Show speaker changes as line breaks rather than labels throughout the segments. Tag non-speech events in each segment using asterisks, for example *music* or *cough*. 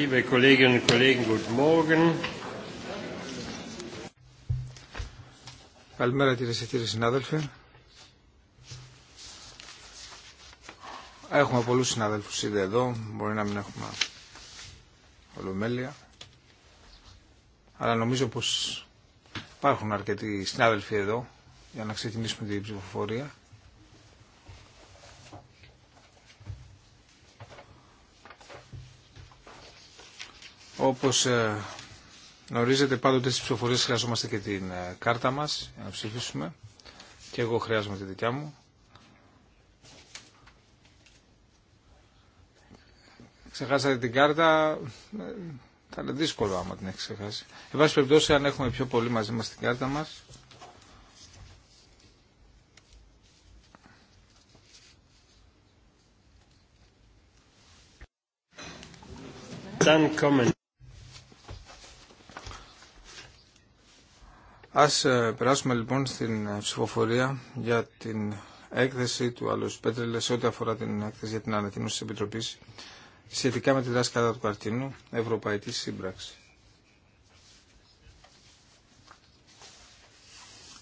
Liebe Kolleginnen und Kollegen, guten Morgen. Καλημέρα κυρίε και κύριοι συνάδελφοι. Έχουμε πολλούς συνάδελφους ήδη εδώ, μπορεί να μην έχουμε ολομέλεια. Αλλά νομίζω πως υπάρχουν αρκετοί συνάδελφοι εδώ για να ξεκινήσουμε την ψηφοφορία. Όπως ε, γνωρίζετε πάντοτε στις ψηφοφορίες χρειαζόμαστε και την ε, κάρτα μας για να ψηφίσουμε. Και εγώ χρειάζομαι τη δικιά μου. Ξεχάσατε την κάρτα, ε, θα είναι δύσκολο άμα την έχει ξεχάσει. Εν πάση περιπτώσει, αν έχουμε πιο πολύ μαζί μας την κάρτα μας,
Dann kommen.
Ας ε, περάσουμε λοιπόν στην ε, ψηφοφορία για την έκθεση του Άλλος Πέτρελε σε ό,τι αφορά την έκθεση για την ανακοίνωση της Επιτροπής σχετικά με τη δράση κατά του καρτίνου Ευρωπαϊκή Σύμπραξη.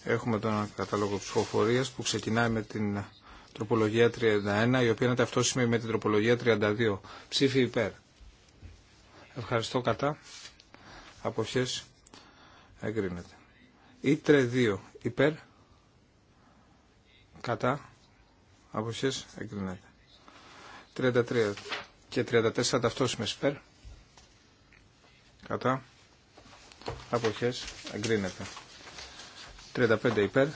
Έχουμε τον κατάλογο ψηφοφορίας που ξεκινάει με την τροπολογία 31, η οποία είναι ταυτόσιμη με την τροπολογία 32. Ψήφι υπέρ. Ευχαριστώ κατά. Αποχές εγκρίνεται. Ήτρε 2 υπέρ κατά αποχές εγκρινέται. 33 και 34 ταυτόσιμες υπέρ κατά αποχές εγκρίνεται. 35 υπέρ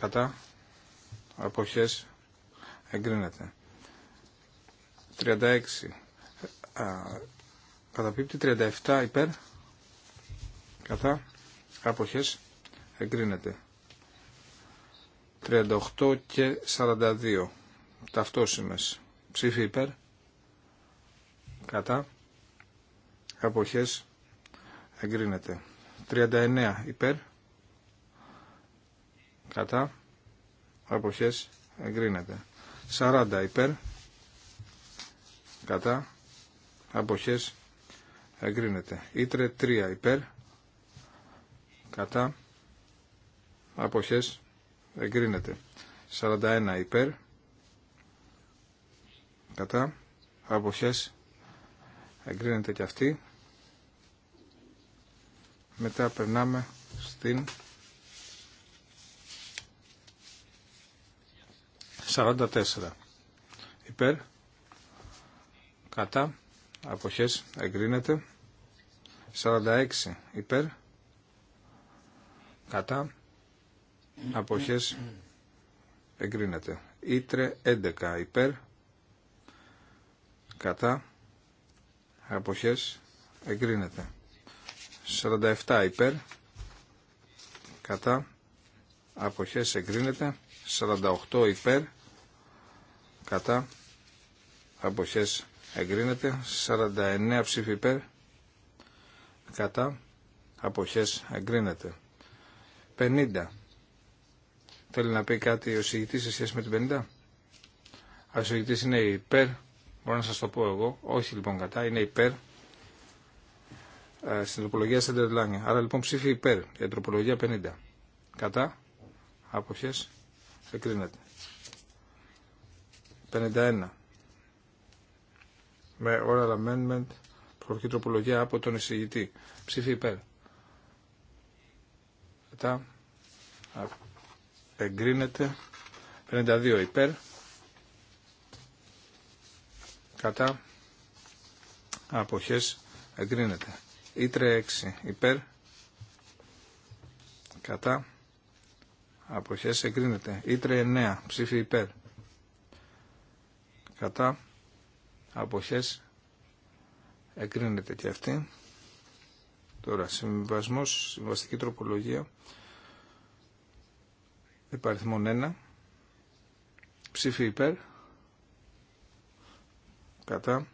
κατά αποχές εγκρίνεται. 36 α, καταπίπτει 37 υπέρ κατά Αποχές. Εγκρίνεται. 38 και 42. Ταυτόσημες. Ψήφι υπέρ. Κατά. Αποχές. Εγκρίνεται. 39 υπέρ. Κατά. Αποχές. Εγκρίνεται. 40 υπέρ. Κατά. Αποχές. Εγκρίνεται. Ήτρε 3 υπέρ κατά αποχές εγκρίνεται 41 υπέρ κατά αποχές εγκρίνεται και αυτή μετά περνάμε στην 44 υπέρ κατά αποχές εγκρίνεται 46 υπέρ κατά αποχές εγκρίνεται. Ήτρε 11 υπέρ κατά αποχές εγκρίνεται. 47 υπέρ κατά αποχές εγκρίνεται. 48 υπέρ κατά αποχές εγκρίνεται. 49 ψήφι υπέρ κατά αποχές εγκρίνεται. 50. Θέλει να πει κάτι ο συγητή σε σχέση με την 50. Αν ο συγητή είναι υπέρ, μπορώ να σα το πω εγώ, όχι λοιπόν κατά, είναι υπέρ. Ε, στην τροπολογία Σεντερλάνια. Άρα λοιπόν ψήφι υπέρ για τροπολογία 50. Κατά, άποχες, εκρίνεται. 51. Με oral amendment, προορική τροπολογία από τον εισηγητή. Ψήφι υπέρ κατά εγκρίνεται 52 υπέρ κατά αποχές εγκρίνεται ήτρε 6 υπέρ κατά αποχές εγκρίνεται ήτρε 9 ψήφι υπέρ κατά αποχές εγκρίνεται και αυτή Τώρα, συμβασμός, συμβαστική τροπολογία, υπαριθμόν 1, ψήφι υπέρ, κατά,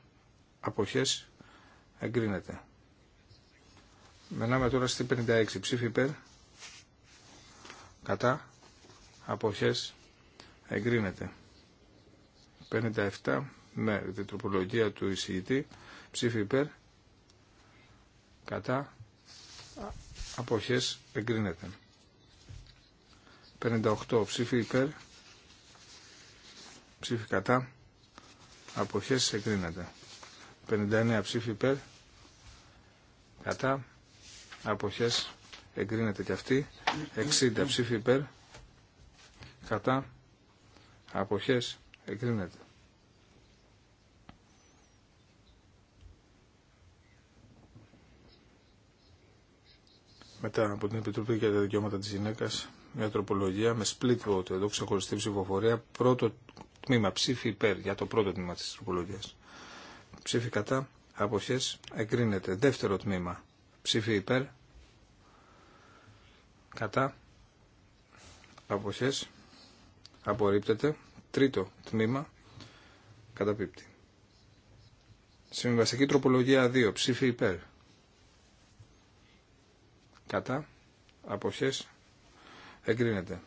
αποχές, εγκρίνεται. Μενάμε τώρα στη 56, ψήφι υπέρ, κατά, αποχές, εγκρίνεται. 57, με την τροπολογία του εισηγητή, ψήφι υπέρ, κατά αποχές εγκρίνεται. 58 ψήφι υπέρ, ψήφι κατά, αποχές εγκρίνεται. 59 ψήφι υπέρ, κατά, αποχές εγκρίνεται και αυτή. 60 ψήφι υπέρ, κατά, αποχές εγκρίνεται. μετά από την Επιτροπή για τα Δικαιώματα της γυναίκα μια τροπολογία με split vote εδώ ξεχωριστή ψηφοφορία πρώτο τμήμα ψήφι υπέρ για το πρώτο τμήμα της τροπολογία, ψήφι κατά αποχές εγκρίνεται δεύτερο τμήμα ψήφι υπέρ κατά αποχέ, απορρίπτεται τρίτο τμήμα καταπίπτει συμβαστική τροπολογία 2 ψήφι υπέρ κατά αποχές εγκρίνεται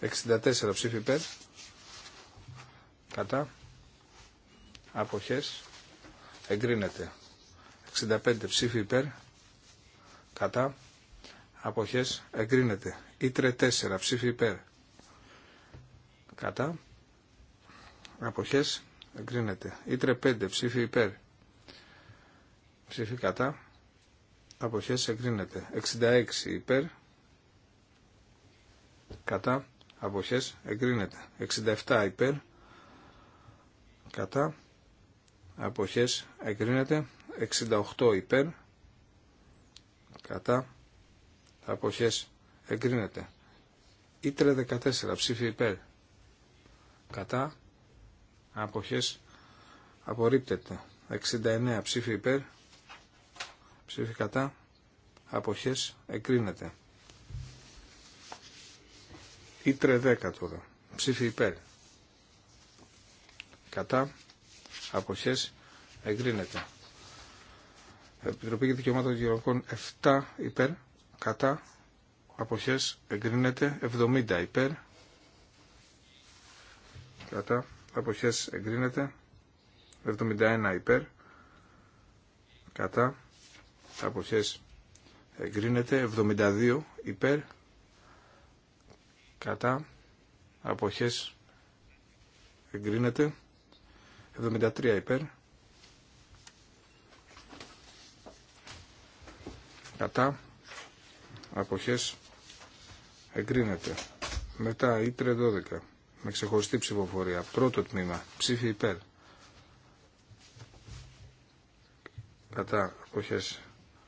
64 ψήφι υπέρ κατά αποχές εγκρίνεται 65 ψήφι υπέρ κατά αποχές εγκρίνεται ήτρε 4 ψήφι υπέρ κατά αποχές εγκρίνεται ήτρε 5 ψήφι υπέρ ψήφι κατά αποχές εγκρίνεται. 66 υπέρ κατά αποχές εγκρίνεται. 67 υπέρ κατά αποχές εγκρίνεται. 68 υπέρ κατά αποχές εγκρίνεται. Ήτρε 14 ψήφι υπέρ κατά αποχές απορρίπτεται. 69 ψήφι υπέρ ψήφι κατά αποχές εκρίνεται. Ήτρε 10 τώρα. Ψήφι υπέρ. Κατά αποχές εγκρίνεται. Επιτροπή για Δικαιωμάτων Γεωργικών 7 υπέρ. Κατά αποχές εγκρίνεται. 70 υπέρ. Κατά αποχές εγκρίνεται. 71 υπέρ. Κατά αποχές εγκρίνεται 72 υπέρ κατά αποχές εγκρίνεται 73 υπέρ κατά αποχές εγκρίνεται μετά ήτρε 12 με ξεχωριστή ψηφοφορία πρώτο τμήμα ψήφι υπέρ κατά αποχές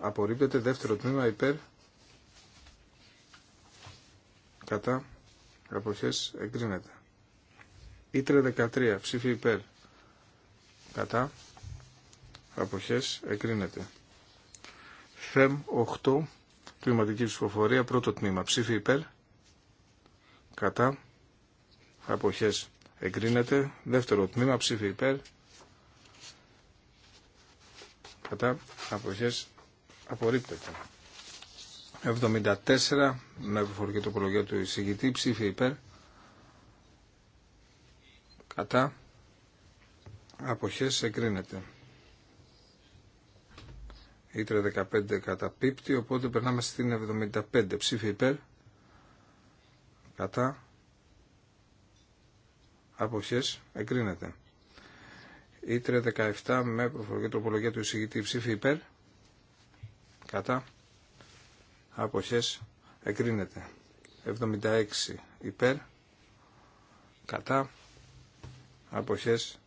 απορρίπτεται δεύτερο τμήμα υπέρ κατά αποχές εγκρίνεται ήτρε 13 ψήφι υπέρ κατά αποχές εγκρίνεται θεμ 8 κλιματική ψηφοφορία πρώτο τμήμα ψήφι υπέρ κατά αποχές εγκρίνεται δεύτερο τμήμα ψήφι υπέρ κατά αποχές Απορρίπτεται. 74 με προφορική τροπολογία του εισηγητή. Ψήφι υπέρ. Κατά. Αποχές εγκρίνεται. Ήτρε 15 καταπίπτει, οπότε περνάμε στην 75. Ψήφι υπέρ. Κατά. Αποχές εγκρίνεται. Ήτρε 17 με προφορική τροπολογία του εισηγητή. Ψήφι υπέρ κατά αποχές εγκρίνεται 76 υπέρ κατά αποχές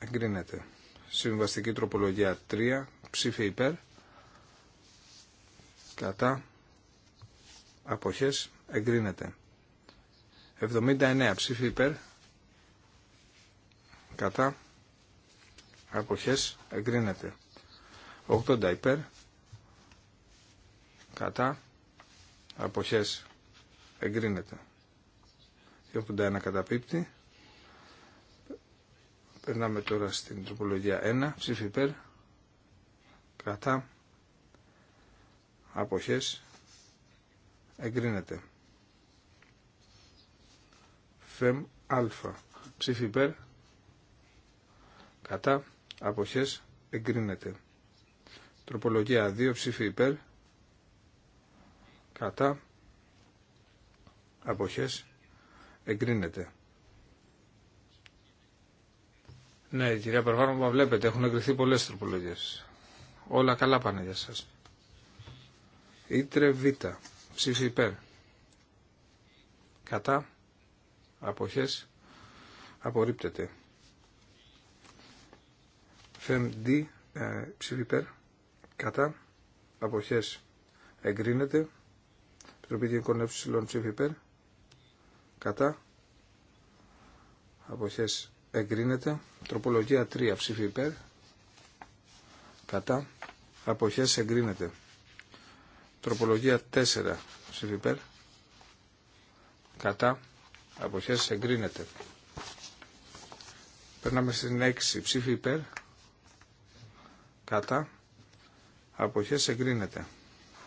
εγκρίνεται συμβαστική τροπολογία 3 ψήφι υπέρ κατά αποχές εγκρίνεται 79 ψήφι υπέρ κατά αποχές εγκρίνεται 80 υπέρ κατά αποχές εγκρίνεται κατά καταπίπτει περνάμε τώρα στην τροπολογία 1 ψήφι υπέρ κατά αποχές εγκρίνεται φεμ α ψήφι υπέρ κατά αποχές εγκρίνεται τροπολογία 2 ψήφι υπέρ κατά αποχές εγκρίνεται. Ναι, κυρία μα βλέπετε, έχουν εγκριθεί πολλές τροπολογίες. Όλα καλά πάνε για σας. Ήτρε Β. Ψήφι υπέρ. Κατά. Αποχές. Απορρίπτεται. Φεμ Δ. Ε, υπέρ. Κατά. Αποχές. Εγκρίνεται. Επιτροπή Διοικών Ε ψήφι υπέρ. Κατά. Αποχές εγκρίνεται. Τροπολογία 3 ψήφι υπέρ. Κατά. Αποχές εγκρίνεται. Τροπολογία 4 ψήφι υπέρ. Κατά. Αποχές εγκρίνεται. Περνάμε στην 6 ψήφι υπέρ. Κατά. Αποχές εγκρίνεται.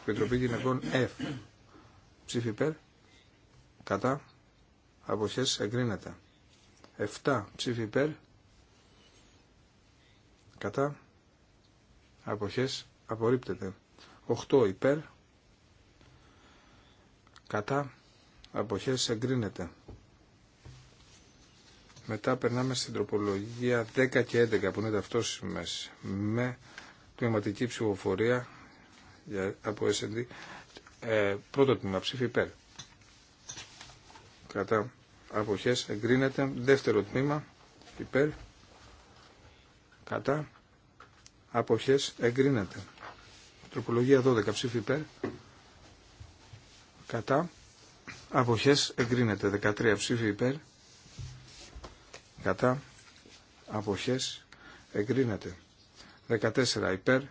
Επιτροπή Γυναικών F. Ψήφι υπέρ. Κατά. Αποχές εγκρίνεται. 7. Ψήφι υπέρ. Κατά. Αποχές απορρίπτεται. 8. Υπέρ. Κατά. Αποχές εγκρίνεται. Μετά περνάμε στην τροπολογία 10 και 11 που είναι ταυτόσιμες με τμηματική ψηφοφορία από S&D ε, πρώτο τμήμα ψήφι υπέρ. Κατά αποχές εγκρίνεται. Δεύτερο τμήμα υπέρ. Κατά αποχές εγκρίνεται. Τροπολογία 12 ψήφι υπέρ. Κατά αποχές εγκρίνεται. 13 ψήφι υπέρ. Κατά αποχές εγκρίνεται. 14 υπέρ.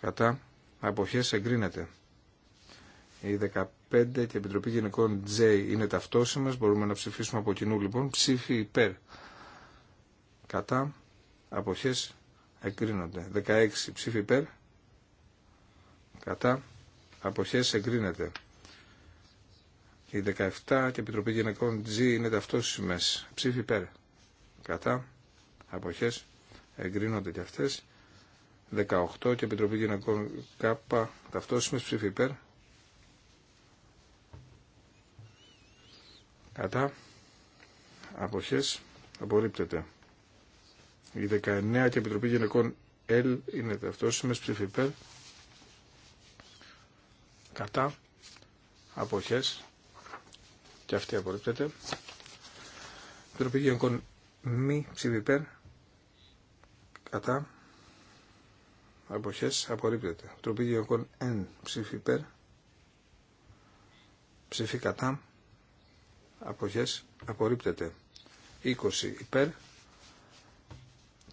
Κατά αποχές εγκρίνεται. Η 15 και η Επιτροπή Γενικών J είναι ταυτόσιμες. Μπορούμε να ψηφίσουμε από κοινού λοιπόν. Ψήφι υπέρ. Κατά. Αποχές εγκρίνονται. 16 ψήφι υπέρ. Κατά. Αποχές εγκρίνεται. Η 17 και η Επιτροπή Γενικών G είναι ταυτόσιμες. Ψήφι υπέρ. Κατά. Αποχές εγκρίνονται και αυτές. 18 και Επιτροπή Γυναικών ΚΑΠΑ ταυτόσιμες ψήφι Κατά. Αποχές. Απορρίπτεται. Η 19 και Επιτροπή Γυναικών ΕΛ είναι ταυτόσιμες ψήφι Κατά. Αποχές. Και αυτή απορρίπτεται. Επιτροπή Γυναικών μη ψήφι Κατά αποχές απορρίπτεται. Τροπή εν ψήφι υπέρ, ψήφι κατά, αποχές απορρίπτεται. 20 υπέρ,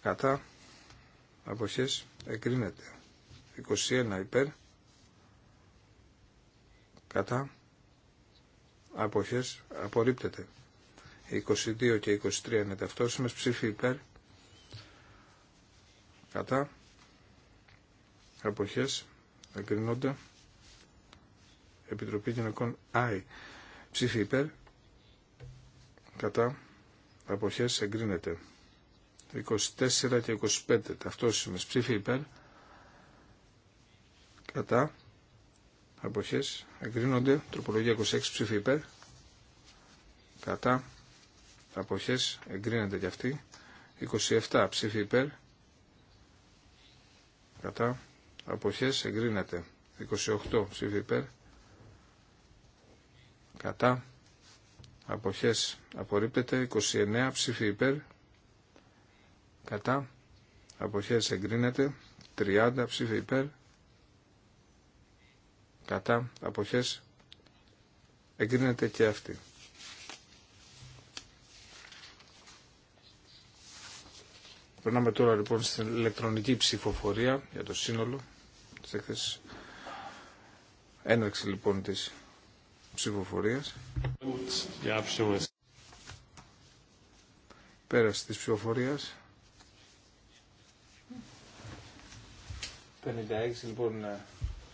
κατά, αποχές εγκρίνεται. 21 υπέρ, κατά, αποχές απορρίπτεται. 22 και 23 είναι ταυτόσιμε. ψήφι υπέρ, κατά, αποχές εγκρινόνται Επιτροπή Γυναικών ΆΗ ψήφι υπέρ κατά αποχές εγκρίνεται 24 και 25 ταυτόσιμες ψήφι υπέρ κατά αποχές εγκρίνονται τροπολογία 26 ψήφι υπέρ κατά αποχές εγκρίνεται και αυτή 27 ψήφι υπέρ κατά αποχές εγκρίνεται 28 ψήφι υπέρ κατά αποχές απορρίπτεται 29 ψήφι υπέρ κατά αποχές εγκρίνεται 30 ψήφι υπέρ κατά αποχές εγκρίνεται και αυτή. Περνάμε τώρα λοιπόν στην ηλεκτρονική ψηφοφορία για το σύνολο της χθε Έναρξη λοιπόν τη ψηφοφορία. Πέραση τη ψηφοφορία. 56 λοιπόν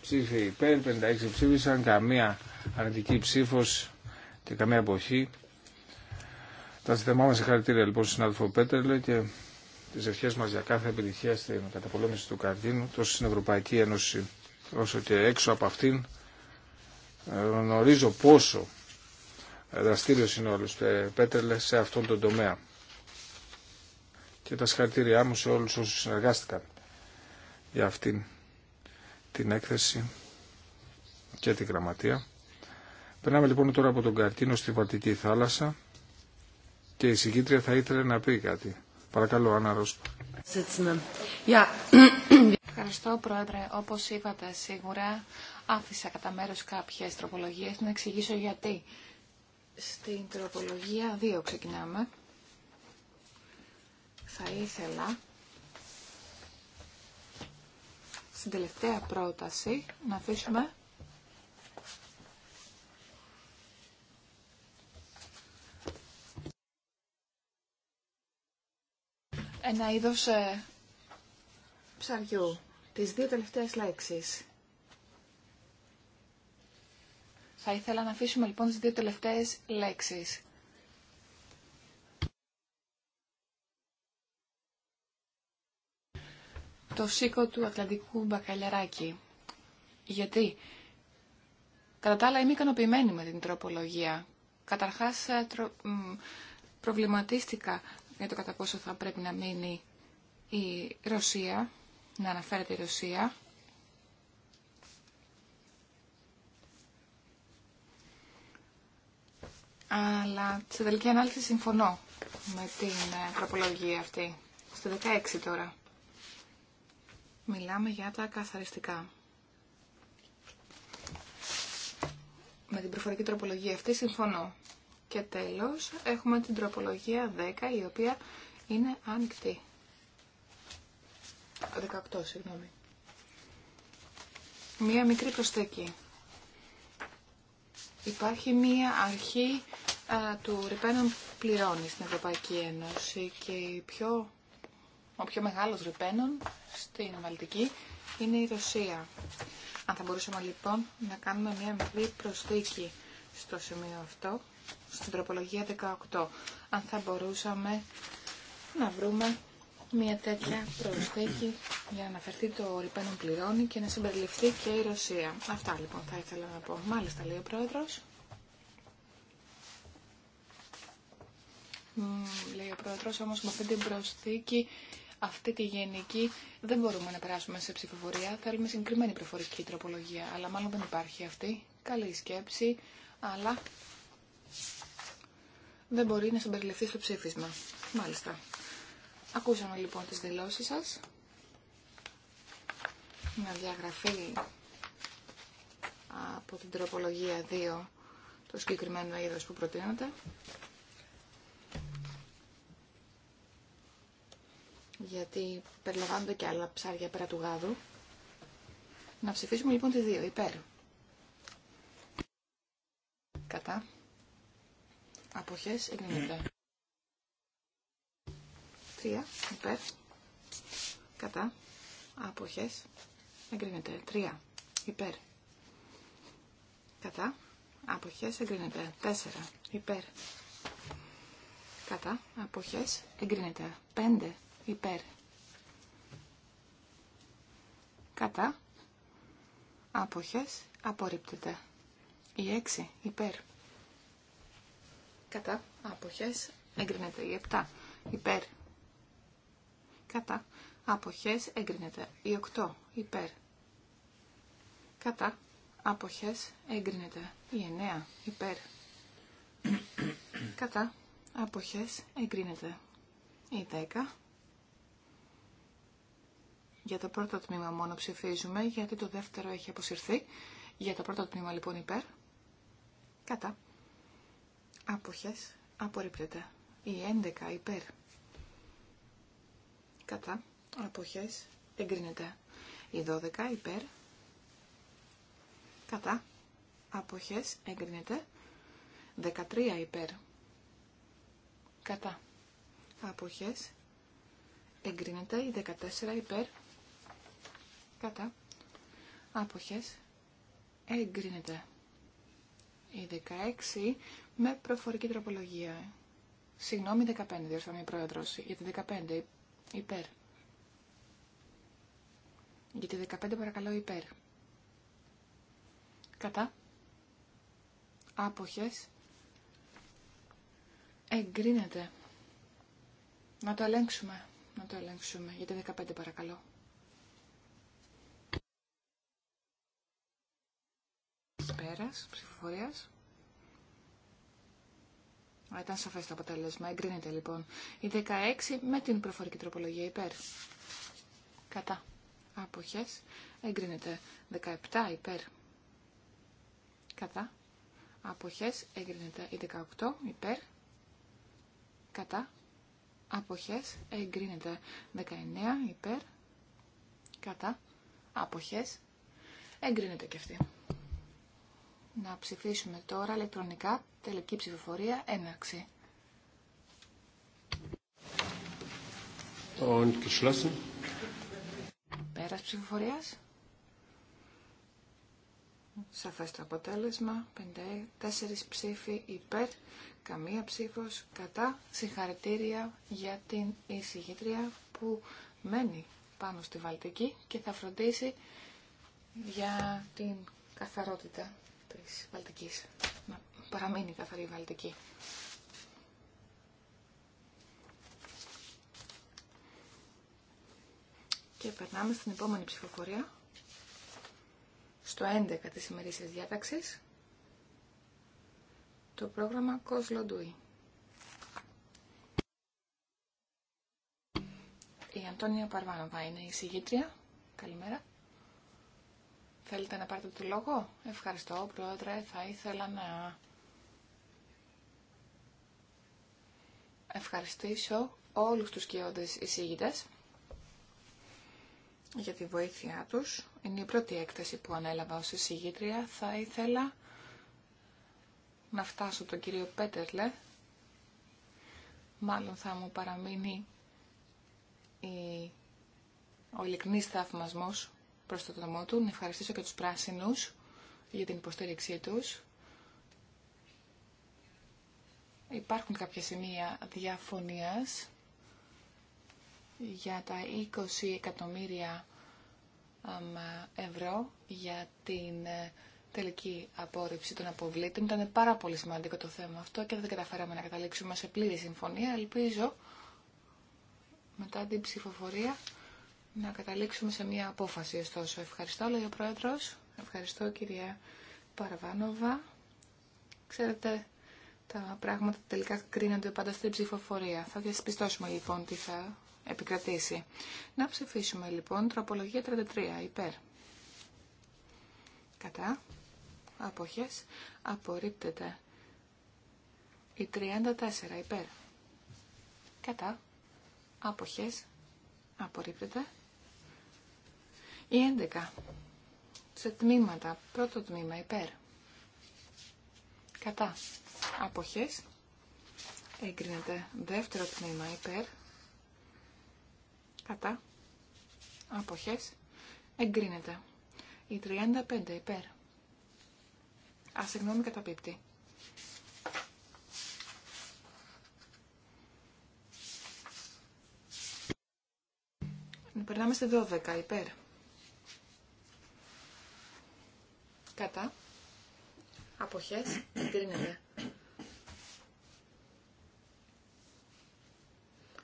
ψήφοι υπέρ, 56 ψήφισαν, καμία αρνητική ψήφος και καμία αποχή. Τα ζητημά μας συγχαρητήρια λοιπόν στον συνάδελφο Πέτερλε και τις ευχές μας για κάθε επιτυχία στην καταπολέμηση του καρδίνου, τόσο στην Ευρωπαϊκή Ένωση όσο και έξω από αυτήν. Ε, γνωρίζω πόσο δραστήριος είναι όλος Πέτρελε σε αυτόν τον τομέα. Και τα συγχαρητήριά μου σε όλους όσους συνεργάστηκαν για αυτήν την έκθεση και την γραμματεία. Περνάμε λοιπόν τώρα από τον καρκίνο στη Βαλτική θάλασσα και η συγκίτρια θα ήθελε να πει κάτι. Παρακαλώ, Άννα
Ευχαριστώ, Πρόεδρε. Όπως είπατε, σίγουρα άφησα κατά μέρος κάποιες τροπολογίες. Να εξηγήσω γιατί. Στην τροπολογία 2 ξεκινάμε. Θα ήθελα στην τελευταία πρόταση να αφήσουμε ένα είδος ε, ψαριού. Τις δύο τελευταίες λέξεις. Θα ήθελα να αφήσουμε λοιπόν τις δύο τελευταίες λέξεις. Το σίκο του Ατλαντικού Μπακαλιαράκη. Γιατί, κατά τα άλλα είμαι ικανοποιημένη με την τροπολογία. Καταρχάς ε, προβληματίστηκα για το κατά πόσο θα πρέπει να μείνει η Ρωσία, να αναφέρεται η Ρωσία. Αλλά σε τελική ανάλυση συμφωνώ με την ε, τροπολογία αυτή. Στο 16 τώρα. Μιλάμε για τα καθαριστικά. Με την προφορική τροπολογία αυτή συμφωνώ. Και τέλος έχουμε την τροπολογία 10 η οποία είναι ανοιχτή. 18, συγγνώμη. Μία μικρή προσθέκη. Υπάρχει μία αρχή του ρηπαίνων πληρώνει στην Ευρωπαϊκή Ένωση και πιο, ο πιο μεγάλος ρηπαίνων στην Βαλτική είναι η Ρωσία. Αν θα μπορούσαμε λοιπόν να κάνουμε μία μικρή προσθήκη στο σημείο αυτό στην τροπολογία 18. Αν θα μπορούσαμε να βρούμε μια τέτοια προσθήκη για να αναφερθεί το ρηπαίνον πληρώνει και να συμπεριληφθεί και η Ρωσία. Αυτά λοιπόν θα ήθελα να πω. Μάλιστα λέει ο Πρόεδρος. Λέει ο Πρόεδρος, όμως με αυτή την προσθήκη, αυτή τη γενική, δεν μπορούμε να περάσουμε σε ψηφοφορία. Θέλουμε συγκεκριμένη προφορική τροπολογία, αλλά μάλλον δεν υπάρχει αυτή. Καλή σκέψη, αλλά δεν μπορεί να συμπεριληφθεί στο ψήφισμα. Μάλιστα. Ακούσαμε λοιπόν τις δηλώσεις σας. Μια διαγραφή από την τροπολογία 2 το συγκεκριμένο είδος που προτείνονται. Γιατί περιλαμβάνονται και άλλα ψάρια πέρα του γάδου. Να ψηφίσουμε λοιπόν τη 2 υπέρ. Κατά. Αποχές εγκρίνεται. Τρία... υπέρ. Κατά. Αποχές εγκρίνεται. Τρία... υπέρ. Κατά. Αποχές εγκρίνεται. Τέσσερα... υπέρ. Κατά. Αποχές εγκρίνεται. Πέντε... υπέρ. Κατά. Αποχές απορρίπτεται. Η έξι... υπέρ κατά αποχές εγκρίνεται η 7 υπέρ κατά αποχές εγκρίνεται η 8 υπέρ κατά αποχές εγκρίνεται η 9 υπέρ κατά αποχές εγκρίνεται η 10 για το πρώτο τμήμα μόνο ψηφίζουμε γιατί το δεύτερο έχει αποσυρθεί για το πρώτο τμήμα λοιπόν υπέρ κατά Αποχές απορρίπτεται. Η 11 υπέρ. Κατά. Αποχές εγκρίνεται. Η 12 υπέρ. Κατά. Αποχές εγκρίνεται. 13 υπέρ. Κατά. Αποχές εγκρίνεται. Η 14 υπέρ. Κατά. Αποχές εγκρίνεται. Η 16 με προφορική τροπολογία. Συγγνώμη, 15, διορθώνει η πρόεδρος, Γιατί 15, υπέρ. Γιατί 15 παρακαλώ υπέρ. Κατά. Άποχες. Εγκρίνεται. Να το ελέγξουμε. Να το ελέγξουμε. Γιατί 15 παρακαλώ. Πέρας ψηφοφορίας. Ήταν σαφές το αποτέλεσμα. Εγκρίνεται λοιπόν η 16 με την προφορική τροπολογία υπέρ. Κατά. Αποχές. Εγκρίνεται 17 υπέρ. Κατά. Αποχές. Εγκρίνεται η 18 υπέρ. Κατά. Αποχές. Εγκρίνεται 19 υπέρ. Κατά. Αποχές. Εγκρίνεται και αυτή να ψηφίσουμε τώρα ηλεκτρονικά τελική ψηφοφορία έναρξη.
Und geschlossen.
Πέρας ψηφοφορίας. Σαφές το αποτέλεσμα. 54 ψήφοι υπέρ, καμία ψήφος κατά. Συγχαρητήρια για την εισηγήτρια που μένει πάνω στη Βαλτική και θα φροντίσει για την καθαρότητα της Βαλτικής. Να παραμείνει καθαρή η Βαλτική. Και περνάμε στην επόμενη ψηφοφορία, στο 11 της ημερήσιας διάταξης, το πρόγραμμα COSLO-DUI. Η Αντώνια Παρβάνοβα είναι η συγγήτρια. Καλημέρα. Θέλετε να πάρετε το λόγο. Ευχαριστώ, Πρόεδρε. Θα ήθελα να ευχαριστήσω όλους τους κοιόντες εισηγητές για τη βοήθειά τους. Είναι η πρώτη έκθεση που ανέλαβα ως εισηγήτρια. Θα ήθελα να φτάσω τον κύριο Πέτερλε. Μάλλον θα μου παραμείνει η... ο ειλικρινής θαυμασμός προς το τομό του. Να ευχαριστήσω και τους πράσινους για την υποστήριξή τους. Υπάρχουν κάποια σημεία διαφωνίας για τα 20 εκατομμύρια ευρώ για την ε, τελική απόρριψη των αποβλήτων. Ήταν πάρα πολύ σημαντικό το θέμα αυτό και δεν καταφέραμε να καταλήξουμε σε πλήρη συμφωνία. Ελπίζω μετά την ψηφοφορία να καταλήξουμε σε μια απόφαση. Ωστόσο, ευχαριστώ, λέει ο Πρόεδρος. Ευχαριστώ, κυρία Παραβάνοβα. Ξέρετε, τα πράγματα τελικά κρίνονται πάντα στην ψηφοφορία. Θα διασπιστώσουμε λοιπόν τι θα επικρατήσει. Να ψηφίσουμε λοιπόν τροπολογία 33 υπέρ. Κατά. Αποχές. Απορρίπτεται. Η 34 υπέρ. Κατά. Αποχές. Απορρίπτεται. Η 11. Σε τμήματα. Πρώτο τμήμα υπέρ. Κατά. Αποχές. Εγκρίνεται. Δεύτερο τμήμα υπέρ. Κατά. Αποχές. Εγκρίνεται. Η 35 υπέρ. Α, συγγνώμη πίπτη, Περνάμε στη 12 υπέρ. Κατά. Αποχές. Εγκρίνεται.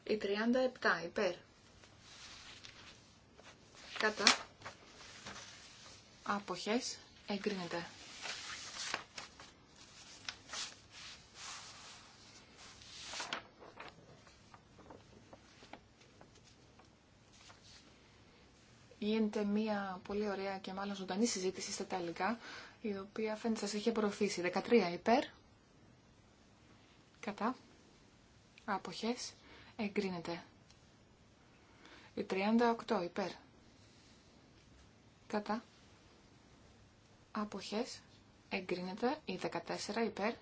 Η 37 υπέρ. Κατά. Αποχές. Εγκρίνεται. γίνεται μια πολύ ωραία και μάλλον ζωντανή συζήτηση στα τελικά, η οποία φαίνεται σας έχει προωθήσει. 13 υπέρ, κατά, άποχες, εγκρίνεται. Η 38 υπέρ, κατά, άποχες, εγκρίνεται. Η 14 υπέρ,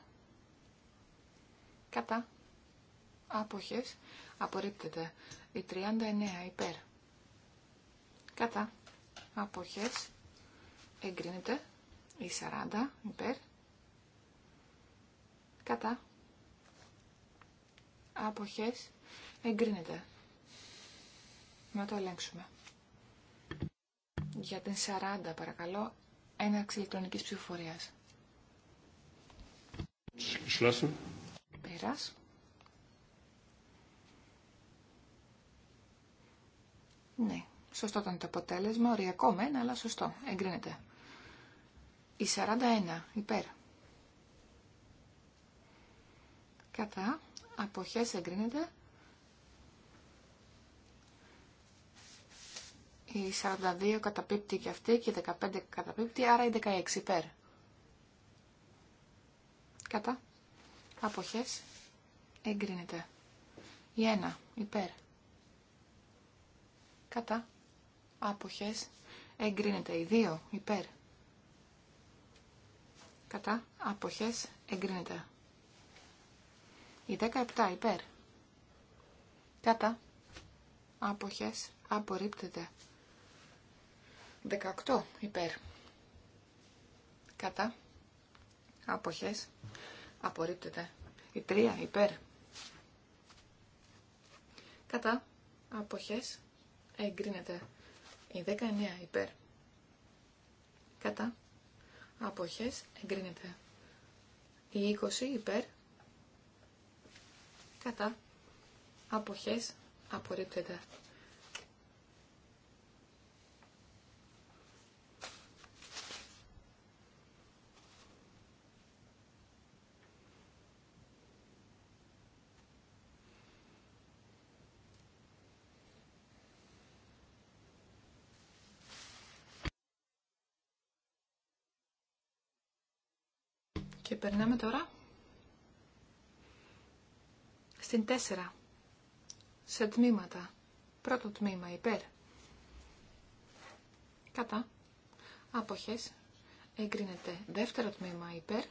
κατά, άποχες, απορρίπτεται. Η 39 υπέρ κατά αποχές εγκρίνεται η 40 υπέρ κατά αποχές εγκρίνεται να το ελέγξουμε για την 40 παρακαλώ ένα ηλεκτρονικής ψηφοφορίας Schlossen. Πέρας. Ναι, Σωστό ήταν το αποτέλεσμα, οριακό μεν, αλλά σωστό. Εγκρίνεται. Η 41 υπέρ. Κατά αποχές εγκρίνεται. Η 42 καταπίπτει και αυτή και η 15 καταπίπτει, άρα η 16 υπέρ. Κατά αποχές εγκρίνεται. Η 1 υπέρ. Κατά Αποχές. Εγκρίνεται. Οι δύο. Υπέρ. Κατά. Αποχές. Εγκρίνεται. οι 17. Υπέρ. Κατά. Αποχές. Απορρίπτεται. 18. Υπέρ. Κατά. Αποχές. Απορρίπτεται. Η 3. Υπέρ. Κατά. Αποχές. Εγκρίνεται. Η 19 υπέρ. Κατά. Αποχές εγκρίνεται. Η 20 υπέρ. Κατά. Αποχές απορρίπτεται. περνάμε τώρα στην τέσσερα Σε τμήματα. Πρώτο τμήμα υπέρ. Κατά. Άποχες. Εγκρίνεται. Δεύτερο τμήμα υπέρ.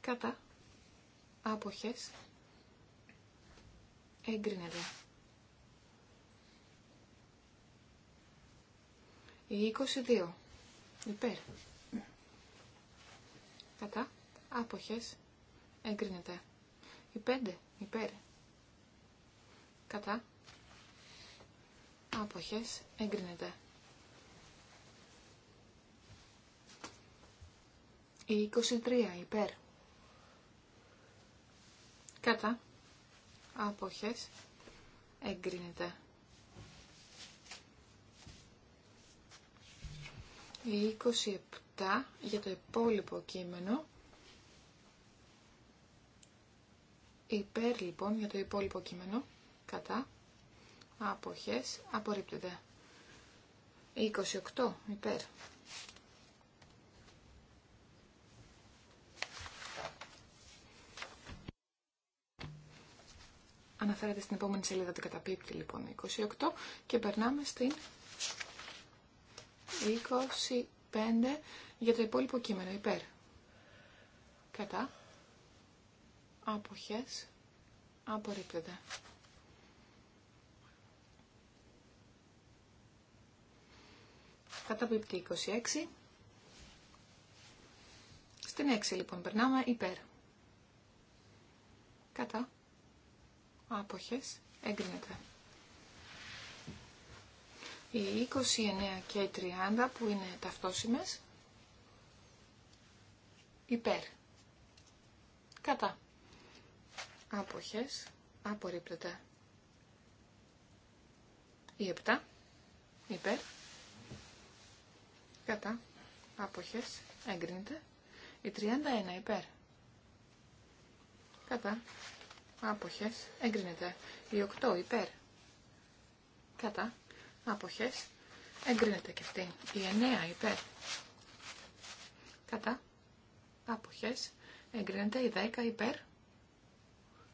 Κατά. Άποχες. Εγκρίνεται. Η 22. Υπέρ κατά, άποχες, εγκρίνεται. Η 5 υπέρ, κατά, άποχες, εγκρίνεται. Η 23 υπέρ, κατά, άποχες, εγκρίνεται. Η 27 μετά, για το υπόλοιπο κείμενο, υπέρ λοιπόν για το υπόλοιπο κείμενο, κατά, αποχές, απορρίπτεται. 28 υπέρ. Αναφέρεται στην επόμενη σελίδα την καταπίπτη λοιπόν 28 και περνάμε στην 25 για το υπόλοιπο κείμενο. Υπέρ. Κατά. Αποχές. Απορρίπτεται. Καταπίπτει 26. Στην 6 λοιπόν περνάμε υπέρ. Κατά. Άποχες. Έγκρινεται. Οι 29 και οι 30 που είναι ταυτόσιμες. Υπέρ. Κατά. Άποχες. Απορρίπτεται. Η 7. Υπέρ. Κατά. Άποχες. Έγκρινεται. Η 31. Υπέρ. Κατά. Άποχες. Έγκρινεται. Η 8. Υπέρ. Κατά. Άποχες. Εγκρίνεται και αυτή. Η 9 υπέρ. Κατά αποχές εγκρίνεται. Η 10 υπέρ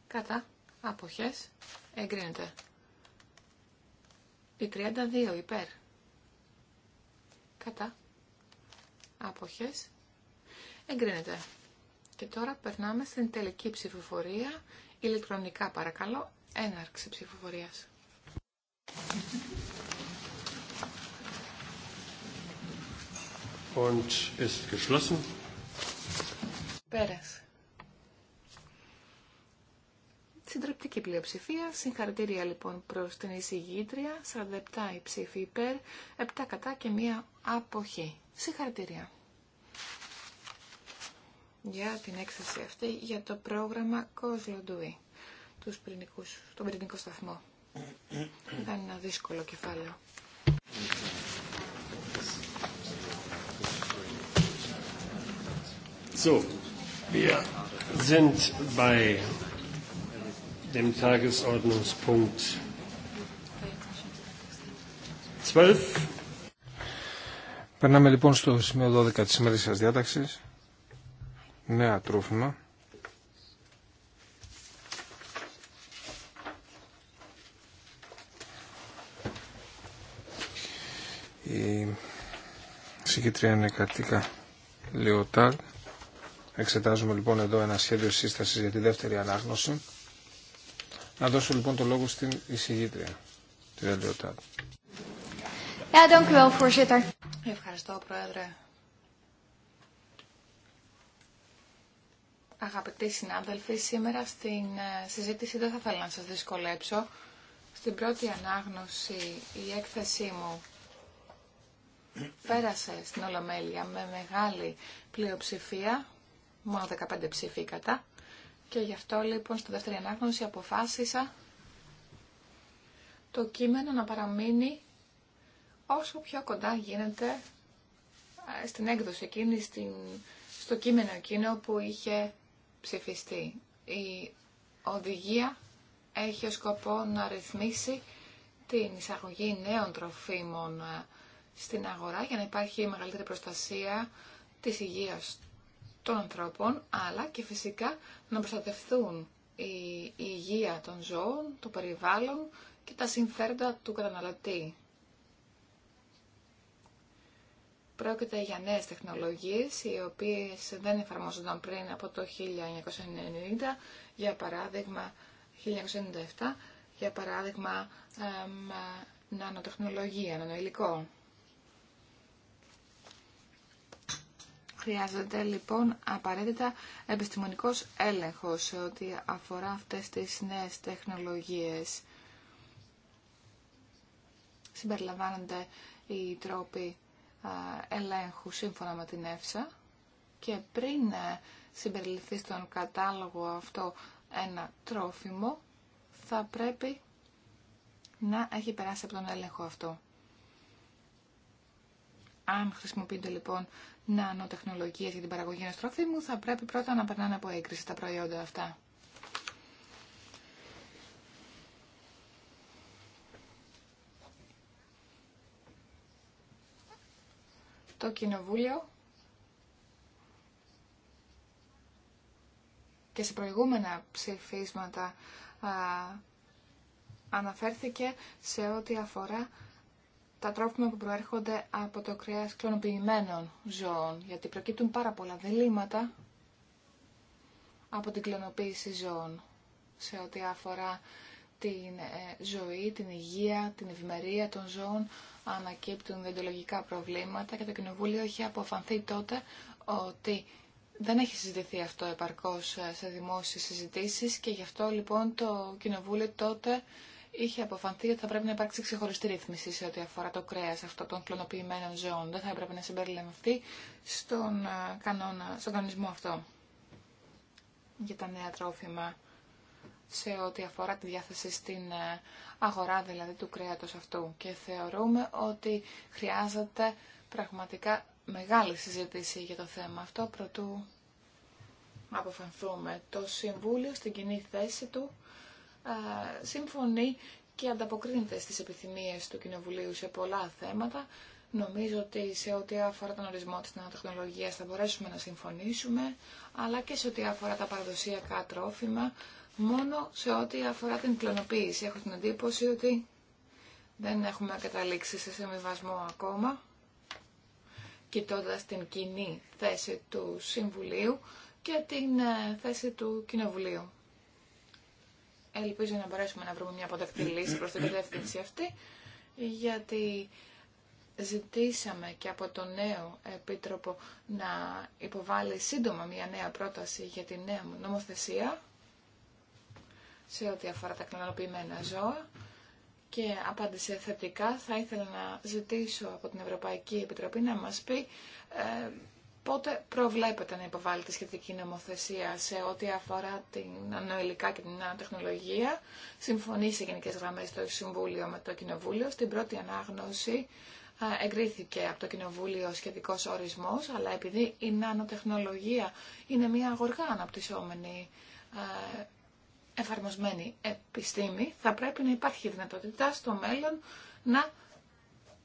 κατά αποχές εγκρίνεται. Η 32 υπέρ κατά αποχές εγκρίνεται. Και τώρα περνάμε στην τελική ψηφοφορία, ηλεκτρονικά παρακαλώ, έναρξη ψηφοφορίας.
Und ist geschlossen
πέρασε. Συντριπτική πλειοψηφία. Συγχαρητήρια λοιπόν προ την εισηγήτρια. 47 η ψήφοι υπέρ, 7 κατά και μία αποχή. Συγχαρητήρια για την έκθεση αυτή για το πρόγραμμα Κοζλοντουή, τους τον πυρηνικό σταθμό. Ήταν ένα δύσκολο κεφάλαιο. So. Wir sind bei dem Tagesordnungspunkt
12. Περνάμε λοιπόν στο σημείο 12 της ημέρας σας διάταξης. Νέα τρόφιμα. Η συγκεκριμένη κατοίκα Λεωτάρ. Εξετάζουμε λοιπόν εδώ ένα σχέδιο σύστασης για τη δεύτερη ανάγνωση. Να δώσω λοιπόν το λόγο στην εισηγήτρια, την Δελιοτάτ.
Ευχαριστώ, Πρόεδρε. Αγαπητοί συνάδελφοι, σήμερα στην ε, συζήτηση δεν θα θέλω να σας δυσκολέψω. Στην πρώτη ανάγνωση η έκθεσή μου πέρασε στην Ολομέλεια με μεγάλη πλειοψηφία μόνο 15 ψήφοι Και γι' αυτό λοιπόν στη δεύτερη ανάγνωση αποφάσισα το κείμενο να παραμείνει όσο πιο κοντά γίνεται ε, στην έκδοση εκείνη, στο κείμενο εκείνο που είχε ψηφιστεί. Η οδηγία έχει ως σκοπό να ρυθμίσει την εισαγωγή νέων τροφίμων ε, στην αγορά για να υπάρχει μεγαλύτερη προστασία της υγείας των ανθρώπων, αλλά και φυσικά να προστατευθούν η υγεία των ζώων, το περιβάλλον και τα συμφέροντα του καταναλωτή. Πρόκειται για νέες τεχνολογίες, οι οποίες δεν εφαρμόζονταν πριν από το 1990, για παράδειγμα 1997, για παράδειγμα εμ, νανοτεχνολογία, νανοηλικό. Χρειάζεται λοιπόν απαραίτητα επιστημονικός έλεγχος σε ό,τι αφορά αυτές τις νέες τεχνολογίες. Συμπεριλαμβάνονται οι τρόποι ελέγχου σύμφωνα με την ΕΦΣΑ και πριν ε, συμπεριληφθεί στον κατάλογο αυτό ένα τρόφιμο θα πρέπει να έχει περάσει από τον έλεγχο αυτό. Αν χρησιμοποιείται λοιπόν νανοτεχνολογίες για την παραγωγή ενός τρόφιμου θα πρέπει πρώτα να περνάνε από έγκριση τα προϊόντα αυτά. Το Κοινοβούλιο και σε προηγούμενα ψηφίσματα αναφέρθηκε σε ό,τι αφορά τα τρόφιμα που προέρχονται από το κρέας κλωνοποιημένων ζώων, γιατί προκύπτουν πάρα πολλά διλήμματα από την κλωνοποίηση ζώων σε ό,τι αφορά την ε, ζωή, την υγεία, την ευημερία των ζώων ανακύπτουν διοντολογικά προβλήματα και το Κοινοβούλιο έχει αποφανθεί τότε ότι δεν έχει συζητηθεί αυτό επαρκώς ε, σε δημόσιες συζητήσεις και γι' αυτό λοιπόν το Κοινοβούλιο τότε είχε αποφανθεί ότι θα πρέπει να υπάρξει ξεχωριστή ρύθμιση σε ό,τι αφορά το κρέας αυτό των κλωνοποιημένων ζώων. Δεν θα έπρεπε να συμπεριλαμβανθεί στον, ε, κανόνα, στον κανονισμό αυτό για τα νέα τρόφιμα σε ό,τι αφορά τη διάθεση στην ε, αγορά δηλαδή του κρέατος αυτού. Και θεωρούμε ότι χρειάζεται πραγματικά μεγάλη συζήτηση για το θέμα αυτό προτού αποφανθούμε. Το Συμβούλιο στην κοινή θέση του συμφωνεί και ανταποκρίνεται στις επιθυμίες του Κοινοβουλίου σε πολλά θέματα. Νομίζω ότι σε ό,τι αφορά τον ορισμό της νανοτεχνολογίας θα μπορέσουμε να συμφωνήσουμε, αλλά και σε ό,τι αφορά τα παραδοσιακά τρόφιμα, μόνο σε ό,τι αφορά την κλωνοποίηση. Έχω την εντύπωση ότι δεν έχουμε καταλήξει σε συμβιβασμό ακόμα, κοιτώντα την κοινή θέση του Συμβουλίου και την ε, θέση του Κοινοβουλίου. Ελπίζω να μπορέσουμε να βρούμε μια αποδεκτή λύση προς την κατεύθυνση αυτή, γιατί ζητήσαμε και από τον νέο Επίτροπο να υποβάλει σύντομα μια νέα πρόταση για τη νέα νομοθεσία σε ό,τι αφορά τα κλωνοποιημένα ζώα και απάντησε θετικά. Θα ήθελα να ζητήσω από την Ευρωπαϊκή Επιτροπή να μας πει ε, πότε προβλέπετε να υποβάλλετε σχετική νομοθεσία σε ό,τι αφορά την ανοηλικά και την ανατεχνολογία. Συμφωνεί σε γενικέ γραμμέ το Συμβούλιο με το Κοινοβούλιο. Στην πρώτη ανάγνωση εγκρίθηκε από το Κοινοβούλιο σχετικό ορισμό, αλλά επειδή η νανοτεχνολογία είναι μια αγοργά αναπτυσσόμενη εφαρμοσμένη επιστήμη, θα πρέπει να υπάρχει δυνατότητα στο μέλλον να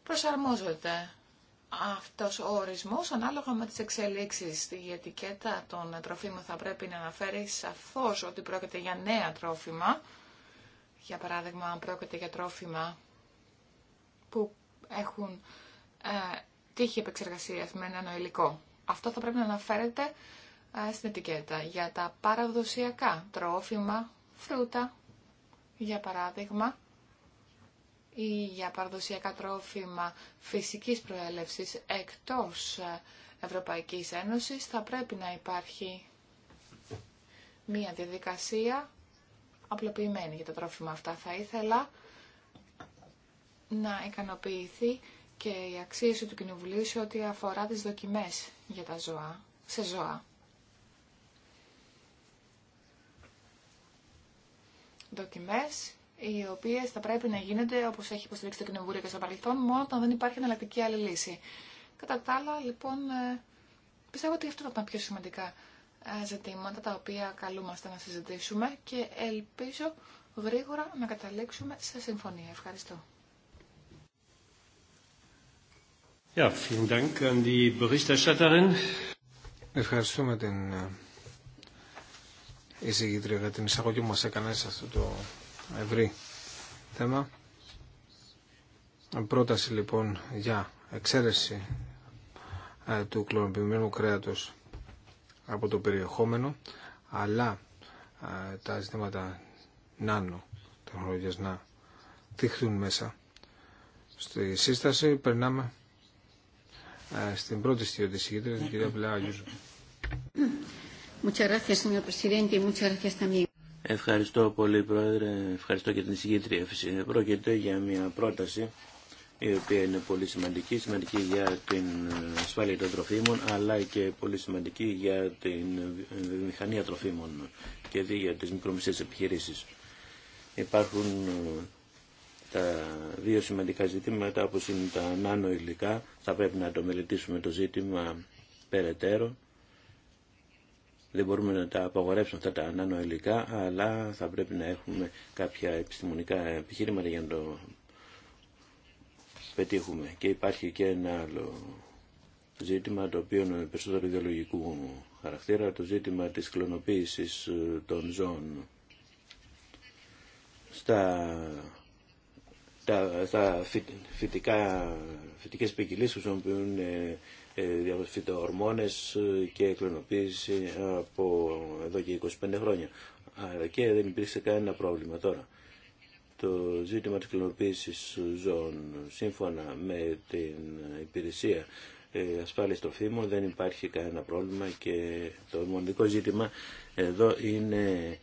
προσαρμόζεται αυτός ο ορισμός ανάλογα με τις εξελίξεις. στη ετικέτα των τροφίμων θα πρέπει να αναφέρει σαφώς ότι πρόκειται για νέα τρόφιμα. Για παράδειγμα, αν πρόκειται για τρόφιμα που έχουν ε, τύχη επεξεργασίας με ένα υλικό. Αυτό θα πρέπει να αναφέρεται ε, στην ετικέτα. Για τα παραδοσιακά τρόφιμα, φρούτα, για παράδειγμα, ή για παραδοσιακά τρόφιμα φυσικής προέλευσης εκτός Ευρωπαϊκής Ένωσης θα πρέπει να υπάρχει μία διαδικασία απλοποιημένη για τα τρόφιμα αυτά. Θα ήθελα να ικανοποιηθεί και η αξίωση του Κοινοβουλίου σε ό,τι αφορά τις δοκιμές για τα ζώα, σε ζώα. Δοκιμές οι οποίε θα πρέπει να γίνονται όπω έχει υποστηρίξει το Κοινοβούλιο και στο παρελθόν, μόνο όταν δεν υπάρχει εναλλακτική άλλη λύση. Κατά τα άλλα, λοιπόν, ε, πιστεύω ότι αυτό θα τα πιο σημαντικά ε, ζητήματα τα οποία καλούμαστε να συζητήσουμε και ελπίζω γρήγορα να καταλήξουμε σε συμφωνία. Ευχαριστώ.
Ja, vielen Dank an die Berichterstatterin.
Ευχαριστούμε την ε, εισηγήτρια για την εισαγωγή που μας έκανε σε αυτό το ευρύ θέμα. Πρόταση λοιπόν για εξαίρεση ε, του κλωνοποιημένου κρέατος από το περιεχόμενο, αλλά ε, τα ζητήματα νάνο τεχνολογίας να τύχθουν μέσα. Στη σύσταση περνάμε ε, στην πρώτη στιγμή της ηγήτρας, την κυρία Πιλά Αγιούζου.
Ευχαριστώ πολύ Πρόεδρε, ευχαριστώ και την εισηγήτρια. Πρόκειται για μια πρόταση η οποία είναι πολύ σημαντική, σημαντική για την ασφάλεια των τροφίμων αλλά και πολύ σημαντική για την μηχανία τροφίμων και δι για τις μικρομεσαίες επιχειρήσεις. Υπάρχουν ε, τα δύο σημαντικά ζητήματα όπως είναι τα νάνο υλικά, θα πρέπει να το μελετήσουμε το ζήτημα περαιτέρω δεν μπορούμε να τα απαγορεύσουμε αυτά τα υλικά αλλά θα πρέπει να έχουμε κάποια επιστημονικά επιχείρηματα για να το πετύχουμε. Και υπάρχει και ένα άλλο ζήτημα, το οποίο είναι περισσότερο ιδεολογικού χαρακτήρα, το ζήτημα της κλωνοποίησης ε, των ζώων. Στα, τα, στα φυτικά, φυτικές ποικιλίες ε, φυτοορμόνες ε, ε, και κλωνοποίηση από εδώ και 25 χρόνια. αλλά και δεν υπήρξε κανένα πρόβλημα τώρα. Το ζήτημα της κλωνοποίησης ζώων σύμφωνα με την υπηρεσία ε, ασφάλειας τροφίμων δεν υπάρχει κανένα πρόβλημα και το μοναδικό ζήτημα εδώ είναι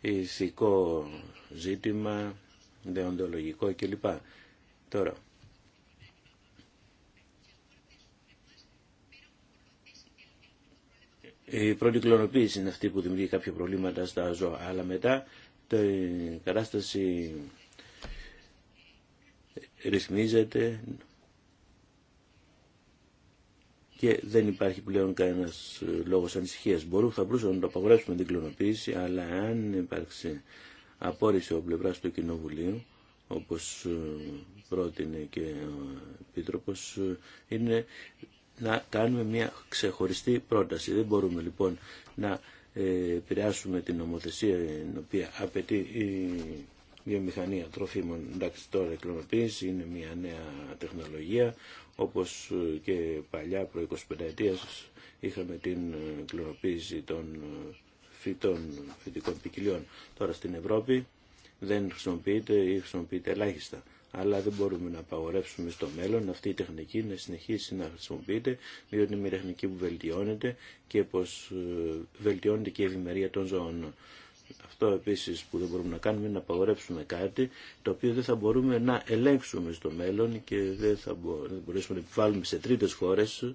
ηθικό ζήτημα, δεοντολογικό κλπ. Τώρα, Η πρώτη κλωνοποίηση είναι αυτή που δημιουργεί κάποια προβλήματα στα ζώα, αλλά μετά η κατάσταση ρυθμίζεται και δεν υπάρχει πλέον κανένας λόγος ανησυχίας. Μπορούμε, θα μπορούσαμε να το απαγορεύσουμε την κλωνοποίηση, αλλά αν υπάρξει απόρριση ο πλευρά του Κοινοβουλίου, όπως πρότεινε και ο Επίτροπος, είναι να κάνουμε μια ξεχωριστή πρόταση. Δεν μπορούμε λοιπόν να ε, επηρεάσουμε την νομοθεσία την οποία απαιτεί η βιομηχανία τροφίμων. Εντάξει, τώρα η κλωνοποίηση είναι μια νέα τεχνολογία, όπως ε, και παλιά προ 25 ετίας είχαμε την ε, κλωνοποίηση των φυτών, φυτικών ποικιλιών. Τώρα στην Ευρώπη δεν χρησιμοποιείται ή χρησιμοποιείται ελάχιστα αλλά δεν μπορούμε να απαγορεύσουμε στο μέλλον αυτή η τεχνική να συνεχίσει να χρησιμοποιείται, διότι είναι μια τεχνική που βελτιώνεται και πως ε, βελτιώνεται και η ευημερία των ζώων. Αυτό επίσης που δεν μπορούμε να κάνουμε είναι να απαγορεύσουμε κάτι το οποίο δεν θα μπορούμε να ελέγξουμε στο μέλλον και δεν θα μπορέσουμε να επιβάλλουμε σε τρίτες χώρες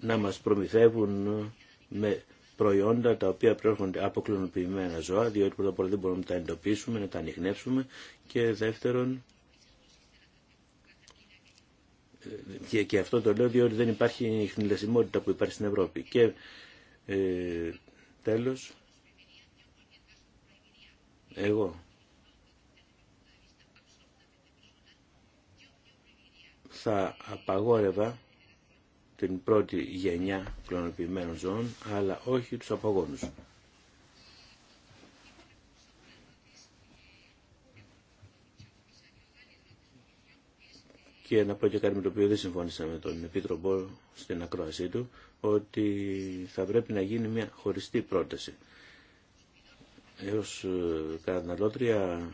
να μας προμηθεύουν με προϊόντα τα οποία προέρχονται από κλωνοποιημένα ζώα, διότι πρώτα απ' όλα δεν μπορούμε να τα εντοπίσουμε, να τα ανοιχνεύσουμε και δεύτερον, και, αυτό το λέω διότι δεν υπάρχει η χνηλεσιμότητα που υπάρχει στην Ευρώπη. Και ε, τέλος, εγώ θα απαγόρευα την πρώτη γενιά κλωνοποιημένων ζώων, αλλά όχι τους απογόνους. Και να πω και κάτι με το οποίο δεν συμφώνησα με τον Επίτροπο στην ακρόασή του, ότι θα πρέπει να γίνει μια χωριστή πρόταση. Έως ε, καταναλώτρια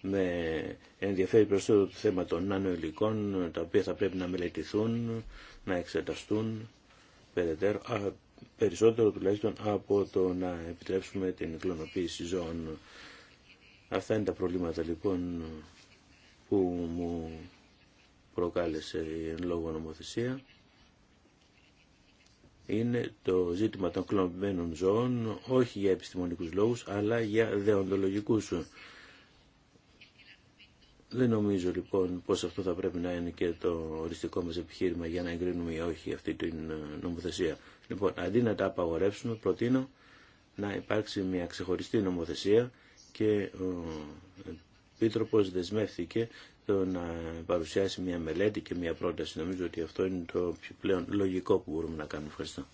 με ενδιαφέρει περισσότερο το θέμα των νανοηλικών, τα οποία θα πρέπει να μελετηθούν, να εξεταστούν περαιτέρω, α, περισσότερο τουλάχιστον από το να επιτρέψουμε την κλωνοποίηση ζώων. Αυτά είναι τα προβλήματα λοιπόν που μου προκάλεσε η εν λόγω νομοθεσία. Είναι το ζήτημα των κλωνοποιημένων ζώων όχι για επιστημονικούς λόγους αλλά για δεοντολογικούς δεν νομίζω λοιπόν πως αυτό θα πρέπει να είναι και το οριστικό μας επιχείρημα για να εγκρίνουμε ή όχι αυτή την ε, νομοθεσία. Λοιπόν, αντί να τα απαγορεύσουμε, προτείνω να υπάρξει μια ξεχωριστή νομοθεσία και ο Επίτροπος δεσμεύθηκε το να παρουσιάσει μια μελέτη και μια πρόταση. Νομίζω ότι αυτό είναι το πιο πλέον λογικό που μπορούμε να κάνουμε. Ευχαριστώ.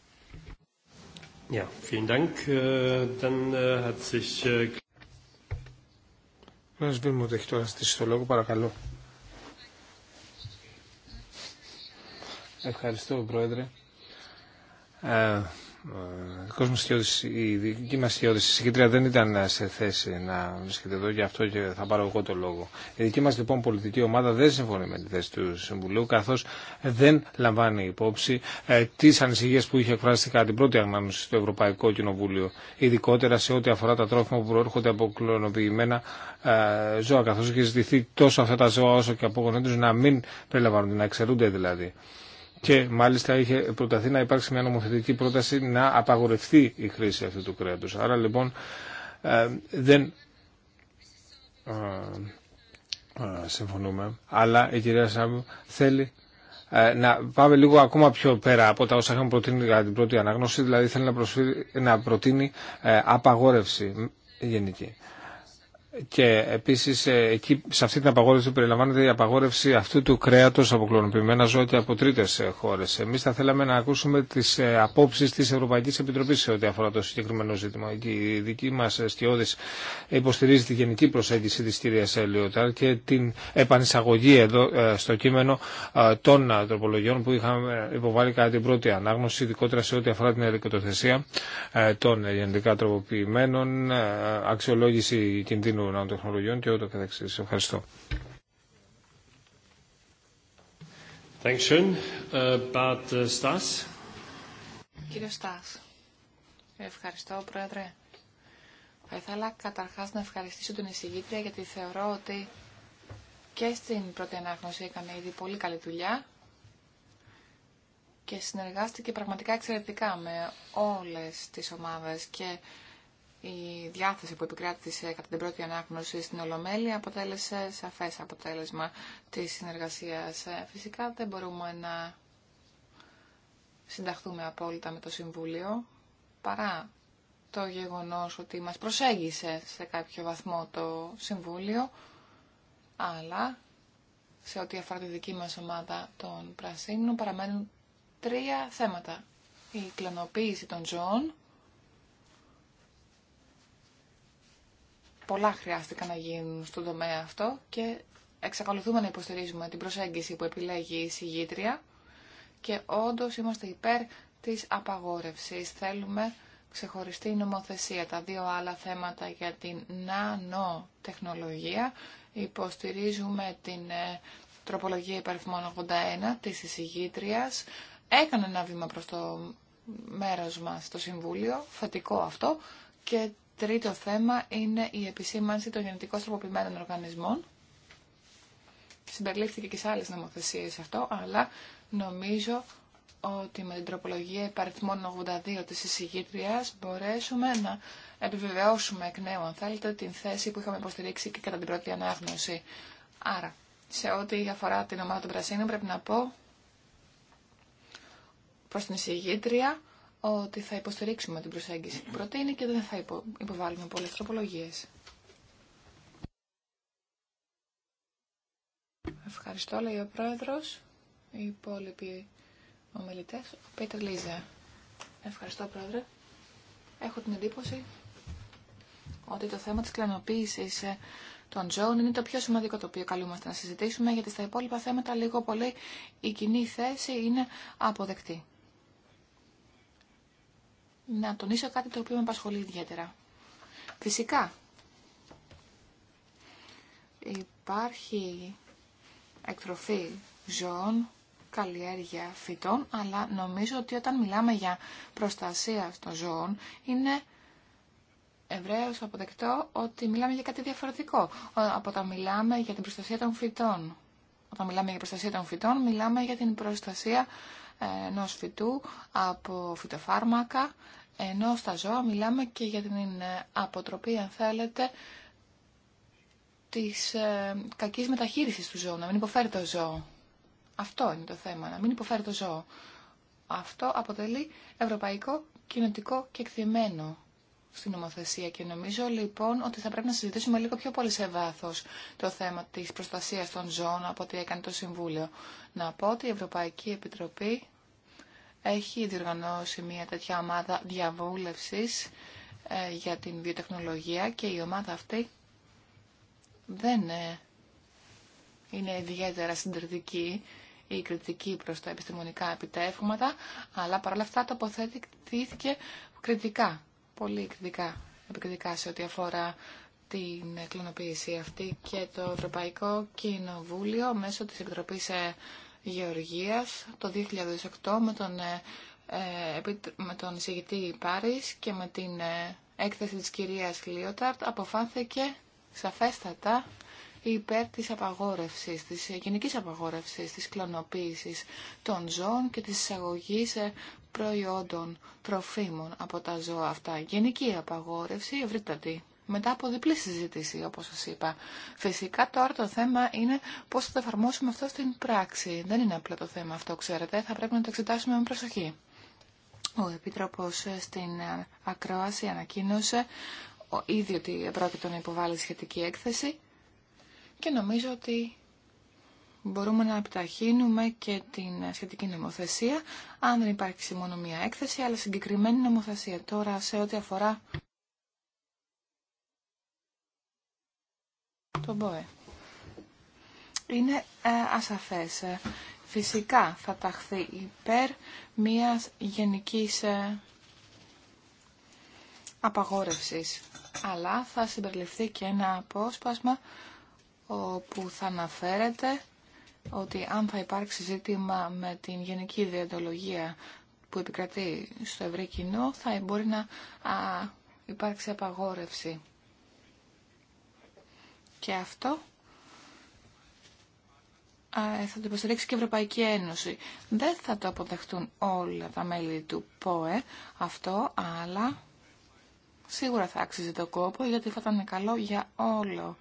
Äh,
äh, äh, Κύριος ότι έχει τώρα στήσει το λόγο, παρακαλώ. Ευχαριστώ, Πρόεδρε. Ε, ε, η δική μας η συγκεντρία δεν ήταν σε θέση να βρίσκεται εδώ, γι' αυτό και θα πάρω εγώ το λόγο. Η δική μας λοιπόν πολιτική ομάδα δεν συμφωνεί με τη θέση του Συμβουλίου, καθώς δεν λαμβάνει υπόψη ε, τις ανησυχίες που είχε εκφράσει κατά την πρώτη ανάμεση στο Ευρωπαϊκό Κοινοβούλιο, ειδικότερα σε ό,τι αφορά τα τρόφιμα που προέρχονται από κλωνοποιημένα ε, ζώα, καθώς έχει ζητηθεί τόσο αυτά τα ζώα όσο και από γονέντους να μην περιλαμβάνονται, να εξαιρούνται δηλαδή και μάλιστα είχε προταθεί να υπάρξει μια νομοθετική πρόταση να απαγορευτεί η χρήση αυτού του κρέατος. Άρα λοιπόν ε, δεν ε, ε, συμφωνούμε, αλλά η κυρία Σάμπου θέλει να πάμε λίγο ακόμα πιο πέρα από τα όσα είχαμε προτείνει για την πρώτη ανάγνωση, δηλαδή θέλει να, να προτείνει απαγόρευση γενική. Και επίση ε, εκεί σε αυτή την απαγόρευση περιλαμβάνεται η απαγόρευση αυτού του κρέατο από κλωνοποιημένα ζώα και από τρίτε χώρε. Εμεί θα θέλαμε να ακούσουμε τι ε, απόψει τη Ευρωπαϊκή Επιτροπή σε ό,τι αφορά το συγκεκριμένο ζήτημα. Η δική μα στιώδη υποστηρίζει τη γενική προσέγγιση τη κυρία Ελιοτάρ και την επανεισαγωγή εδώ ε, στο κείμενο των τροπολογιών που είχαμε υποβάλει κατά την πρώτη ανάγνωση, ειδικότερα σε ό,τι αφορά την ερικοτοθεσία των γενικά τροποποιημένων, αξιολόγηση κινδύνου νανοτεχνολογιών και ούτω Ευχαριστώ.
Ε, ε, Κύριε Στάς, ευχαριστώ Πρόεδρε. Θα ήθελα καταρχάς να ευχαριστήσω την εισηγήτρια γιατί θεωρώ ότι και στην πρώτη ανάγνωση έκανε ήδη πολύ καλή δουλειά και συνεργάστηκε πραγματικά εξαιρετικά με όλες τις ομάδες και η διάθεση που επικράτησε κατά την πρώτη ανάγνωση στην Ολομέλεια αποτέλεσε σαφές αποτέλεσμα της συνεργασίας. Ε, φυσικά δεν μπορούμε να συνταχθούμε απόλυτα με το Συμβούλιο, παρά το γεγονός ότι μας προσέγγισε σε κάποιο βαθμό το Συμβούλιο, αλλά σε ό,τι αφορά τη δική μας ομάδα των Πρασίνων παραμένουν τρία θέματα. Η κλωνοποίηση των ζώων, πολλά χρειάστηκαν να γίνουν στον τομέα αυτό και εξακολουθούμε να υποστηρίζουμε την προσέγγιση που επιλέγει η συγγήτρια και όντως είμαστε υπέρ της απαγόρευσης. Θέλουμε ξεχωριστή νομοθεσία. Τα δύο άλλα θέματα για την νανοτεχνολογία υποστηρίζουμε την ε, τροπολογία υπαριθμών 81 της εισηγήτριας. Έκανε ένα βήμα προς το μέρος μας στο Συμβούλιο, θετικό αυτό, και Τρίτο θέμα είναι η επισήμανση των γενετικώς τροποποιημένων οργανισμών. Συμπεριλήφθηκε και σε άλλες νομοθεσίες αυτό, αλλά νομίζω ότι με την τροπολογία υπαριθμών 82 της εισηγήτριας μπορέσουμε να επιβεβαιώσουμε εκ νέου, αν θέλετε, την θέση που είχαμε υποστηρίξει και κατά την πρώτη ανάγνωση. Άρα, σε ό,τι αφορά την ομάδα των Πρασίνων πρέπει να πω προς την εισηγήτρια ότι θα υποστηρίξουμε την προσέγγιση που προτείνει και δεν θα υποβάλουμε πολλές τροπολογίες. Ευχαριστώ, λέει ο Πρόεδρος. Οι υπόλοιποι ομιλητές. Ο Πίτερ Λίζα. Ευχαριστώ, Πρόεδρε. Έχω την εντύπωση ότι το θέμα της κλανοποίησης ε, των ζώων είναι το πιο σημαντικό το οποίο καλούμαστε να συζητήσουμε, γιατί στα υπόλοιπα θέματα λίγο πολύ η κοινή θέση είναι αποδεκτή να τονίσω κάτι το οποίο με απασχολεί ιδιαίτερα. Φυσικά, υπάρχει εκτροφή ζώων, καλλιέργεια φυτών, αλλά νομίζω ότι όταν μιλάμε για προστασία των ζώων, είναι ευρέως αποδεκτό ότι μιλάμε για κάτι διαφορετικό από όταν μιλάμε για την προστασία των φυτών. Όταν μιλάμε για προστασία των φυτών, μιλάμε για την προστασία ενός φυτού από φυτοφάρμακα, ενώ στα ζώα μιλάμε και για την ε, αποτροπή, αν θέλετε, της ε, κακής μεταχείρισης του ζώου, να μην υποφέρει το ζώο. Αυτό είναι το θέμα, να μην υποφέρει το ζώο. Αυτό αποτελεί ευρωπαϊκό και εκθυμένο στην νομοθεσία και νομίζω λοιπόν ότι θα πρέπει να συζητήσουμε λίγο πιο πολύ σε βάθο το θέμα της προστασίας των ζώων από ό,τι έκανε το Συμβούλιο. Να πω ότι η Ευρωπαϊκή Επιτροπή έχει διοργανώσει μια τέτοια ομάδα διαβούλευσης ε, για την βιοτεχνολογία και η ομάδα αυτή δεν ε, είναι ιδιαίτερα συντηρητική ή κριτική προς τα επιστημονικά επιτεύγματα, αλλά παρόλα αυτά τοποθετήθηκε κριτικά πολύ εκδικά, επικριτικά σε ό,τι αφορά την κλωνοποίηση αυτή και το Ευρωπαϊκό Κοινοβούλιο μέσω της Επιτροπής ε, Γεωργίας το 2008 με τον, ε, ε, με τον εισηγητή Πάρης και με την έκθεση της κυρίας Λίοταρτ αποφάνθηκε σαφέστατα υπέρ της απαγόρευσης, της γενικής απαγόρευσης, της κλωνοποίησης των ζώων και της εισαγωγής προϊόντων τροφίμων από τα ζώα αυτά. Γενική απαγόρευση, ευρύτατη. Μετά από διπλή συζήτηση, όπως σας είπα. Φυσικά τώρα το θέμα είναι πώς θα το εφαρμόσουμε αυτό στην πράξη. Δεν είναι απλό το θέμα αυτό, ξέρετε. Θα πρέπει να το εξετάσουμε με προσοχή. Ο επίτροπο στην Ακρόαση ανακοίνωσε ήδη ότι πρόκειται να υποβάλει σχετική έκθεση και νομίζω ότι μπορούμε να επιταχύνουμε και την σχετική νομοθεσία, αν δεν υπάρξει μόνο μία έκθεση, αλλά συγκεκριμένη νομοθεσία. Τώρα, σε ό,τι αφορά το ΜΠΟΕ. Είναι ε, ασαφές. Φυσικά θα ταχθεί υπέρ μίας γενικής ε, απαγόρευσης. Αλλά θα συμπεριληφθεί και ένα απόσπασμα όπου θα αναφέρεται ότι αν θα υπάρξει ζήτημα με την γενική ιδεολογία που επικρατεί στο ευρύ κοινό, θα μπορεί να υπάρξει απαγόρευση. Και αυτό θα το υποστηρίξει και η Ευρωπαϊκή Ένωση. Δεν θα το αποδεχτούν όλα τα μέλη του ΠΟΕ αυτό, αλλά σίγουρα θα άξιζε το κόπο γιατί θα ήταν καλό για όλο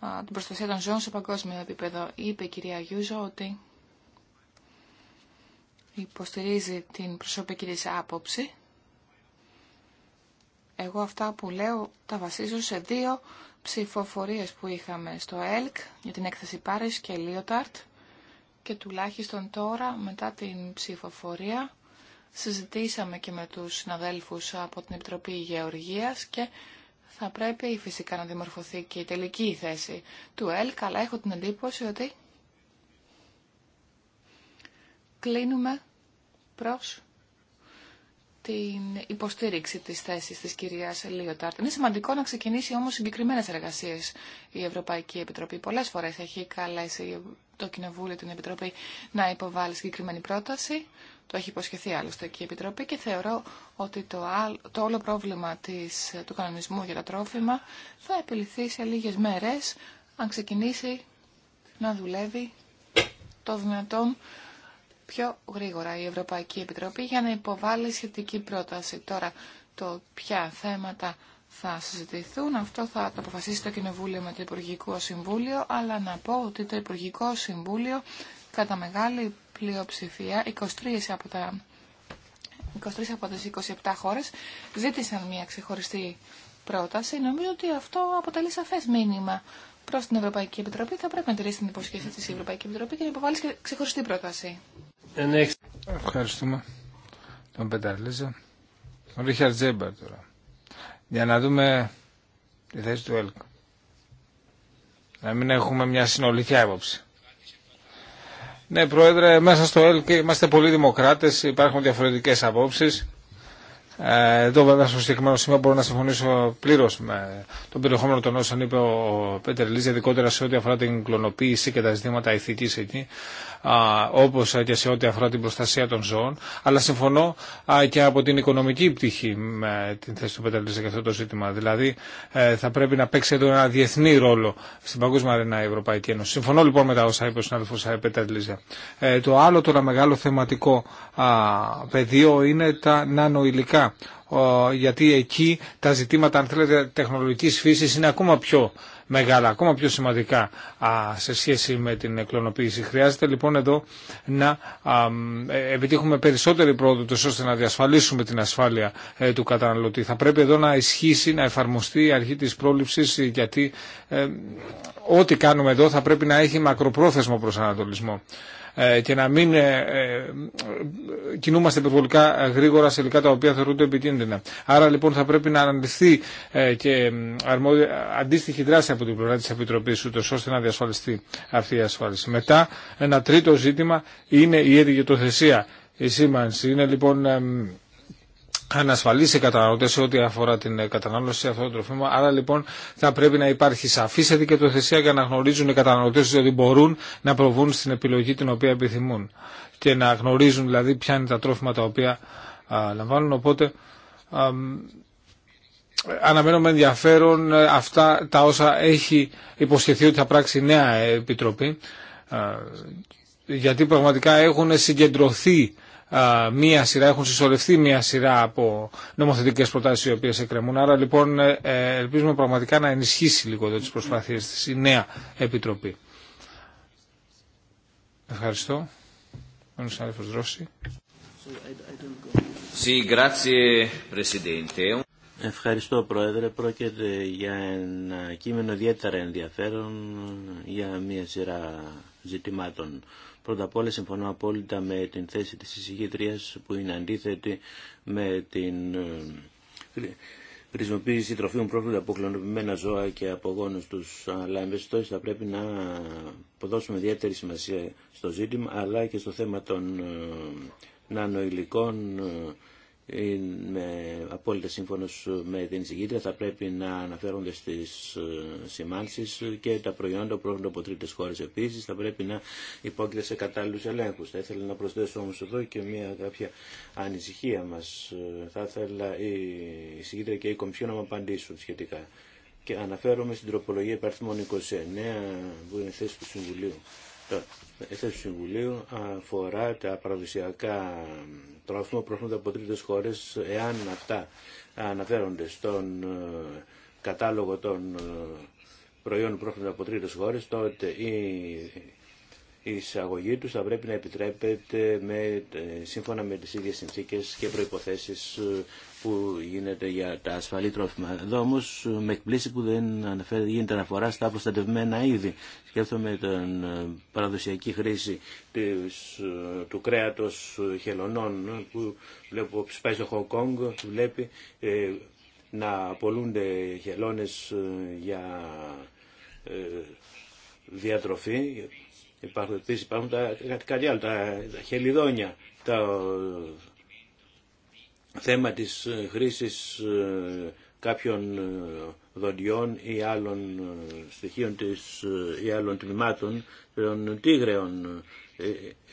την προστασία των ζώων σε παγκόσμιο επίπεδο. Είπε η κυρία Γιούζο ότι υποστηρίζει την προσωπική της άποψη. Εγώ αυτά που λέω τα βασίζω σε δύο ψηφοφορίες που είχαμε στο ΕΛΚ για την έκθεση Πάρης και Λίοταρτ και τουλάχιστον τώρα μετά την ψηφοφορία συζητήσαμε και με τους συναδέλφους από την Επιτροπή Γεωργίας και θα πρέπει φυσικά να δημορφωθεί και η τελική θέση του L, αλλά έχω την εντύπωση ότι κλείνουμε προς την υποστήριξη της θέσης της κυρίας Λίοτάρτ. Είναι σημαντικό να ξεκινήσει όμως συγκεκριμένες εργασίες η Ευρωπαϊκή Επιτροπή. Πολλές φορές έχει καλέσει το Κοινοβούλιο την Επιτροπή να υποβάλει συγκεκριμένη πρόταση. Το έχει υποσχεθεί άλλωστε και η Επιτροπή και θεωρώ ότι το, όλο πρόβλημα της, του κανονισμού για τα τρόφιμα θα επιληθεί σε λίγες μέρες αν ξεκινήσει να δουλεύει το δυνατόν πιο γρήγορα η Ευρωπαϊκή Επιτροπή για να υποβάλει σχετική πρόταση. Τώρα το ποια θέματα θα συζητηθούν, αυτό θα το αποφασίσει το Κοινοβούλιο με το Υπουργικό Συμβούλιο, αλλά να πω ότι το Υπουργικό Συμβούλιο κατά μεγάλη πλειοψηφία, 23 από, τα, 23 από τις 27 χώρες ζήτησαν μια ξεχωριστή πρόταση. Νομίζω ότι αυτό αποτελεί σαφές μήνυμα προς την Ευρωπαϊκή Επιτροπή. Θα πρέπει να τηρήσει την υποσχέση της Ευρωπαϊκή Επιτροπή και να υποβάλει και ξεχωριστή πρόταση.
Ευχαριστούμε τον Πενταρλίζα. Ο Ρίχαρτ Τζέμπερ τώρα. Για να δούμε τη θέση του ΕΛΚ. Να μην έχουμε μια συνολική άποψη. Ναι, Πρόεδρε, μέσα στο ΕΛΚ είμαστε πολλοί δημοκράτες, υπάρχουν διαφορετικές απόψεις. Ε, εδώ βέβαια στο συγκεκριμένο σημείο μπορώ να συμφωνήσω πλήρω με τον περιεχόμενο των όσων είπε ο Πέτερ Λίζ, ειδικότερα σε ό,τι αφορά την κλωνοποίηση και τα ζητήματα ηθική εκεί, όπω και σε ό,τι αφορά την προστασία των ζώων. Αλλά συμφωνώ και από την οικονομική πτυχή με την θέση του Πέτερ Λίζ για αυτό το ζήτημα. Δηλαδή ε, θα πρέπει να παίξει εδώ ένα διεθνή ρόλο στην παγκόσμια αρένα η Ευρωπαϊκή Ένωση. Συμφωνώ λοιπόν με τα όσα είπε ο συνάδελφο ε, Πέτερ Λίζ. Το άλλο τώρα μεγάλο θεματικό πεδίο είναι τα νανοηλικά γιατί εκεί τα ζητήματα, αν θέλετε, τεχνολογικής φύσης είναι ακόμα πιο μεγάλα, ακόμα πιο σημαντικά σε σχέση με την κλωνοποίηση. Χρειάζεται λοιπόν εδώ να ε, επιτύχουμε περισσότερη πρόοδο ώστε να διασφαλίσουμε την ασφάλεια ε, του καταναλωτή. Θα πρέπει εδώ να ισχύσει, να εφαρμοστεί η αρχή της πρόληψης γιατί ε, ό,τι κάνουμε εδώ θα πρέπει να έχει μακροπρόθεσμο προσανατολισμό. Ε, και να μην ε, ε, κινούμαστε υπερβολικά γρήγορα σε υλικά τα οποία θεωρούνται επικίνδυνα. Άρα λοιπόν θα πρέπει να αναλυθεί και αντίστοιχη δράση από την πλευρά της Επιτροπής ώστε να διασφαλιστεί αυτή η ασφάλιση. Μετά ένα τρίτο ζήτημα είναι η έδιγετοθεσία. Η σήμανση είναι λοιπόν ανασφαλίσει οι καταναλωτέ σε ό,τι αφορά την ε, κατανάλωση αυτών των τροφίμων. Άρα λοιπόν θα πρέπει να υπάρχει σαφή ετικετοθεσία για να γνωρίζουν οι καταναλωτέ ότι μπορούν να προβούν στην επιλογή την οποία επιθυμούν και να γνωρίζουν δηλαδή ποια είναι τα τρόφιμα τα οποία α, λαμβάνουν. Οπότε α, αναμένω με ενδιαφέρον ε, αυτά τα όσα έχει υποσχεθεί ότι θα πράξει η νέα επιτροπή γιατί πραγματικά έχουν συγκεντρωθεί μία σειρά, έχουν συσσωρευτεί μία σειρά από νομοθετικέ προτάσει οι οποίε εκκρεμούν. Άρα λοιπόν ε, ε, ελπίζουμε πραγματικά να ενισχύσει λίγο εδώ τι προσπάθειε τη η νέα Επιτροπή. Ευχαριστώ.
Ευχαριστώ Πρόεδρε. Πρόκειται για ένα κείμενο ιδιαίτερα ενδιαφέρον για μια σειρά ζητημάτων. Πρώτα απ' όλα συμφωνώ απόλυτα με την θέση της εισηγήτριας που είναι αντίθετη με την ε, χρησιμοποίηση τροφίμων πρόβλημα από κλωνοποιημένα ζώα και από γόνους τους. Αλλά εμπεστός θα πρέπει να δώσουμε ιδιαίτερη σημασία στο ζήτημα αλλά και στο θέμα των ε, νανοηλικών ε, Είμαι απόλυτα σύμφωνος με την συγκίτρια. Θα πρέπει να αναφέρονται στις ε, σημάνσεις και τα προϊόντα που πρόκειται από τρίτες χώρες επίσης. Θα πρέπει να υπόκειται σε κατάλληλους ελέγχους. Θα ήθελα να προσθέσω όμως εδώ και μια κάποια ανησυχία μας. Ε, θα ήθελα η συγκίτρια και η Κομισιό να μου απαντήσουν σχετικά. Και αναφέρομαι στην τροπολογία υπαρθμών 29 που είναι θέση του Συμβουλίου του Συμβουλίου αφορά τα παραδοσιακά τρόφιμα που από τρίτες χώρες εάν αυτά αναφέρονται στον ε, κατάλογο των ε, προϊόντων που από τρίτες χώρες, τότε η εισαγωγή τους θα πρέπει να επιτρέπεται με, ε, σύμφωνα με τις ίδιες συνθήκες και προϋποθέσεις που γίνεται για τα ασφαλή τρόφιμα. Εδώ όμω με εκπλήσει που δεν αναφέρει, γίνεται αναφορά στα προστατευμένα είδη. Σκέφτομαι την ε, παραδοσιακή χρήση ε, του κρέατος χελωνών ε, που βλέπω που πάει στο Χονγκ βλέπει να χελώνε χελώνες για διατροφή. Υπάρχουν υπάρχουν τα, κάτι άλλο, τα, τα χελιδόνια, τα θέμα της ε, χρήσης ε, κάποιων ε, δοντιών ή άλλων στοιχείων της, ή άλλων τμήματων των τίγρεων.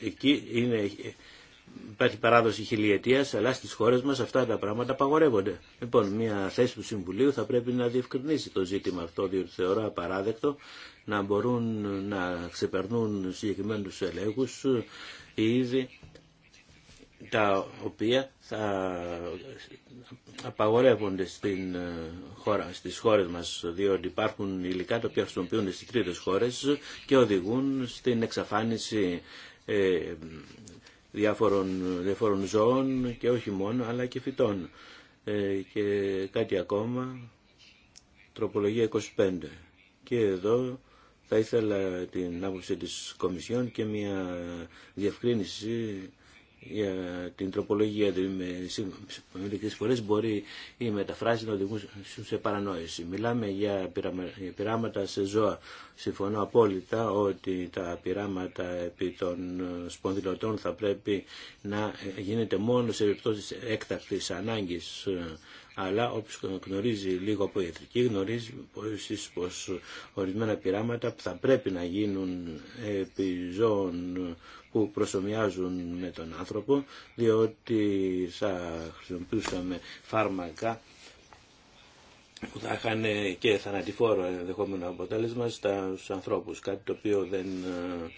Εκεί είναι, υπάρχει παράδοση χιλιετίας, αλλά στις χώρες μας αυτά τα πράγματα απαγορεύονται. Λοιπόν, μια θέση του Συμβουλίου θα πρέπει να διευκρινίσει το ζήτημα αυτό, διότι θεωρώ απαράδεκτο να μπορούν να ξεπερνούν συγκεκριμένους ελέγχους ή ήδη τα οποία θα απαγορεύονται στην ε, χώρα, στις χώρες μας, διότι υπάρχουν υλικά τα οποία χρησιμοποιούνται στις τρίτες χώρες και οδηγούν στην εξαφάνιση ε, διάφορων, διάφορων ζώων και όχι μόνο, αλλά και φυτών. Ε, και κάτι ακόμα, τροπολογία 25. Και εδώ θα ήθελα την άποψη της Κομισιόν και μια διευκρίνηση την τροπολογία του πολλές φορές μπορεί η μεταφράση να οδηγούν σε παρανόηση. Μιλάμε για πειράματα σε ζώα. Συμφωνώ απόλυτα ότι τα πειράματα επί των ε, σπονδυλωτών θα πρέπει να ε, γίνεται μόνο σε επιπτώσει έκτακτης ανάγκης ε, αλλά όποιος γνωρίζει λίγο από ιατρική γνωρίζει πως, πως ορισμένα πειράματα θα πρέπει να γίνουν επί ζώων που προσωμιάζουν με τον άνθρωπο διότι θα χρησιμοποιούσαμε φάρμακα που θα είχαν και θανατηφόρο ενδεχόμενο αποτέλεσμα στους ανθρώπους, κάτι το οποίο δεν ε,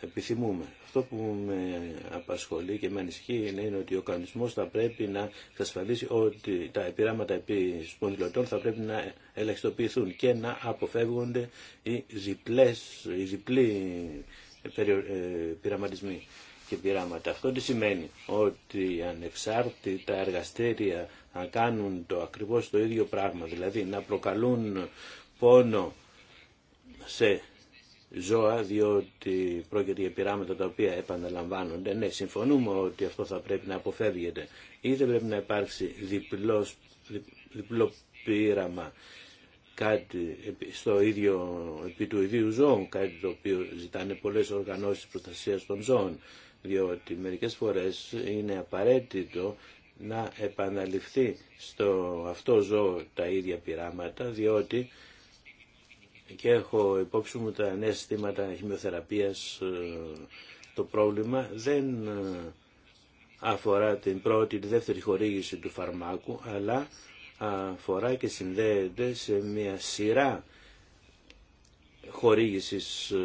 επιθυμούμε. Αυτό που με απασχολεί και με ανησυχεί είναι, ότι ο κανονισμός θα πρέπει να εξασφαλίσει ότι τα επιράματα επί σπονδυλωτών θα πρέπει να ελαχιστοποιηθούν και να αποφεύγονται οι, ζυπλές, οι ε, ε, πειραματισμοί και πειράματα. Αυτό τι σημαίνει ότι ανεξάρτητα εργαστήρια να κάνουν το ακριβώς το ίδιο πράγμα, δηλαδή να προκαλούν πόνο σε ζώα διότι πρόκειται για πειράματα τα οποία επαναλαμβάνονται. Ναι, συμφωνούμε ότι αυτό θα πρέπει να αποφεύγεται ή δεν πρέπει να υπάρξει διπλός, διπλό πείραμα κάτι στο ίδιο, επί του ιδίου ζώου, κάτι το οποίο ζητάνε πολλές οργανώσεις προστασίας των ζώων, διότι μερικές φορές είναι απαραίτητο να επαναληφθεί στο αυτό ζώο τα ίδια πειράματα, διότι και έχω υπόψη μου τα νέα συστήματα χημειοθεραπείας ε, το πρόβλημα δεν ε, αφορά την πρώτη, τη δεύτερη χορήγηση του φαρμάκου, αλλά αφορά και συνδέεται σε μια σειρά χορήγησης ε,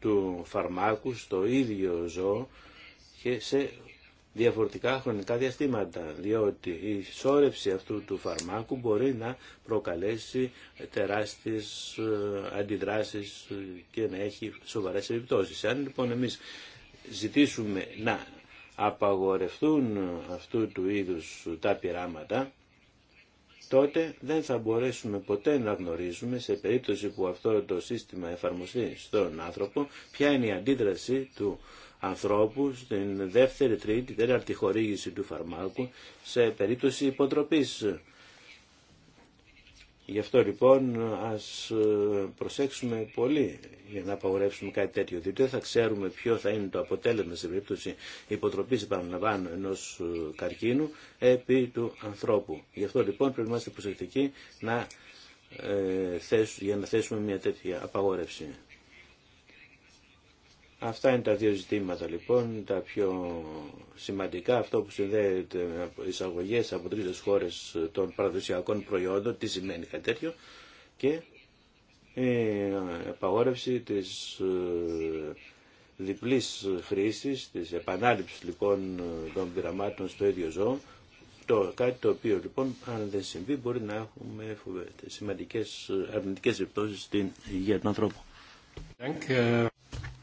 του φαρμάκου στο ίδιο ζώο και σε διαφορετικά χρονικά διαστήματα, διότι η σώρευση αυτού του φαρμάκου μπορεί να προκαλέσει τεράστιες ε, αντιδράσεις και να έχει σοβαρές επιπτώσεις. Αν λοιπόν εμείς ζητήσουμε να απαγορευτούν αυτού του είδους τα πειράματα, τότε δεν θα μπορέσουμε ποτέ να γνωρίζουμε σε περίπτωση που αυτό το σύστημα εφαρμοστεί στον άνθρωπο ποια είναι η αντίδραση του ανθρώπου στην δεύτερη, τρίτη, τέταρτη χορήγηση του φαρμάκου σε περίπτωση υποτροπής. Γι' αυτό λοιπόν ας ε, προσέξουμε πολύ για να απαγορεύσουμε κάτι τέτοιο, διότι δεν θα ξέρουμε ποιο θα είναι το αποτέλεσμα σε περίπτωση υποτροπής επαναλαμβάνω ενός ε, καρκίνου επί του ανθρώπου. Γι' αυτό λοιπόν πρέπει να είμαστε προσεκτικοί να, ε, για να θέσουμε μια τέτοια απαγόρευση. Αυτά είναι τα δύο ζητήματα λοιπόν, τα πιο σημαντικά, αυτό που συνδέεται με εισαγωγές από τρίτες χώρες των παραδοσιακών προϊόντων, τι σημαίνει κάτι τέτοιο, και η ε, απαγόρευση της ε, διπλής χρήσης, της επανάληψης λοιπόν των πειραμάτων στο ίδιο ζώο, το, κάτι το οποίο λοιπόν αν δεν συμβεί μπορεί να έχουμε σημαντικές αρνητικές επιπτώσεις στην υγεία του ανθρώπου.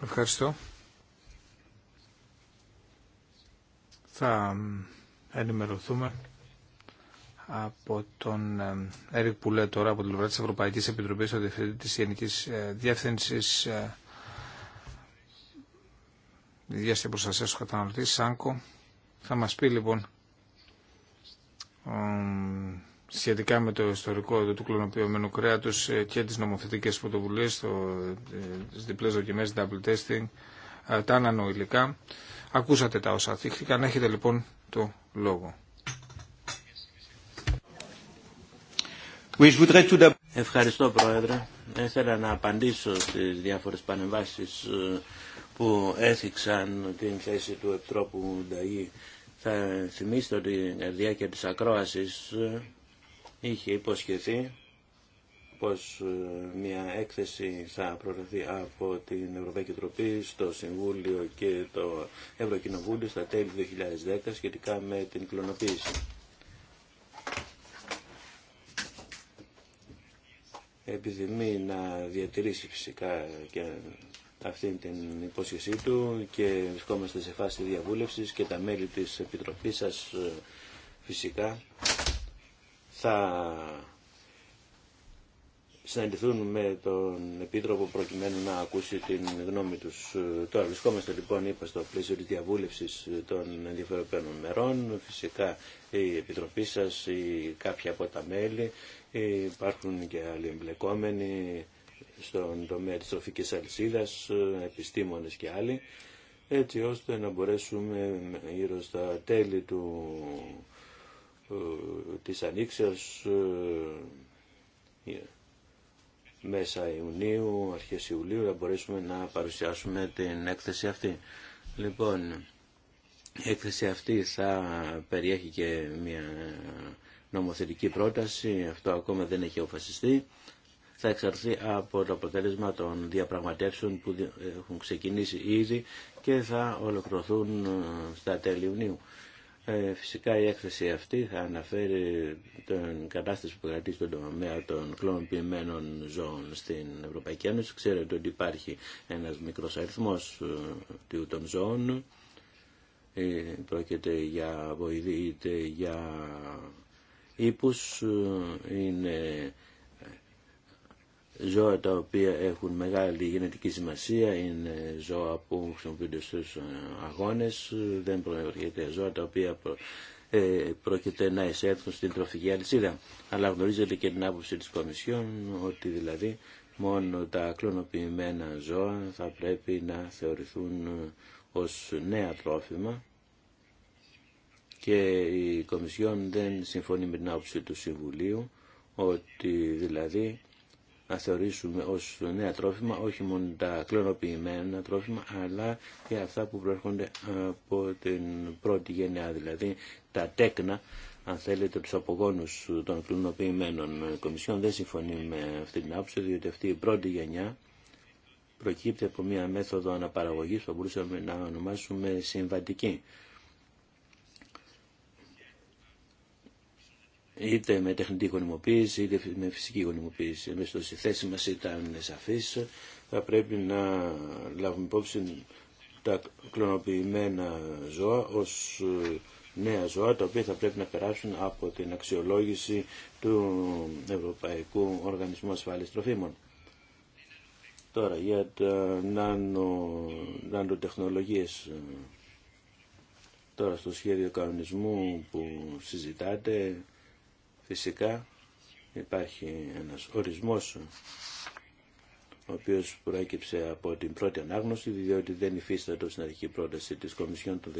Ευχαριστώ. Θα ενημερωθούμε από τον ε, Έρικ Πουλέ τώρα από την πλευρά της Ευρωπαϊκής Επιτροπής ο Διευθυντή της Γενικής ε, Διεύθυνσης ε, Υγείας και Προστασίας του Καταναλωτή, ΣΑΝΚΟ. Θα μας πει λοιπόν σχετικά με το ιστορικό του κλωνοποιημένου κρέατο ε, και τι νομοθετικέ πρωτοβουλίε, ε, τι διπλέ διπλές δοκιμές, double testing, ε, τα ανανοηλικά. Ακούσατε τα όσα θύχθηκαν. Έχετε λοιπόν το
λόγο. Ευχαριστώ Πρόεδρε. Ήθελα να απαντήσω στις διάφορες πανεμβάσεις που έθιξαν την θέση του Επιτρόπου Νταγή. Θα θυμίσω ότι η διάρκεια της ακρόασης είχε υποσχεθεί πως ε, μια έκθεση θα προτεθεί από την Ευρωπαϊκή Τροπή στο Συμβούλιο και το Ευρωκοινοβούλιο στα τέλη του 2010 σχετικά με την κλωνοποίηση. Επιθυμεί να διατηρήσει φυσικά και αυτήν την υπόσχεσή του και βρισκόμαστε σε φάση διαβούλευσης και τα μέλη της Επιτροπής σας ε, φυσικά θα συναντηθούν με τον Επίτροπο προκειμένου να ακούσει την γνώμη τους. Τώρα βρισκόμαστε λοιπόν, είπα, στο πλαίσιο της διαβούλευσης των ενδιαφερομένων μερών. Φυσικά η Επιτροπή σας ή κάποια από τα μέλη υπάρχουν και άλλοι εμπλεκόμενοι στον τομέα της τροφικής αλυσίδας, επιστήμονες και άλλοι, έτσι ώστε να μπορέσουμε γύρω στα τέλη του ε, της Ανοίξεως ε, ε, μέσα Ιουνίου, αρχές Ιουλίου να μπορέσουμε να παρουσιάσουμε την έκθεση αυτή. Λοιπόν, η έκθεση αυτή θα περιέχει και μια νομοθετική πρόταση, αυτό ακόμα δεν έχει οφασιστεί Θα εξαρθεί από το αποτέλεσμα των διαπραγματεύσεων που έχουν ξεκινήσει ήδη και θα ολοκληρωθούν στα τέλη Ιουνίου. Ε, φυσικά η έκθεση αυτή θα αναφέρει την κατάσταση που κρατεί στον τομέα των κλωνοποιημένων ζώων στην Ευρωπαϊκή Ένωση. Ξέρετε ότι υπάρχει ένας μικρός αριθμός ε, των ζώων. Ε, πρόκειται για βοηθοί είτε για ύπους. Είναι ζώα τα οποία έχουν μεγάλη γενετική σημασία, είναι ζώα που χρησιμοποιούνται στους αγώνες, δεν προέρχεται ζώα τα οποία προ... Ε, πρόκειται να εισέλθουν στην τροφική αλυσίδα. Αλλά γνωρίζετε και την άποψη της Κομισιόν ότι δηλαδή μόνο τα κλωνοποιημένα ζώα θα πρέπει να θεωρηθούν ως νέα τρόφιμα και η Κομισιόν δεν συμφωνεί με την άποψη του Συμβουλίου ότι δηλαδή να θεωρήσουμε ως νέα τρόφιμα όχι μόνο τα κλωνοποιημένα τρόφιμα αλλά και αυτά που προέρχονται από την πρώτη γενιά δηλαδή τα τέκνα αν θέλετε τους απογόνους των κλωνοποιημένων κομισιών δεν συμφωνεί με αυτή την άποψη διότι αυτή η πρώτη γενιά προκύπτει από μια μέθοδο αναπαραγωγής που μπορούσαμε να ονομάσουμε συμβατική είτε με τεχνητή γονιμοποίηση είτε με φυσική γονιμοποίηση. Εμείς η θέση μας ήταν σαφής, θα πρέπει να λάβουμε υπόψη τα κλωνοποιημένα ζώα ως ε, νέα ζώα τα οποία θα πρέπει να περάσουν από την αξιολόγηση του Ευρωπαϊκού Οργανισμού Ασφάλειας Τροφίμων. Τώρα για τα νανο, νανοτεχνολογίες ε, τώρα στο σχέδιο κανονισμού που συζητάτε Φυσικά υπάρχει ένας ορισμός ο οποίος προέκυψε από την πρώτη ανάγνωση, διότι δεν υφίστατο στην αρχική πρόταση της Κομισιόν του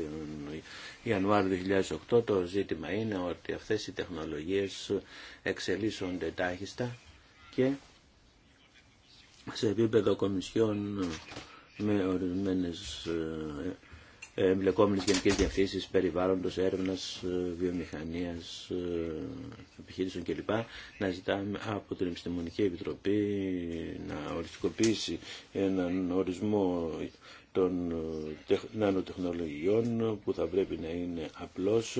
Ιανουάριου 2008. Το ζήτημα είναι ότι αυτές οι τεχνολογίες εξελίσσονται τάχιστα και σε επίπεδο Κομισιόν με ορισμένες ε, ε, εμπλεκόμενες γενικές διευθύνσεις περιβάλλοντος, έρευνας, ε, βιομηχανίας, ε, επιχειρήσεων κλπ. Να ζητάμε από την Επιστημονική Επιτροπή να οριστικοποιήσει έναν ορισμό των νανοτεχνολογιών που θα πρέπει να είναι απλός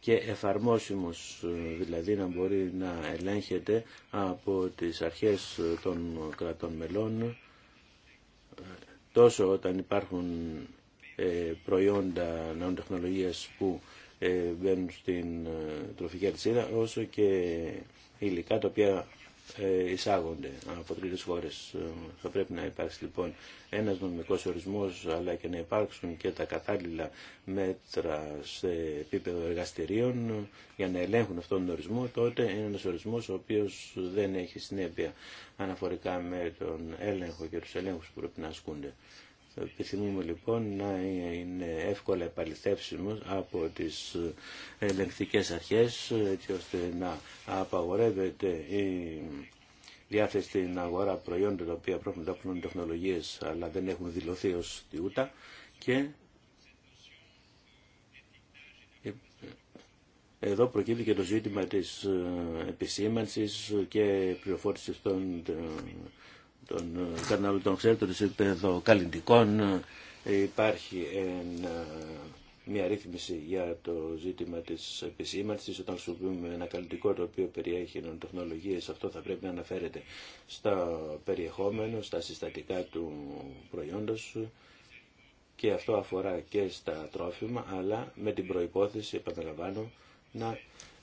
και εφαρμόσιμος, δηλαδή να μπορεί να ελέγχεται από τις αρχές των κρατών μελών τόσο όταν υπάρχουν ε, προϊόντα νέων τεχνολογίες που ε, μπαίνουν στην ε, τροφική αλυσίδα, όσο και υλικά τα οποία εισάγονται από τρίτες χώρες. Θα πρέπει να υπάρξει λοιπόν ένας νομικός ορισμός αλλά και να υπάρξουν και τα κατάλληλα μέτρα σε επίπεδο εργαστηρίων για να ελέγχουν αυτόν τον ορισμό τότε είναι ένας ορισμός ο οποίος δεν έχει συνέπεια αναφορικά με τον έλεγχο και τους ελέγχους που πρέπει να ασκούνται. Επιθυμούμε λοιπόν να είναι εύκολα επαληθεύσιμο από τις ελεγκτικές αρχές έτσι ώστε να απαγορεύεται η διάθεση στην αγορά προϊόντων τα οποία πρόκειται από τεχνολογίες αλλά δεν έχουν δηλωθεί ως διούτα και Εδώ προκύπτει και το ζήτημα της επισήμανσης και πληροφόρησης των των ε, καταναλωτών. Ξέρετε ότι επίπεδο καλλιντικών ε, υπάρχει μια ρύθμιση για το ζήτημα της επισήμανσης. Όταν χρησιμοποιούμε ένα καλλιντικό το οποίο περιέχει νοοτεχνολογίε, αυτό θα πρέπει να αναφέρεται στα περιεχόμενο, στα συστατικά του προϊόντος και αυτό αφορά και στα τρόφιμα, αλλά με την προϋπόθεση, επαναλαμβάνω, να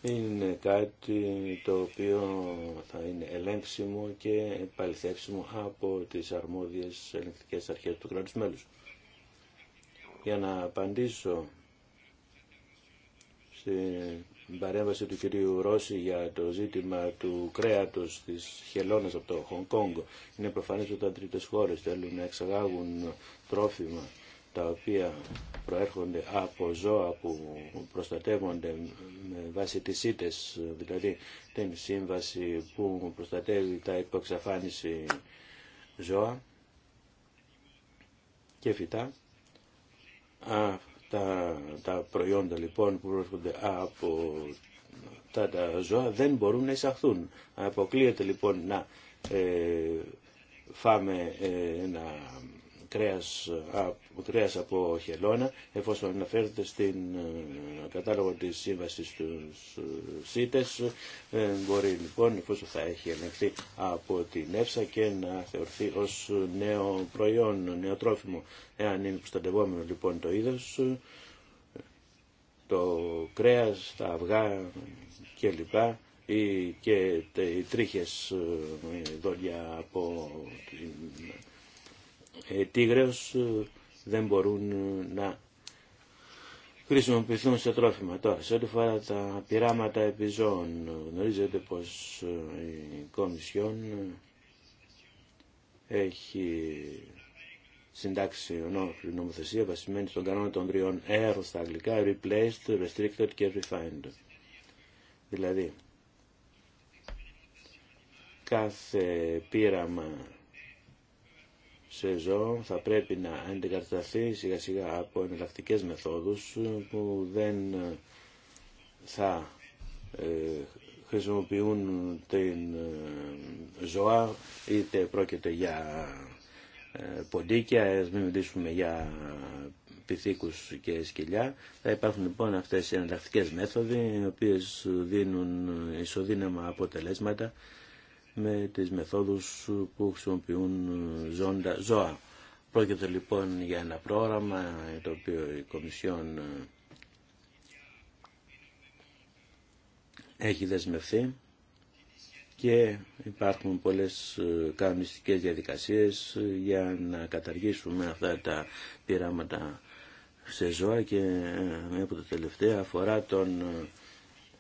είναι κάτι το οποίο θα είναι ελέγξιμο και επαληθεύσιμο από τις αρμόδιες ελεγκτικές αρχές του κράτους μέλους. Για να απαντήσω στην παρέμβαση του κυρίου Ρώση για το ζήτημα του κρέατος της χελώνας από το Χονγκ Είναι προφανές ότι τα τρίτες χώρες θέλουν να εξαγάγουν τρόφιμα τα οποία προέρχονται από ζώα που προστατεύονται με βάση τις ήτες, δηλαδή την σύμβαση που προστατεύει τα υποξαφάνιση ζώα και φυτά. Αυτά τα προϊόντα λοιπόν που προέρχονται από τα, τα ζώα δεν μπορούν να εισαχθούν. Αποκλείεται λοιπόν να ε, φάμε ε, ένα κρέας από, κρέας από χελώνα, εφόσον αναφέρεται στην ε, κατάλογο της σύμβασης του ε, ΣΥΤΕΣ, ε, μπορεί λοιπόν, εφόσον θα έχει ελεγχθεί από την ΕΦΣΑ και να θεωρηθεί ως νέο προϊόν, νέο τρόφιμο. Εάν είναι προστατευόμενο λοιπόν το είδος, το κρέας, τα αυγά κλπ ή και οι τρίχες δόντια από την ε, τίγρεως ε, δεν μπορούν ε, να χρησιμοποιηθούν σε τρόφιμα. Τώρα, σε ό,τι φορά τα πειράματα επιζών, γνωρίζετε πως η Κομισιόν έχει συντάξει νομοθεσία βασισμένη στον κανόνα των τριών R στα αγγλικά, replaced, restricted και refined. Δηλαδή, κάθε πείραμα σε ζώο θα πρέπει να αντικατασταθεί σιγά σιγά από εναλλακτικές μεθόδους που δεν ε, θα ε, χρησιμοποιούν την ε, ζώα είτε πρόκειται για ποντίκια, μην μιλήσουμε για πυθίκους και σκυλιά. Θα υπάρχουν λοιπόν αυτές οι εναλλακτικές μέθοδοι οι οποίες δίνουν ισοδύναμα αποτελέσματα με τις μεθόδους που χρησιμοποιούν ζώντα, ζώα. Πρόκειται λοιπόν για ένα πρόγραμμα το οποίο η Κομισιόν ε, έχει δεσμευθεί και υπάρχουν πολλές ε, κανονιστικές διαδικασίες ε, για να καταργήσουμε αυτά τα πειράματα σε ζώα και μία από τα τελευταία αφορά τον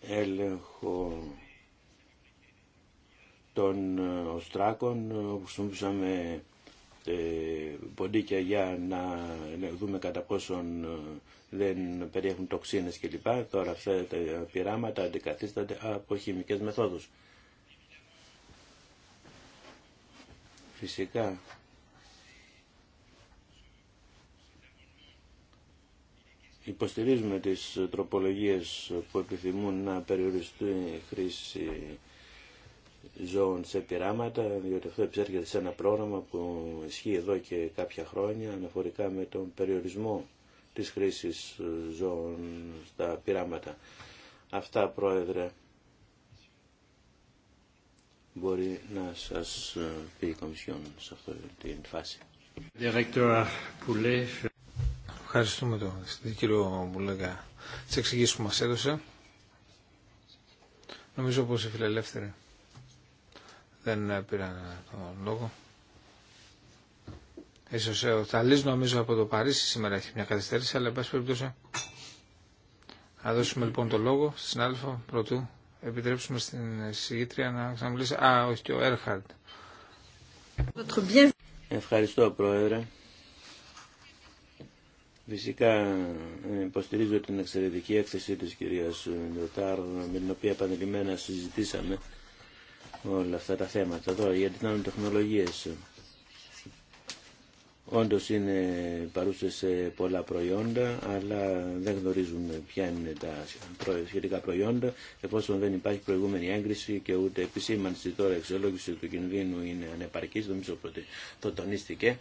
έλεγχο των ε, οστράκων ε, όπου χρησιμοποιήσαμε ε, ποντίκια για να δούμε κατά πόσον δεν περιέχουν τοξίνες κλπ. Τώρα αυτά τα πειράματα αντικαθίστανται από χημικές μεθόδους. Φυσικά υποστηρίζουμε τις τροπολογίες που επιθυμούν να περιοριστούν η χρήση ζώων σε πειράματα, διότι αυτό επισέρχεται σε ένα πρόγραμμα που ισχύει εδώ και κάποια χρόνια αναφορικά με τον περιορισμό της χρήσης ζώων στα πειράματα. Αυτά, Πρόεδρε, μπορεί να σας πει η Κομισιόν σε αυτή την φάση.
Ευχαριστούμε τον κύριο Μπουλέγκα τις εξηγήσεις που μας έδωσε. Νομίζω πως η φιλελεύθερη δεν πήραν τον λόγο. Ίσως ε, ο Θαλής νομίζω από το Παρίσι σήμερα έχει μια καθυστέρηση, αλλά εν πάση περιπτώσει να δώσουμε λοιπόν το λόγο στην συνάδελφο πρωτού επιτρέψουμε στην συγγήτρια να ξαναμιλήσει.
Α, όχι και ο Έρχαρντ. Ευχαριστώ Πρόεδρε. Φυσικά ε, υποστηρίζω την εξαιρετική έκθεση της κυρίας Ντοτάρ με την οποία επανειλημμένα συζητήσαμε όλα αυτά τα θέματα εδώ οι τι τεχνολογίε. Όντως είναι παρούσε σε πολλά προϊόντα, αλλά δεν γνωρίζουν ποια είναι τα σχετικά προϊόντα, εφόσον δεν υπάρχει προηγούμενη έγκριση και ούτε επισήμανση τώρα εξολόγηση του κινδύνου είναι ανεπαρκή, νομίζω ότι το τονίστηκε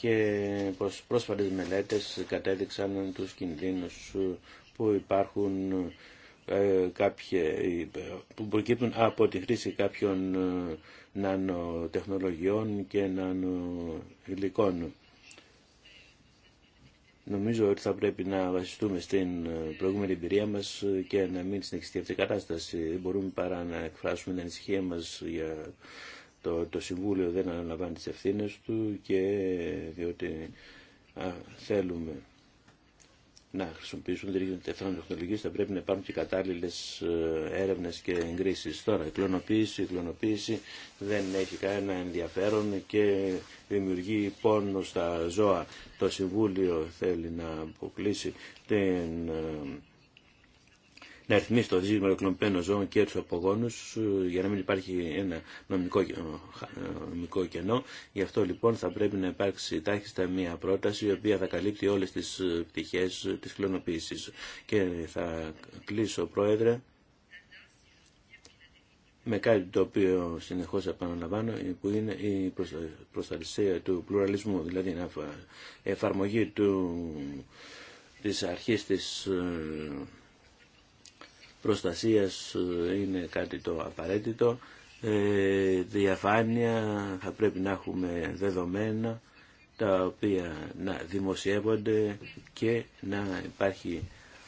και πως πρόσφατες μελέτες κατέδειξαν τους κινδύνου που υπάρχουν ε, κάποιε που προκύπτουν από τη χρήση κάποιων ε, νανοτεχνολογιών και νανοηλικών. Νομίζω ότι θα πρέπει να βασιστούμε στην ε, προηγούμενη εμπειρία μας και να μην συνεχιστεί αυτή η κατάσταση. Δεν μπορούμε παρά να εκφράσουμε την ανησυχία μας για το, το Συμβούλιο δεν αναλαμβάνει τις ευθύνες του και διότι α, θέλουμε να χρησιμοποιήσουν τέτοιες τεχνολογία θα πρέπει να υπάρχουν και κατάλληλες ε, έρευνες και εγκρίσεις. Τώρα η κλωνοποίηση, η κλωνοποίηση δεν έχει κανένα ενδιαφέρον και δημιουργεί πόνο στα ζώα. Το Συμβούλιο θέλει να αποκλείσει την ε, να ρυθμίσει το των εκλογμένων ζώων και του απογόνου ε, για να μην υπάρχει ένα νομικό, ε, ε, νομικό κενό. Γι' αυτό λοιπόν θα πρέπει να υπάρξει τάχιστα μια πρόταση η οποία θα καλύπτει όλε τι πτυχέ τη κλωνοποίηση. Και θα κλείσω, Πρόεδρε με κάτι το οποίο συνεχώ επαναλαμβάνω που είναι η προστασία του πλουραλισμού, δηλαδή η εφαρμογή του, της αρχής της προστασίας ε, είναι κάτι το απαραίτητο. Ε, διαφάνεια θα πρέπει να έχουμε δεδομένα τα οποία να δημοσιεύονται και να υπάρχει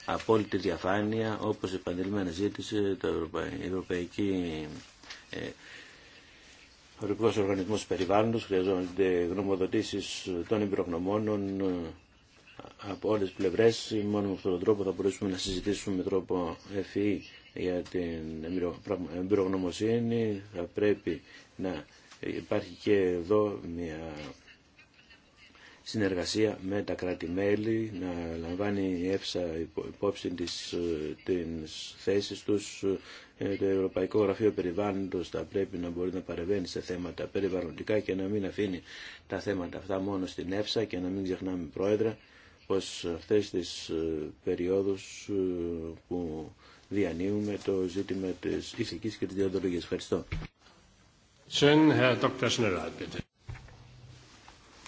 απόλυτη διαφάνεια όπως επανειλημμένα ζήτησε το Ευρωπαϊκή ο ε, Ευρωπαϊκό Οργανισμό Περιβάλλοντο χρειαζόνται γνωμοδοτήσει των εμπειρογνωμόνων από όλες τις πλευρές. Μόνο με αυτόν τον τρόπο θα μπορέσουμε να συζητήσουμε με τρόπο ευφυή για την εμπειρογνωμοσύνη. Θα πρέπει να υπάρχει και εδώ μια συνεργασία με τα κράτη-μέλη, να λαμβάνει η ΕΦΣΑ υπόψη της, ε, της θέσης τους. Ε, το Ευρωπαϊκό Γραφείο Περιβάλλοντος θα πρέπει να μπορεί να παρεμβαίνει σε θέματα περιβαλλοντικά και να μην αφήνει τα θέματα αυτά μόνο στην ΕΦΣΑ και να μην ξεχνάμε πρόεδρα πως αυτές τις ε, περιόδους ε, που διανύουμε το ζήτημα της ηθικής και της διοντολογίας. Ευχαριστώ.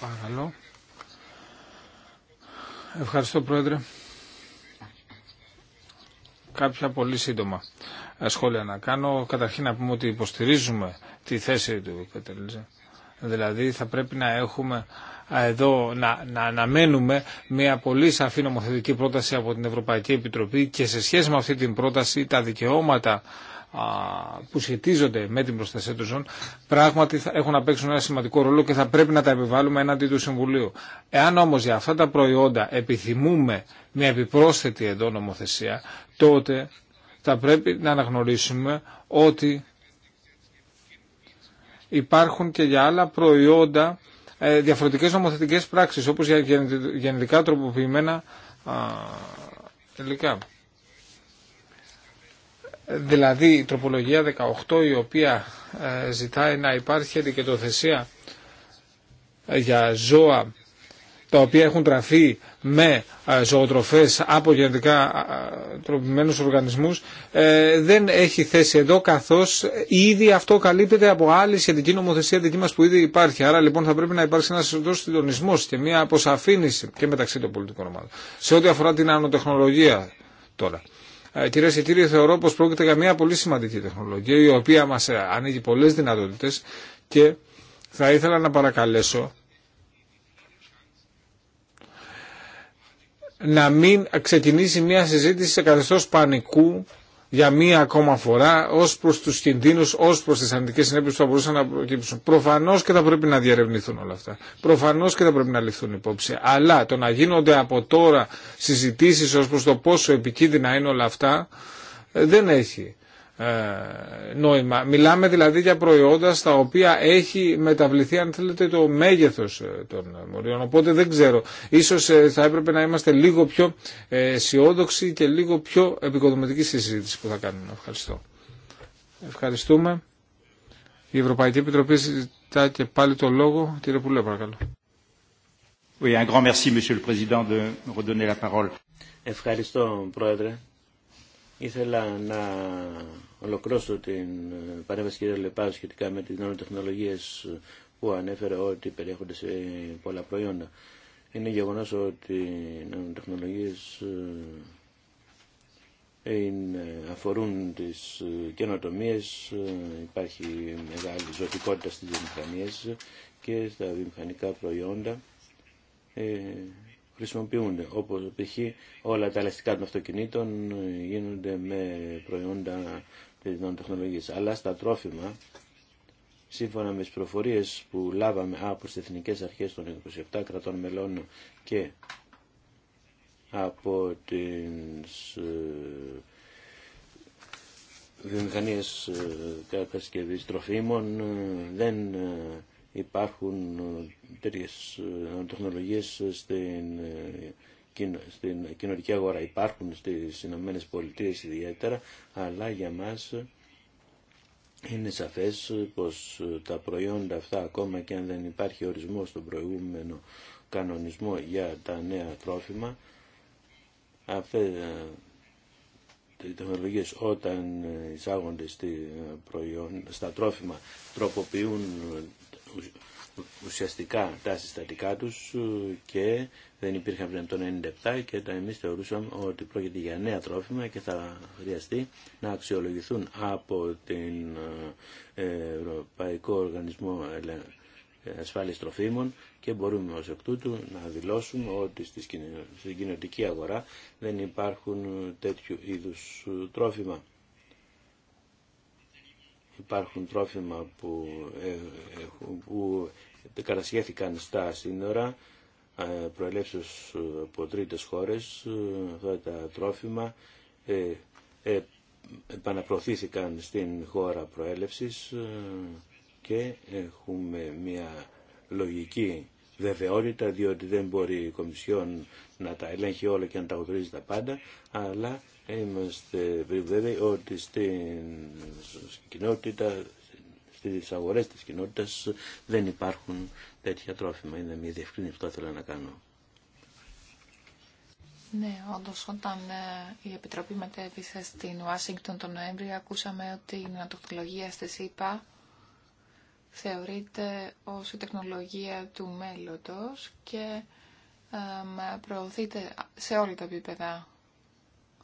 Παρακαλώ. Ευχαριστώ Πρόεδρε. Κάποια πολύ σύντομα ε, σχόλια να κάνω. Καταρχήν να πούμε ότι υποστηρίζουμε τη θέση του Δηλαδή θα πρέπει να έχουμε εδώ να, να αναμένουμε μια πολύ σαφή νομοθετική πρόταση από την Ευρωπαϊκή Επιτροπή και σε σχέση με αυτή την πρόταση τα δικαιώματα που σχετίζονται με την προστασία των ζώων πράγματι θα έχουν να παίξουν ένα σημαντικό ρόλο και θα πρέπει να τα επιβάλλουμε έναντι του Συμβουλίου. Εάν όμως για αυτά τα προϊόντα επιθυμούμε μια επιπρόσθετη εδώ νομοθεσία, τότε θα πρέπει να αναγνωρίσουμε ότι υπάρχουν και για άλλα προϊόντα ε, διαφορετικές νομοθετικές πράξεις όπως για γενετικά τροποποιημένα υλικά. Δηλαδή η τροπολογία 18 η οποία ε, ζητάει να υπάρχει ετικετοθεσία ε, για ζώα τα οποία έχουν τραφεί με ζωοτροφές από γενετικά τροπημένους οργανισμούς ε, δεν έχει θέση εδώ καθώς ήδη αυτό καλύπτεται από άλλη σχετική νομοθεσία δική μας που ήδη υπάρχει. Άρα λοιπόν θα πρέπει να υπάρξει ένας σωστός συντονισμός και μια αποσαφήνιση και μεταξύ των πολιτικών ομάδων. Σε ό,τι αφορά την ανοτεχνολογία τώρα. Ε, Κυρίε και κύριοι, θεωρώ πω πρόκειται για μια πολύ σημαντική τεχνολογία η οποία μα ε, ανοίγει πολλέ δυνατότητε και θα ήθελα να παρακαλέσω να μην ξεκινήσει μια συζήτηση σε καθεστώ πανικού για μία ακόμα φορά ως προς τους κινδύνους, ως προς τις αντικέ συνέπειες που θα μπορούσαν να προκύψουν. Προφανώς και θα πρέπει να διαρευνηθούν όλα αυτά. Προφανώς και θα πρέπει να ληφθούν υπόψη. Αλλά το να γίνονται από τώρα συζητήσεις ως προς το πόσο επικίνδυνα είναι όλα αυτά ε, δεν έχει ε, νόημα. Μιλάμε δηλαδή για προϊόντα στα οποία έχει μεταβληθεί αν θέλετε το μέγεθος ε, των μορίων. Οπότε δεν ξέρω. Ίσως ε, θα έπρεπε να είμαστε λίγο πιο αισιόδοξοι και λίγο πιο επικοδομητικοί στη συζήτηση που θα κάνουμε. Ευχαριστώ. Ευχαριστούμε. Η Ευρωπαϊκή Επιτροπή ζητά και πάλι το λόγο. Κύριε Πουλέ, παρακαλώ.
Ευχαριστώ, Πρόεδρε. Ήθελα να ολοκλώσω την ε, παρέμβαση κυρία Λεπά σχετικά με τις νανοτεχνολογίες που ανέφερε ότι περιέχονται σε πολλά προϊόντα. Είναι γεγονός ότι οι νανοτεχνολογίες ε, αφορούν τις ε, καινοτομίες, υπάρχει μεγάλη ζωτικότητα στις βιομηχανίες και στα βιομηχανικά προϊόντα χρησιμοποιούνται, όπως π.χ. όλα τα ελαστικά των αυτοκινήτων γίνονται με προϊόντα περιδών τεχνολογίας. Αλλά στα τρόφιμα, σύμφωνα με τις προφορίες που λάβαμε από τις Εθνικές Αρχές των 27 κρατών μελών και από τις ε, βιομηχανίες ε, κατασκευής τροφίμων, ε, δεν υπάρχουν ε, τέτοιες ε, τεχνολογίες στην, ε, στην κοινωνική αγορά. Υπάρχουν στις Ηνωμένε Πολιτείε ιδιαίτερα, αλλά για μας είναι σαφές πως τα προϊόντα αυτά, ακόμα και αν δεν υπάρχει ορισμό στον προηγούμενο κανονισμό για τα νέα τρόφιμα, οι τεχνολογίες όταν εισάγονται στα τρόφιμα τροποποιούν ουσιαστικά τα συστατικά τους ε, και δεν υπήρχαν πριν το 97 και τα εμείς θεωρούσαμε ότι πρόκειται για νέα τρόφιμα και θα χρειαστεί να αξιολογηθούν από την ε, Ευρωπαϊκό Οργανισμό Ασφάλειας Τροφίμων και μπορούμε ως εκ τούτου να δηλώσουμε ότι στην κοινωτική αγορά δεν υπάρχουν τέτοιου είδους ε, τρόφιμα υπάρχουν τρόφιμα που, ε, που κατασχέθηκαν στα σύνορα ε, προελεύσεως ε, από τρίτες χώρες αυτά τα τρόφιμα επαναπροωθήθηκαν στην χώρα προέλευσης και έχουμε μια λογική βεβαιότητα διότι δεν μπορεί η Κομισιόν να τα ελέγχει όλα και να τα γνωρίζει τα πάντα αλλά Είμαστε βέβαιοι ότι στην κοινότητα, στις αγορές της κοινότητας δεν υπάρχουν τέτοια τρόφιμα. Είναι μια διευκρίνηση που θα ήθελα να κάνω.
Ναι, όντω όταν ε, η Επιτροπή μετέβησε στην Ουάσιγκτον τον Νοέμβριο, ακούσαμε ότι η νοτοκτολογία στη ΣΥΠΑ θεωρείται ως η τεχνολογία του μέλλοντος και προωθείται σε όλα τα επίπεδα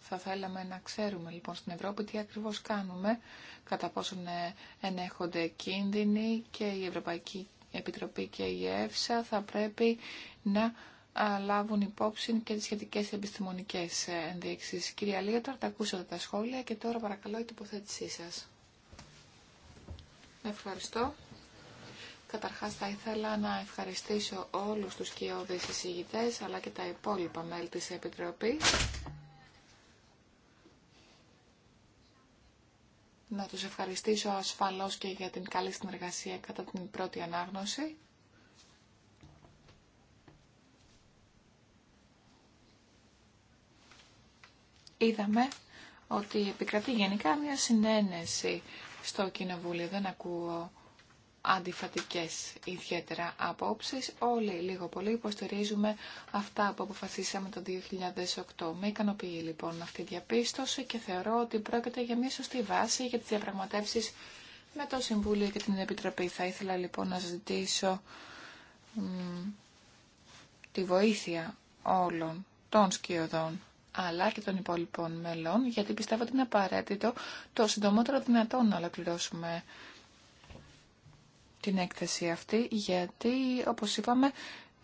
θα θέλαμε να ξέρουμε λοιπόν στην Ευρώπη τι ακριβώς κάνουμε, κατά πόσον ε, ενέχονται κίνδυνοι και η Ευρωπαϊκή Επιτροπή και η ΕΕΦΣΑ θα πρέπει να λάβουν υπόψη και τις σχετικές επιστημονικές ε, ενδείξεις. Κυρία τα ακούσατε τα σχόλια και τώρα παρακαλώ η τοποθέτησή σας. Ευχαριστώ. Καταρχάς θα ήθελα να ευχαριστήσω όλους τους κοιόδες εισηγητές αλλά και τα υπόλοιπα μέλη της Επιτροπής να τους ευχαριστήσω ασφαλώς και για την καλή συνεργασία κατά την πρώτη ανάγνωση. Είδαμε ότι επικρατεί γενικά μια συνένεση στο Κοινοβούλιο. Δεν ακούω αντιφατικές ιδιαίτερα απόψεις. Όλοι λίγο πολύ υποστηρίζουμε αυτά που αποφασίσαμε το 2008. Με ικανοποιεί λοιπόν αυτή η διαπίστωση και θεωρώ ότι πρόκειται για μια σωστή βάση για τις διαπραγματεύσεις με το Συμβούλιο και την Επιτροπή. Θα ήθελα λοιπόν να ζητήσω μ, τη βοήθεια όλων των σκιωδών αλλά και των υπόλοιπων μελών, γιατί πιστεύω ότι είναι απαραίτητο το συντομότερο δυνατόν να ολοκληρώσουμε την έκθεση αυτή, γιατί, όπως είπαμε,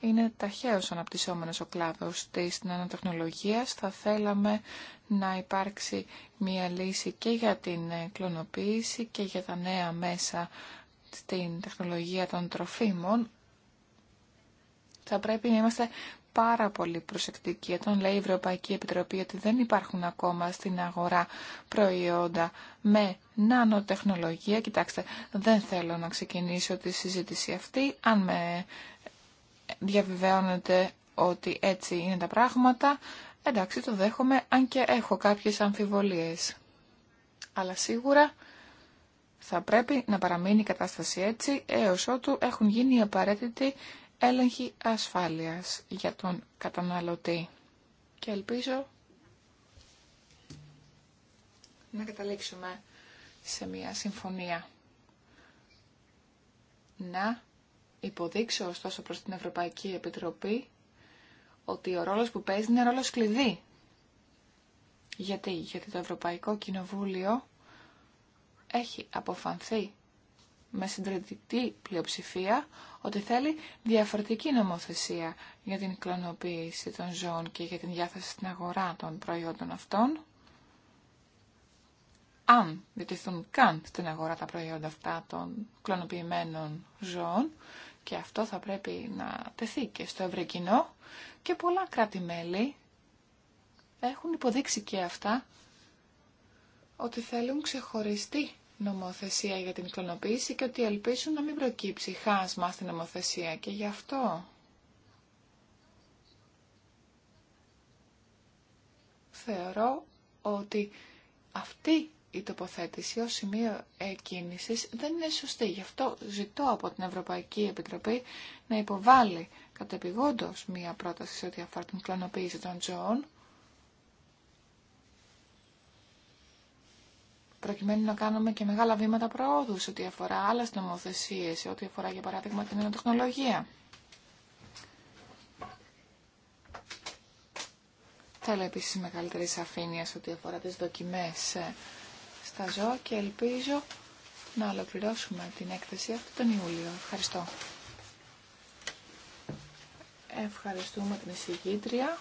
είναι ταχαίως αναπτυσσόμενος ο κλάδος της νανοτεχνολογίας. Θα θέλαμε να υπάρξει μια λύση και για την ε, κλωνοποίηση και για τα νέα μέσα στην τεχνολογία των τροφίμων. Θα πρέπει να είμαστε πάρα πολύ προσεκτική. όταν λέει η Ευρωπαϊκή Επιτροπή ότι δεν υπάρχουν ακόμα στην αγορά προϊόντα με νανοτεχνολογία. Κοιτάξτε, δεν θέλω να ξεκινήσω τη συζήτηση αυτή, αν με διαβεβαιώνετε ότι έτσι είναι τα πράγματα, εντάξει το δέχομαι, αν και έχω κάποιες αμφιβολίες. Αλλά σίγουρα θα πρέπει να παραμείνει η κατάσταση έτσι έως ότου έχουν γίνει οι απαραίτητοι Έλεγχη ασφάλειας για τον καταναλωτή. Και ελπίζω να καταλήξουμε σε μια συμφωνία. Να υποδείξω ωστόσο προς την Ευρωπαϊκή Επιτροπή ότι ο ρόλος που παίζει είναι ρόλος κλειδί. Γιατί, γιατί το Ευρωπαϊκό Κοινοβούλιο έχει αποφανθεί με συντριπτική πλειοψηφία ότι θέλει διαφορετική νομοθεσία για την κλωνοποίηση των ζώων και για την διάθεση στην αγορά των προϊόντων αυτών. Αν διτηθούν καν στην αγορά τα προϊόντα αυτά των κλωνοποιημένων ζώων και αυτό θα πρέπει να τεθεί και στο ευρύ και πολλά κράτη-μέλη έχουν υποδείξει και αυτά ότι θέλουν ξεχωριστή νομοθεσία για την κλωνοποίηση και ότι ελπίζουν να μην προκύψει χάσμα στην νομοθεσία και γι' αυτό θεωρώ ότι αυτή η τοποθέτηση ως σημείο εκκίνησης δεν είναι σωστή. Γι' αυτό ζητώ από την Ευρωπαϊκή Επιτροπή να υποβάλει κατεπηγόντως μία πρόταση σε ό,τι αφορά την κλωνοποίηση των ζώων προκειμένου να κάνουμε και μεγάλα βήματα προόδου σε ό,τι αφορά άλλε νομοθεσίε, σε ό,τι αφορά για παράδειγμα την ενοτεχνολογία. Θέλω επίση μεγαλύτερη σαφήνεια σε ό,τι αφορά τι δοκιμέ ε, στα ζώα και ελπίζω να ολοκληρώσουμε την έκθεση αυτή τον Ιούλιο. Ευχαριστώ. Ευχαριστούμε την εισηγήτρια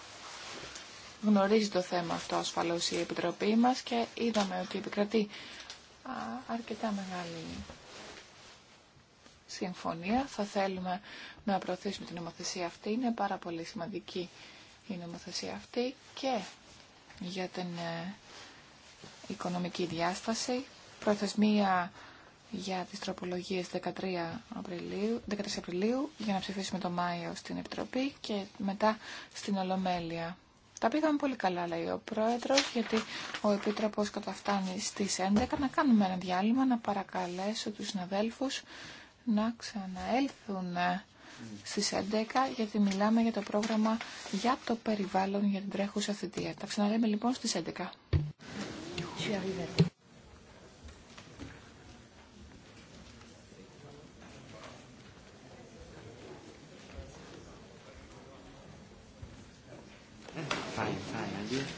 γνωρίζει το θέμα αυτό ασφαλώς η Επιτροπή μας και είδαμε ότι επικρατεί αρκετά μεγάλη συμφωνία. Θα θέλουμε να προωθήσουμε την νομοθεσία αυτή. Είναι πάρα πολύ σημαντική η νομοθεσία αυτή και για την ε, οικονομική διάσταση. Προθεσμία για τις τροπολογίες 13 Απριλίου, 13 Απριλίου για να ψηφίσουμε το Μάιο στην Επιτροπή και μετά στην Ολομέλεια. Τα πήγαμε πολύ καλά, λέει ο Πρόεδρος, γιατί ο επίτροπο καταφτάνει στι 11. Να κάνουμε ένα διάλειμμα, να παρακαλέσω τους συναδέλφου να ξαναέλθουν στι 11, γιατί μιλάμε για το πρόγραμμα για το περιβάλλον για την τρέχουσα θητεία. Τα ξαναλέμε λοιπόν στι 11.
AUTHORWAVE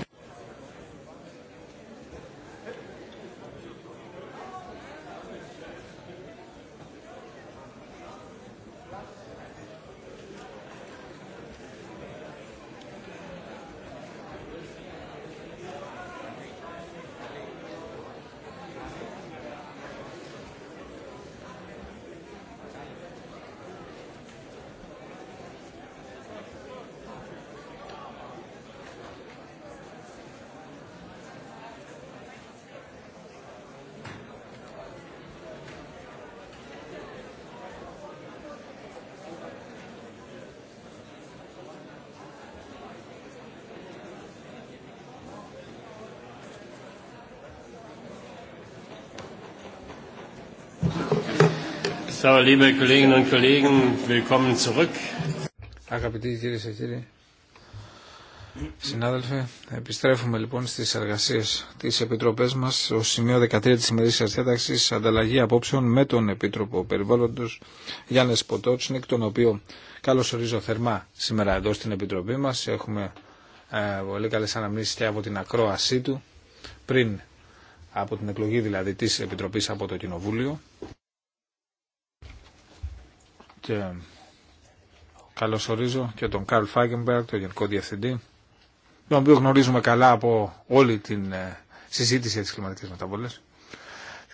So, liebe Kolleginnen und Kollegen, willkommen zurück.
Αγαπητοί κυρίε και κύριοι, συνάδελφοι, επιστρέφουμε λοιπόν στι εργασίε τη Επιτροπή μα. Στο σημείο 13 τη ημερήσια διάταξη, ανταλλαγή απόψεων με τον Επίτροπο Περιβάλλοντο Γιάννη Ποτότσνικ, τον οποίο καλωσορίζω θερμά σήμερα εδώ στην Επιτροπή μα. Έχουμε ε, πολύ καλέ αναμνήσεις και από την ακρόασή του πριν από την εκλογή δηλαδή της Επιτροπής από το Κοινοβούλιο. Και καλωσορίζω και τον Καρλ Φάγκεμπεργκ, τον Γενικό Διευθυντή, τον οποίο γνωρίζουμε καλά από όλη την ε, συζήτηση για τις κλιματικές μεταβολές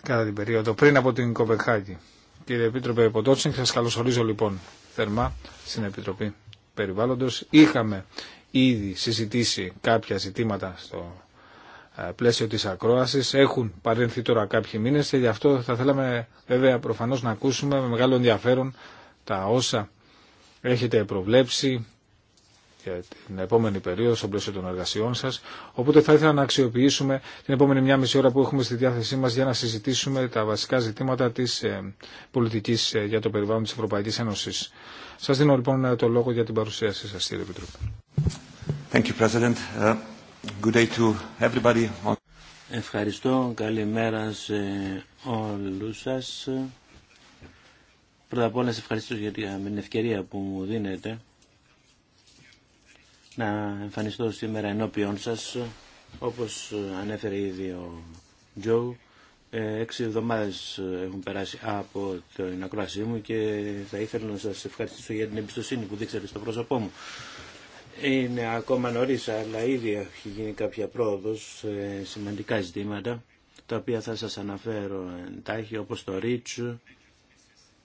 κατά την περίοδο πριν από την Κοπεχάγη. Κύριε Επίτροπε Ποτότσινγκ, σας καλωσορίζω λοιπόν θερμά στην Επιτροπή Περιβάλλοντος. Είχαμε ήδη συζητήσει κάποια ζητήματα στο ε, πλαίσιο της ακρόασης. Έχουν παρένθει τώρα κάποιοι μήνες και γι' αυτό θα θέλαμε βέβαια προφανώς να ακούσουμε με μεγάλο ενδιαφέρον τα όσα έχετε προβλέψει για την επόμενη περίοδο στο πλαίσιο των εργασιών σα. Οπότε θα ήθελα να αξιοποιήσουμε την επόμενη μία μισή ώρα που έχουμε στη διάθεσή μα για να συζητήσουμε τα βασικά ζητήματα τη ε, πολιτική ε, για το περιβάλλον τη Ευρωπαϊκή Ένωση. Σα δίνω λοιπόν ε, το λόγο για την παρουσίασή σα, κύριε Επιτροπή.
Thank you, President. Uh, good day to everybody. Ευχαριστώ. Καλημέρα σε όλους σας. Πρώτα απ' όλα σε ευχαριστώ για την ευκαιρία που μου δίνετε να εμφανιστώ σήμερα ενώπιον σας όπως ανέφερε ήδη ο Τζο ε, έξι εβδομάδες έχουν περάσει από το ακρόασή μου και θα ήθελα να σας ευχαριστήσω για την εμπιστοσύνη που δείξατε στο πρόσωπό μου. Είναι ακόμα νωρίς αλλά ήδη έχει γίνει κάποια πρόοδος σε σημαντικά ζητήματα τα οποία θα σας αναφέρω εντάχει όπως το Ρίτσου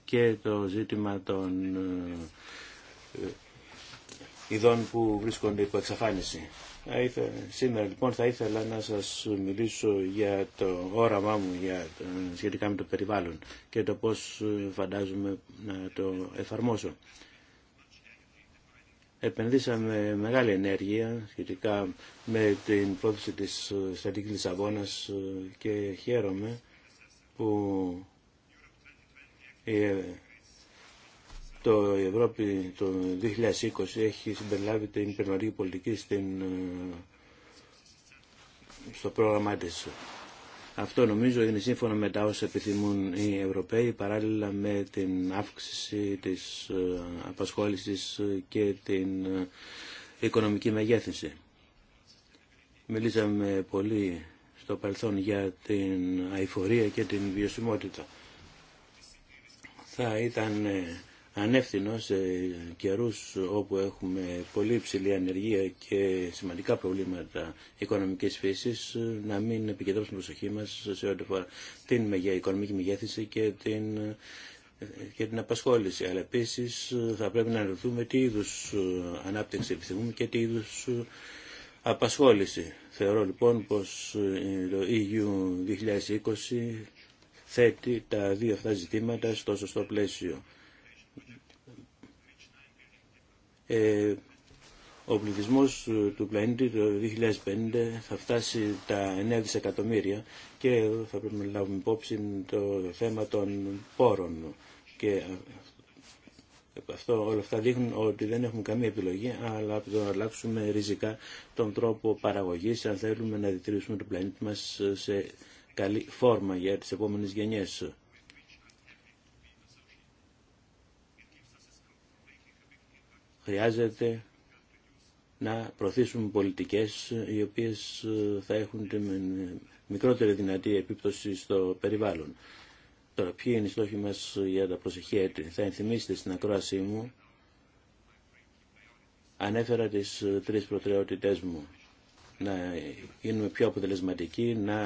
και το ζήτημα των ε, ε, ειδών που βρίσκονται υπό εξαφάνιση. Σήμερα λοιπόν θα ήθελα να σας μιλήσω για το όραμά μου για το, σχετικά με το περιβάλλον και το πώς ε, φαντάζομαι να το εφαρμόσω. Επενδύσαμε μεγάλη ενέργεια σχετικά με την πρόθεση της Στατικής Λισαβόνας και χαίρομαι που ε, το Ευρώπη το 2020 έχει συμπεριλάβει την υπερβαρική πολιτική στην, ε, στο πρόγραμμά της. Αυτό νομίζω είναι σύμφωνα με τα όσα επιθυμούν οι Ευρωπαίοι παράλληλα με την αύξηση της ε, απασχόλησης και την οικονομική μεγέθυνση. Μιλήσαμε πολύ στο παρελθόν για την αηφορία και την βιωσιμότητα θα ήταν ε, ανεύθυνο σε καιρούς όπου έχουμε πολύ υψηλή ανεργία και σημαντικά προβλήματα οικονομικής φύσης ε, να μην επικεντρώσουμε προσοχή μας σε ό,τι αφορά την οικονομική μεγέθυνση και την, ε, και την απασχόληση. Αλλά επίσης θα πρέπει να ρωτούμε τι είδους ανάπτυξη επιθυμούμε και τι είδους απασχόληση. Θεωρώ λοιπόν πως το EU 2020 θέτει τα δύο αυτά ζητήματα στο σωστό πλαίσιο. Ε, ο πληθυσμός του πλανήτη το 2050 θα φτάσει τα 9 δισεκατομμύρια και θα πρέπει να λάβουμε υπόψη το θέμα των πόρων. Και αυτό, όλα αυτά δείχνουν ότι δεν έχουμε καμία επιλογή, αλλά από το να αλλάξουμε ριζικά τον τρόπο παραγωγής αν θέλουμε να διτηρήσουμε τον πλανήτη μας σε καλή φόρμα για τις επόμενες γενιές. Χρειάζεται να προωθήσουμε πολιτικές οι οποίες ε, θα έχουν τη μικρότερη δυνατή επίπτωση στο περιβάλλον. Τώρα, ποιοι είναι οι στόχοι μας για τα προσεχή έτη. Θα ενθυμίσετε στην ακρόασή μου, ανέφερα τις ε, τρεις προτεραιότητές μου να γίνουμε πιο αποτελεσματικοί, να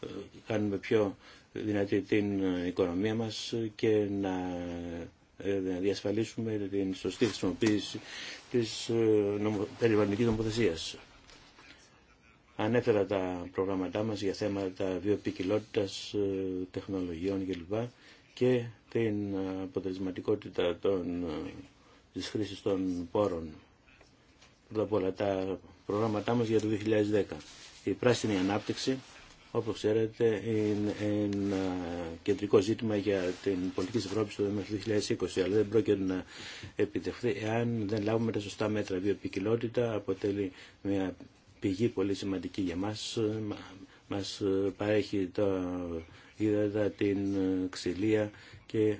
ε, κάνουμε πιο δυνατή την οικονομία μας και να ε, διασφαλίσουμε την σωστή χρησιμοποίηση της ε, περιβαλλοντικής νομοθεσίας. Ανέφερα τα προγράμματά μας για θέματα βιοποικιλότητας, τεχνολογιών κλπ. και την αποτελεσματικότητα των, της χρήσης των πόρων. Πρώτα απ' όλα τα προγράμματά μας για το 2010. Η πράσινη ανάπτυξη, όπως ξέρετε, είναι ένα κεντρικό ζήτημα για την πολιτική της Ευρώπης το 2020, αλλά δεν πρόκειται να επιτευχθεί εάν δεν λάβουμε τα σωστά μέτρα. Βιοπικιλότητα αποτελεί μια πηγή πολύ σημαντική για μας, μας παρέχει τα ύδατα, την ξυλία και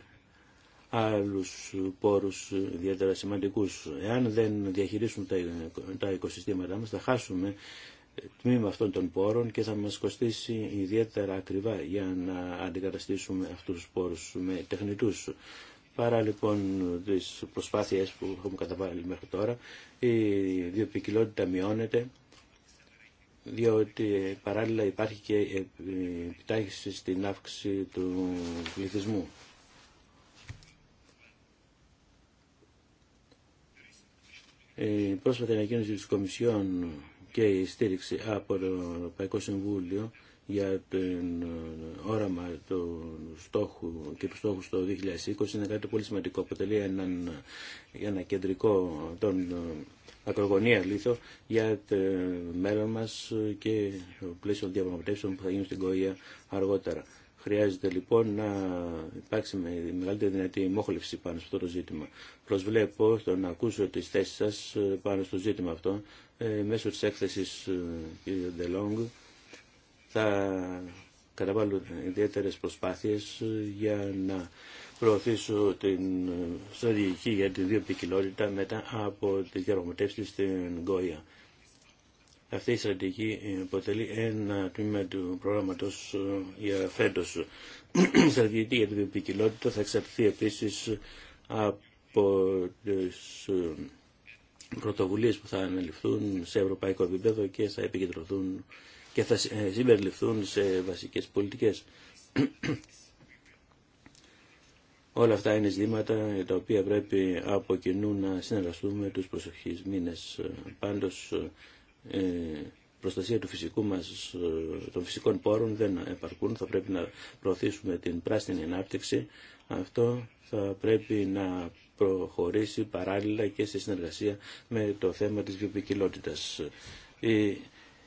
άλλους πόρους ιδιαίτερα σημαντικούς. Εάν δεν διαχειρίσουμε τα οικοσυστήματά μας θα χάσουμε τμήμα αυτών των πόρων και θα μας κοστίσει ιδιαίτερα ακριβά για να αντικαταστήσουμε αυτούς τους πόρους με τεχνητούς. Παρά λοιπόν τις προσπάθειες που έχουμε καταβάλει μέχρι τώρα, η βιοπικιλότητα μειώνεται διότι παράλληλα υπάρχει και επιτάχυση στην αύξηση του πληθυσμού. Η πρόσφατη ανακοίνωση της Κομισιόν και η στήριξη από το Ευρωπαϊκό Συμβούλιο για το ε, όραμα του στόχου και του στόχου στο 2020 είναι κάτι πολύ σημαντικό. Αποτελεί έναν, ένα κεντρικό τον ε, ακρογωνία λίθο για το μέλλον μας και το πλαίσιο διαπραγματεύσεων που θα γίνουν στην Κοία αργότερα. Χρειάζεται λοιπόν να υπάρξει με μεγαλύτερη δυνατή μόχλευση πάνω σε αυτό το ζήτημα. Προσβλέπω το να ακούσω τις θέσεις σας ε, πάνω στο ζήτημα αυτό ε, μέσω της έκθεσης ε, κύριε Ντελόγκ. Θα καταβάλω ιδιαίτερες προσπάθειες για να προωθήσω την στρατηγική για τη δύο μετά από τι διαπραγματεύσεις στην Γκόια. Αυτή η στρατηγική αποτελεί ένα τμήμα του προγράμματο ε, για φέτο. *clears throat* Η στρατηγική για την ποικιλότητα θα εξαρτηθεί επίση από τι ε, πρωτοβουλίε που θα αναλυφθούν σε ευρωπαϊκό επίπεδο και θα επικεντρωθούν και θα ε, συμπεριληφθούν σε βασικέ πολιτικέ. *clears throat* Όλα αυτά είναι ζητήματα τα οποία πρέπει από κοινού να συνεργαστούμε τους προσεχείς μήνες. Πάντως ε, προστασία του φυσικού μας, των φυσικών πόρων δεν επαρκούν. Θα πρέπει να προωθήσουμε την πράσινη ανάπτυξη. Αυτό θα πρέπει να προχωρήσει παράλληλα και σε συνεργασία με το θέμα της βιοποικιλότητας.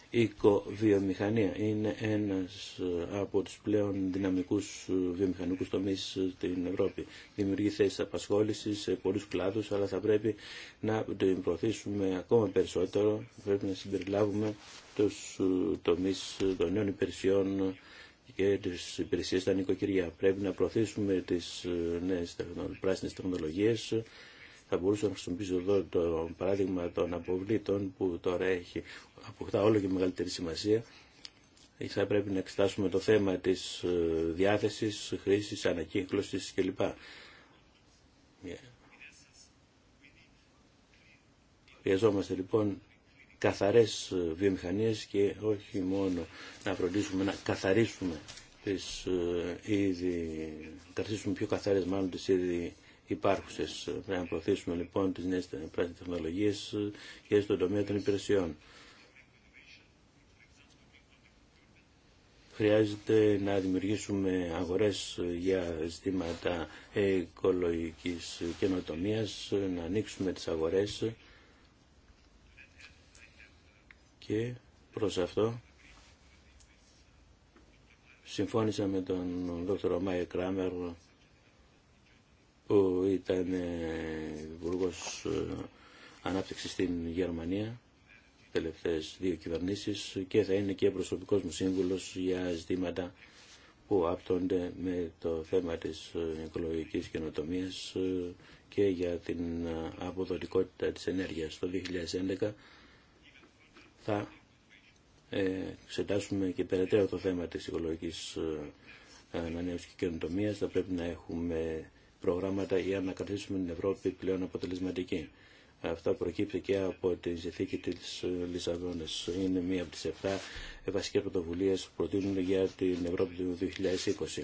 Η οικοβιομηχανία. Είναι ένας ε, από τους πλέον δυναμικούς ε, βιομηχανικούς τομείς ε, στην Ευρώπη. Δημιουργεί θέσεις απασχόλησης σε πολλούς κλάδους, αλλά θα πρέπει να την προωθήσουμε ακόμα περισσότερο. Πρέπει να συμπεριλάβουμε τους τομείς των νέων υπηρεσιών και τις υπηρεσίες στα νοικοκυριά. Πρέπει να προωθήσουμε τις νέες πράσινες τεχνολογίες θα μπορούσα να χρησιμοποιήσω εδώ το παράδειγμα των αποβλήτων που τώρα έχει αποκτά όλο και μεγαλύτερη σημασία. Ε, θα πρέπει να εξετάσουμε το θέμα της ε, διάθεσης, χρήσης, ανακύκλωσης κλπ. Ε, χρειαζόμαστε λοιπόν καθαρές βιομηχανίες και όχι μόνο να φροντίσουμε να καθαρίσουμε τις ήδη, καθαρίσουμε πιο καθαρές μάλλον τις ήδη υπάρχουσες. Πρέπει να προωθήσουμε λοιπόν τις νέες πράσινε τεχνολογίες και στον τομέα των υπηρεσιών. Χρειάζεται να δημιουργήσουμε αγορές για ζητήματα οικολογικής καινοτομίας, να ανοίξουμε τις αγορές και προς αυτό συμφώνησα με τον Δ. Μάιε Κράμερ που ήταν ε, υπουργό ε, ανάπτυξη στην Γερμανία, τελευταίες δύο κυβερνήσεις και θα είναι και προσωπικός μου σύμβουλος για ζητήματα που άπτονται με το θέμα της ε, οικολογικής καινοτομίας και για την αποδοτικότητα της ενέργειας. Το 2011 θα εξετάσουμε και περαιτέρω το θέμα της οικολογικής ανανέωσης και καινοτομίας. Θα πρέπει να έχουμε προγράμματα για να καταστήσουμε την Ευρώπη πλέον αποτελεσματική. Αυτά προκύπτει και από τη συνθήκη τη Λισαβόνα. Είναι μία από τι 7 βασικέ πρωτοβουλίε που προτείνουν για την Ευρώπη του 2020.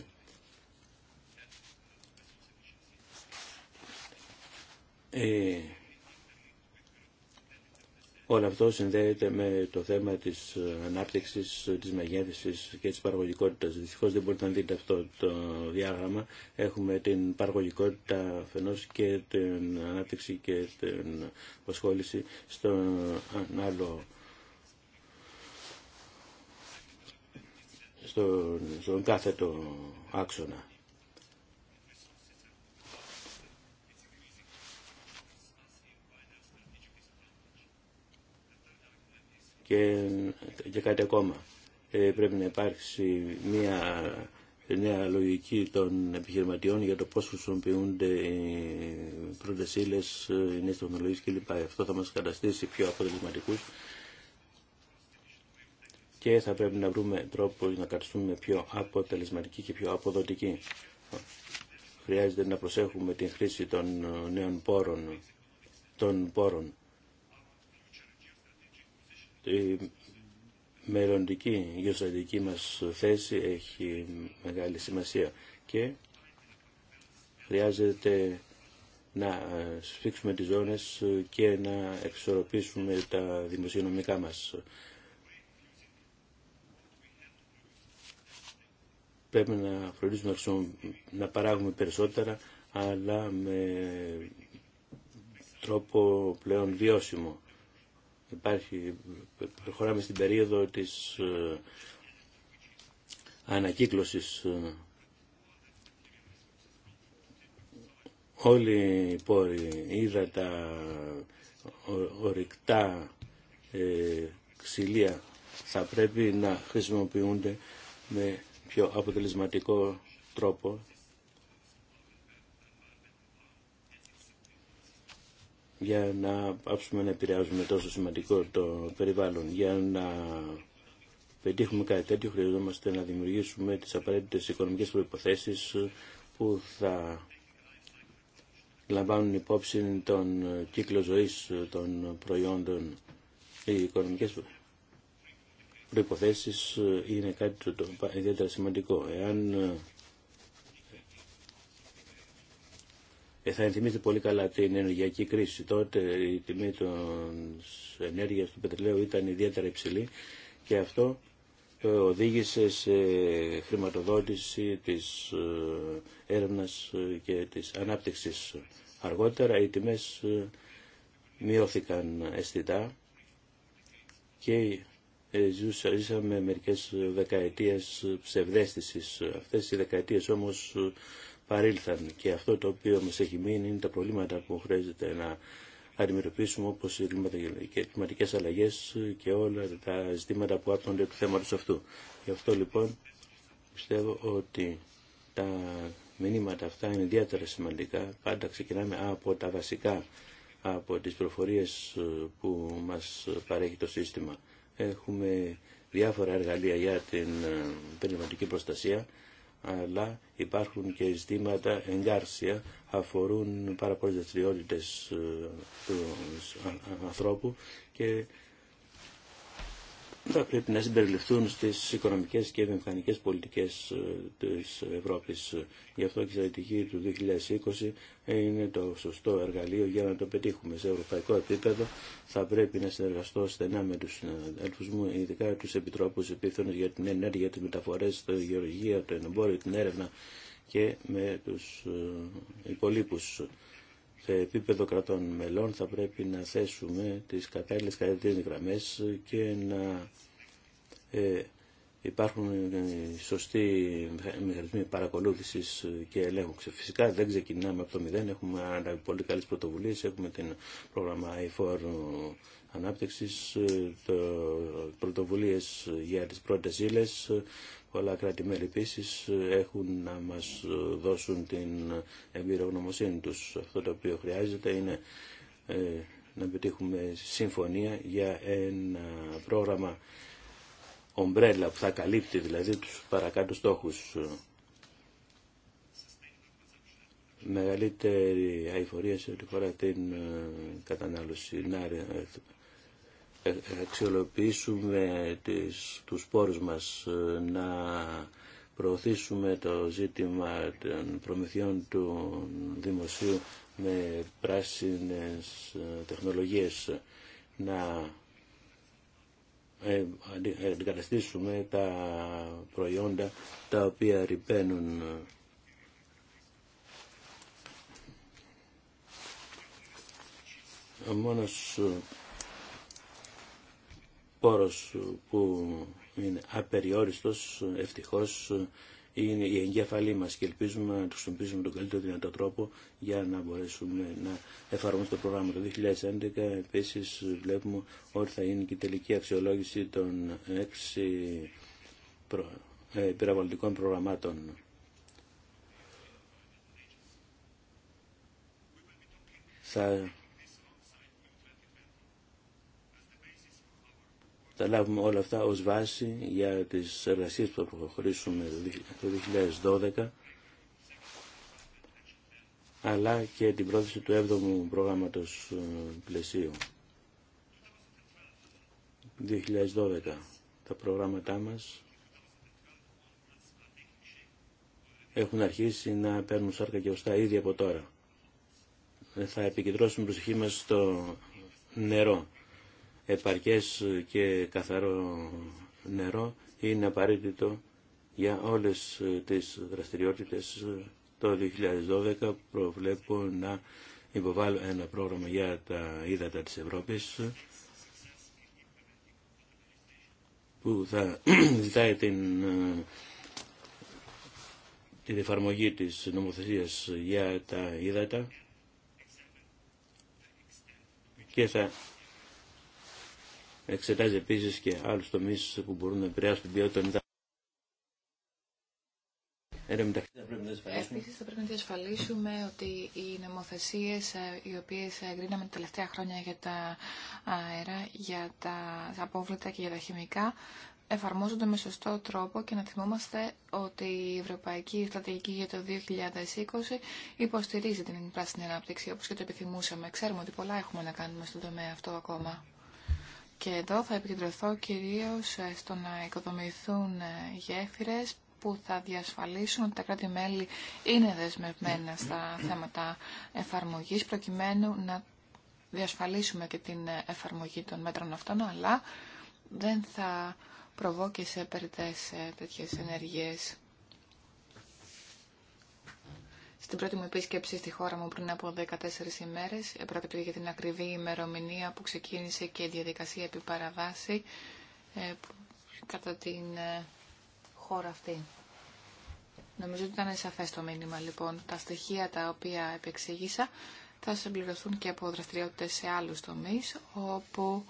Όλο αυτό συνδέεται με το θέμα της ε, ανάπτυξης, ε, της μεγέθυνσης και της παραγωγικότητας. Δυστυχώς δεν μπορείτε να δείτε αυτό το διάγραμμα. Έχουμε την παραγωγικότητα αφενό και την ανάπτυξη και την απασχόληση ε, στον άλλο στον, στον κάθετο άξονα. και, και κάτι ακόμα. Ε, πρέπει να υπάρξει μια νέα λογική των επιχειρηματιών για το πώς χρησιμοποιούνται οι πρώτες ύλες, οι νέες τεχνολογίες κλπ. Αυτό θα μας καταστήσει πιο αποτελεσματικούς και θα πρέπει να βρούμε τρόπο να καταστούμε πιο αποτελεσματικοί και πιο αποδοτικοί. Χρειάζεται να προσέχουμε την χρήση των ε, νέων πόρων, των πόρων η μελλοντική γεωστατική μας θέση έχει μεγάλη σημασία και χρειάζεται να ε, σφίξουμε τις ζώνες και να εξορροπήσουμε τα δημοσιονομικά μας. Πρέπει να φροντίσουμε να παράγουμε περισσότερα, αλλά με τρόπο πλέον βιώσιμο. Υπάρχει, προχωράμε στην περίοδο της ε, ανακύκλωσης ε, όλοι οι πόροι, ύδατα, ορυκτά, ε, ξυλία θα πρέπει να χρησιμοποιούνται με πιο αποτελεσματικό τρόπο για να πάψουμε να επηρεάζουμε τόσο σημαντικό το περιβάλλον. Για να πετύχουμε κάτι τέτοιο χρειαζόμαστε να δημιουργήσουμε τις απαραίτητες οικονομικές προϋποθέσεις που θα λαμβάνουν υπόψη τον κύκλο ζωής των προϊόντων. Οι οικονομικές προϋποθέσεις είναι κάτι το ιδιαίτερα σημαντικό. Εάν Ε, θα ενθυμίσετε πολύ καλά την ενεργειακή κρίση. Τότε η τιμή των ενέργειας του πετρελαίου ήταν ιδιαίτερα υψηλή και αυτό ε, οδήγησε σε χρηματοδότηση της ε, έρευνας και της ανάπτυξης. Αργότερα οι τιμές μειώθηκαν αισθητά και ζήσαμε μερικές δεκαετίες ψευδέστησης. Αυτές οι δεκαετίες όμως παρήλθαν και αυτό το οποίο μας έχει μείνει είναι τα προβλήματα που χρειάζεται να αντιμετωπίσουμε όπως οι κλιματικές αλλαγές και όλα τα ζητήματα που άπτονται του θέματος αυτού. Γι' αυτό λοιπόν πιστεύω ότι τα μηνύματα αυτά είναι ιδιαίτερα σημαντικά. Πάντα ξεκινάμε από τα βασικά, από τις προφορίες που μας παρέχει το σύστημα. Έχουμε διάφορα εργαλεία για την πνευματική ε, προστασία αλλά υπάρχουν και ζητήματα εγκάρσια, αφορούν πάρα πολλές ε, του ανθρώπου και θα πρέπει να συμπεριληφθούν στις οικονομικές και βιομηχανικές πολιτικές ε, της Ευρώπης. Γι' αυτό και η στρατηγική του 2020 είναι το σωστό εργαλείο για να το πετύχουμε. Σε ευρωπαϊκό επίπεδο θα πρέπει να συνεργαστώ στενά με τους συναδέλφους μου, ειδικά τους επιτρόπους επίθεων για την ενέργεια, τις μεταφορές, τη γεωργία, το εμπόριο, την έρευνα και με τους ε, υπολείπους σε επίπεδο κρατών μελών θα πρέπει να θέσουμε τις κατάλληλες κατευθύνες γραμμές και να ε, υπάρχουν ε, σωστοί μηχανισμοί παρακολούθησης και ελέγχου. Φυσικά δεν ξεκινάμε από το μηδέν, έχουμε πολύ καλές πρωτοβουλίες, έχουμε την πρόγραμμα i4 ανάπτυξης, ε, πρωτοβουλίες για τις πρώτες ύλες, Πολλά κράτη-μέλη επίση έχουν να μας δώσουν την εμπειρογνωμοσύνη τους. Αυτό το οποίο χρειάζεται είναι ε, να πετύχουμε συμφωνία για ένα πρόγραμμα ομπρέλα που θα καλύπτει δηλαδή τους παρακάτω στόχους. Μεγαλύτερη αηφορία σε ό,τι φορά την ε, κατανάλωση. Να, ε, αξιολοποιήσουμε τις, τους πόρους μας, ε, να προωθήσουμε το ζήτημα των προμηθειών του δημοσίου με πράσινες ε, τεχνολογίες, να ε, αντικαταστήσουμε τα προϊόντα τα οποία ρηπαίνουν πόρος που είναι απεριόριστος, ευτυχώς, είναι η εγκέφαλή μας και ελπίζουμε να το χρησιμοποιήσουμε τον καλύτερο δυνατό τρόπο για να μπορέσουμε να εφαρμόσουμε το πρόγραμμα το 2011. Επίσης βλέπουμε ότι θα είναι και η τελική αξιολόγηση των έξι προ... Ε, πυραβολτικών προγραμμάτων. Θα τα λάβουμε όλα αυτά ως βάση για τις εργασίες που θα προχωρήσουμε το 2012 αλλά και την πρόθεση του 7ου προγράμματος ε, πλαισίου. 2012 τα προγράμματά μας έχουν αρχίσει να παίρνουν σάρκα και ωστά ήδη από τώρα. Ε, θα επικεντρώσουμε προσοχή μας στο νερό επαρκές και καθαρό νερό είναι απαραίτητο για όλες τις δραστηριότητες. Το 2012 προβλέπω να υποβάλω ένα πρόγραμμα για τα ύδατα της Ευρώπης που θα *clears throat* ζητάει την, την εφαρμογή της νομοθεσίας για τα ύδατα και θα εξετάζει επίση και άλλου τομεί που μπορούν να επηρεάσουν την ποιότητα των Επίσης
θα πρέπει να διασφαλίσουμε ότι οι νομοθεσίε ε, οι οποίε ε, εγκρίναμε τα τελευταία χρόνια για τα αέρα, για τα απόβλητα και για τα χημικά εφαρμόζονται με σωστό τρόπο και να θυμόμαστε ότι η Ευρωπαϊκή Στρατηγική για το 2020 υποστηρίζει την πράσινη ανάπτυξη όπως και το επιθυμούσαμε. Ξέρουμε ότι πολλά έχουμε να κάνουμε στον τομέα αυτό ακόμα. Και εδώ θα επικεντρωθώ κυρίως ε, στο να οικοδομηθούν ε, γέφυρες που θα διασφαλίσουν ότι τα κράτη-μέλη είναι δεσμευμένα στα θέματα εφαρμογής προκειμένου να διασφαλίσουμε και την ε, εφαρμογή των μέτρων αυτών, αλλά δεν θα προβώ και σε περιττές τέτοιες ενεργείες. Στην πρώτη μου επίσκεψη στη χώρα μου πριν από 14 ημέρε. πρόκειται για την ακριβή ημερομηνία που ξεκίνησε και η διαδικασία επί παραβάση ε, κατά την ε, χώρα αυτή. Νομίζω ότι ήταν σαφές το μήνυμα λοιπόν. Τα στοιχεία τα οποία επεξήγησα θα συμπληρωθούν και από δραστηριότητε σε άλλου τομεί, όπου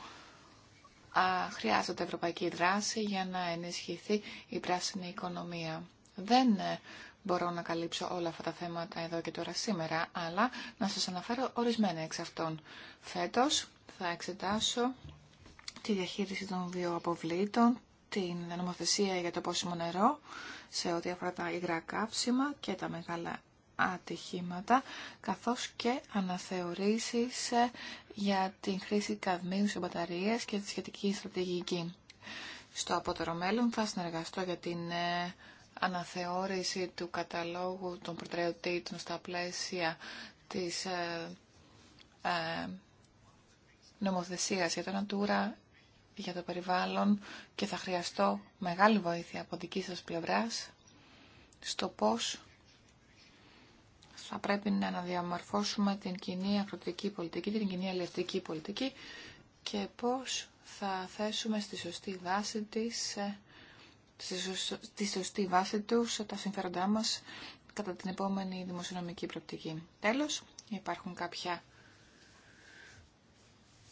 χρειάζεται ευρωπαϊκή δράση για να ενισχυθεί η πράσινη οικονομία. Δεν ε, μπορώ να καλύψω όλα αυτά τα θέματα εδώ και τώρα σήμερα, αλλά να σας αναφέρω ορισμένα εξ αυτών. Φέτος θα εξετάσω τη διαχείριση των βιοαποβλήτων, την νομοθεσία για το πόσιμο νερό σε ό,τι αφορά τα υγρά κάψιμα και τα μεγάλα ατυχήματα, καθώς και αναθεωρήσεις ε, για την χρήση καδμίου σε μπαταρίες και τη σχετική στρατηγική. Στο απότερο μέλλον θα συνεργαστώ για την ε, αναθεώρηση του καταλόγου των προτεραιοτήτων στα πλαίσια της ε, ε, νομοθεσίας για το Natura, για το περιβάλλον και θα χρειαστώ μεγάλη βοήθεια από δική σας πλευράς στο πώς θα πρέπει να αναδιαμορφώσουμε την κοινή αγροτική πολιτική, την κοινή αλληλευτική πολιτική και πώς θα θέσουμε στη σωστή βάση της ε, στη σωστή βάση τους τα συμφέροντά μας κατά την επόμενη δημοσιονομική προπτική. Τέλος, υπάρχουν κάποια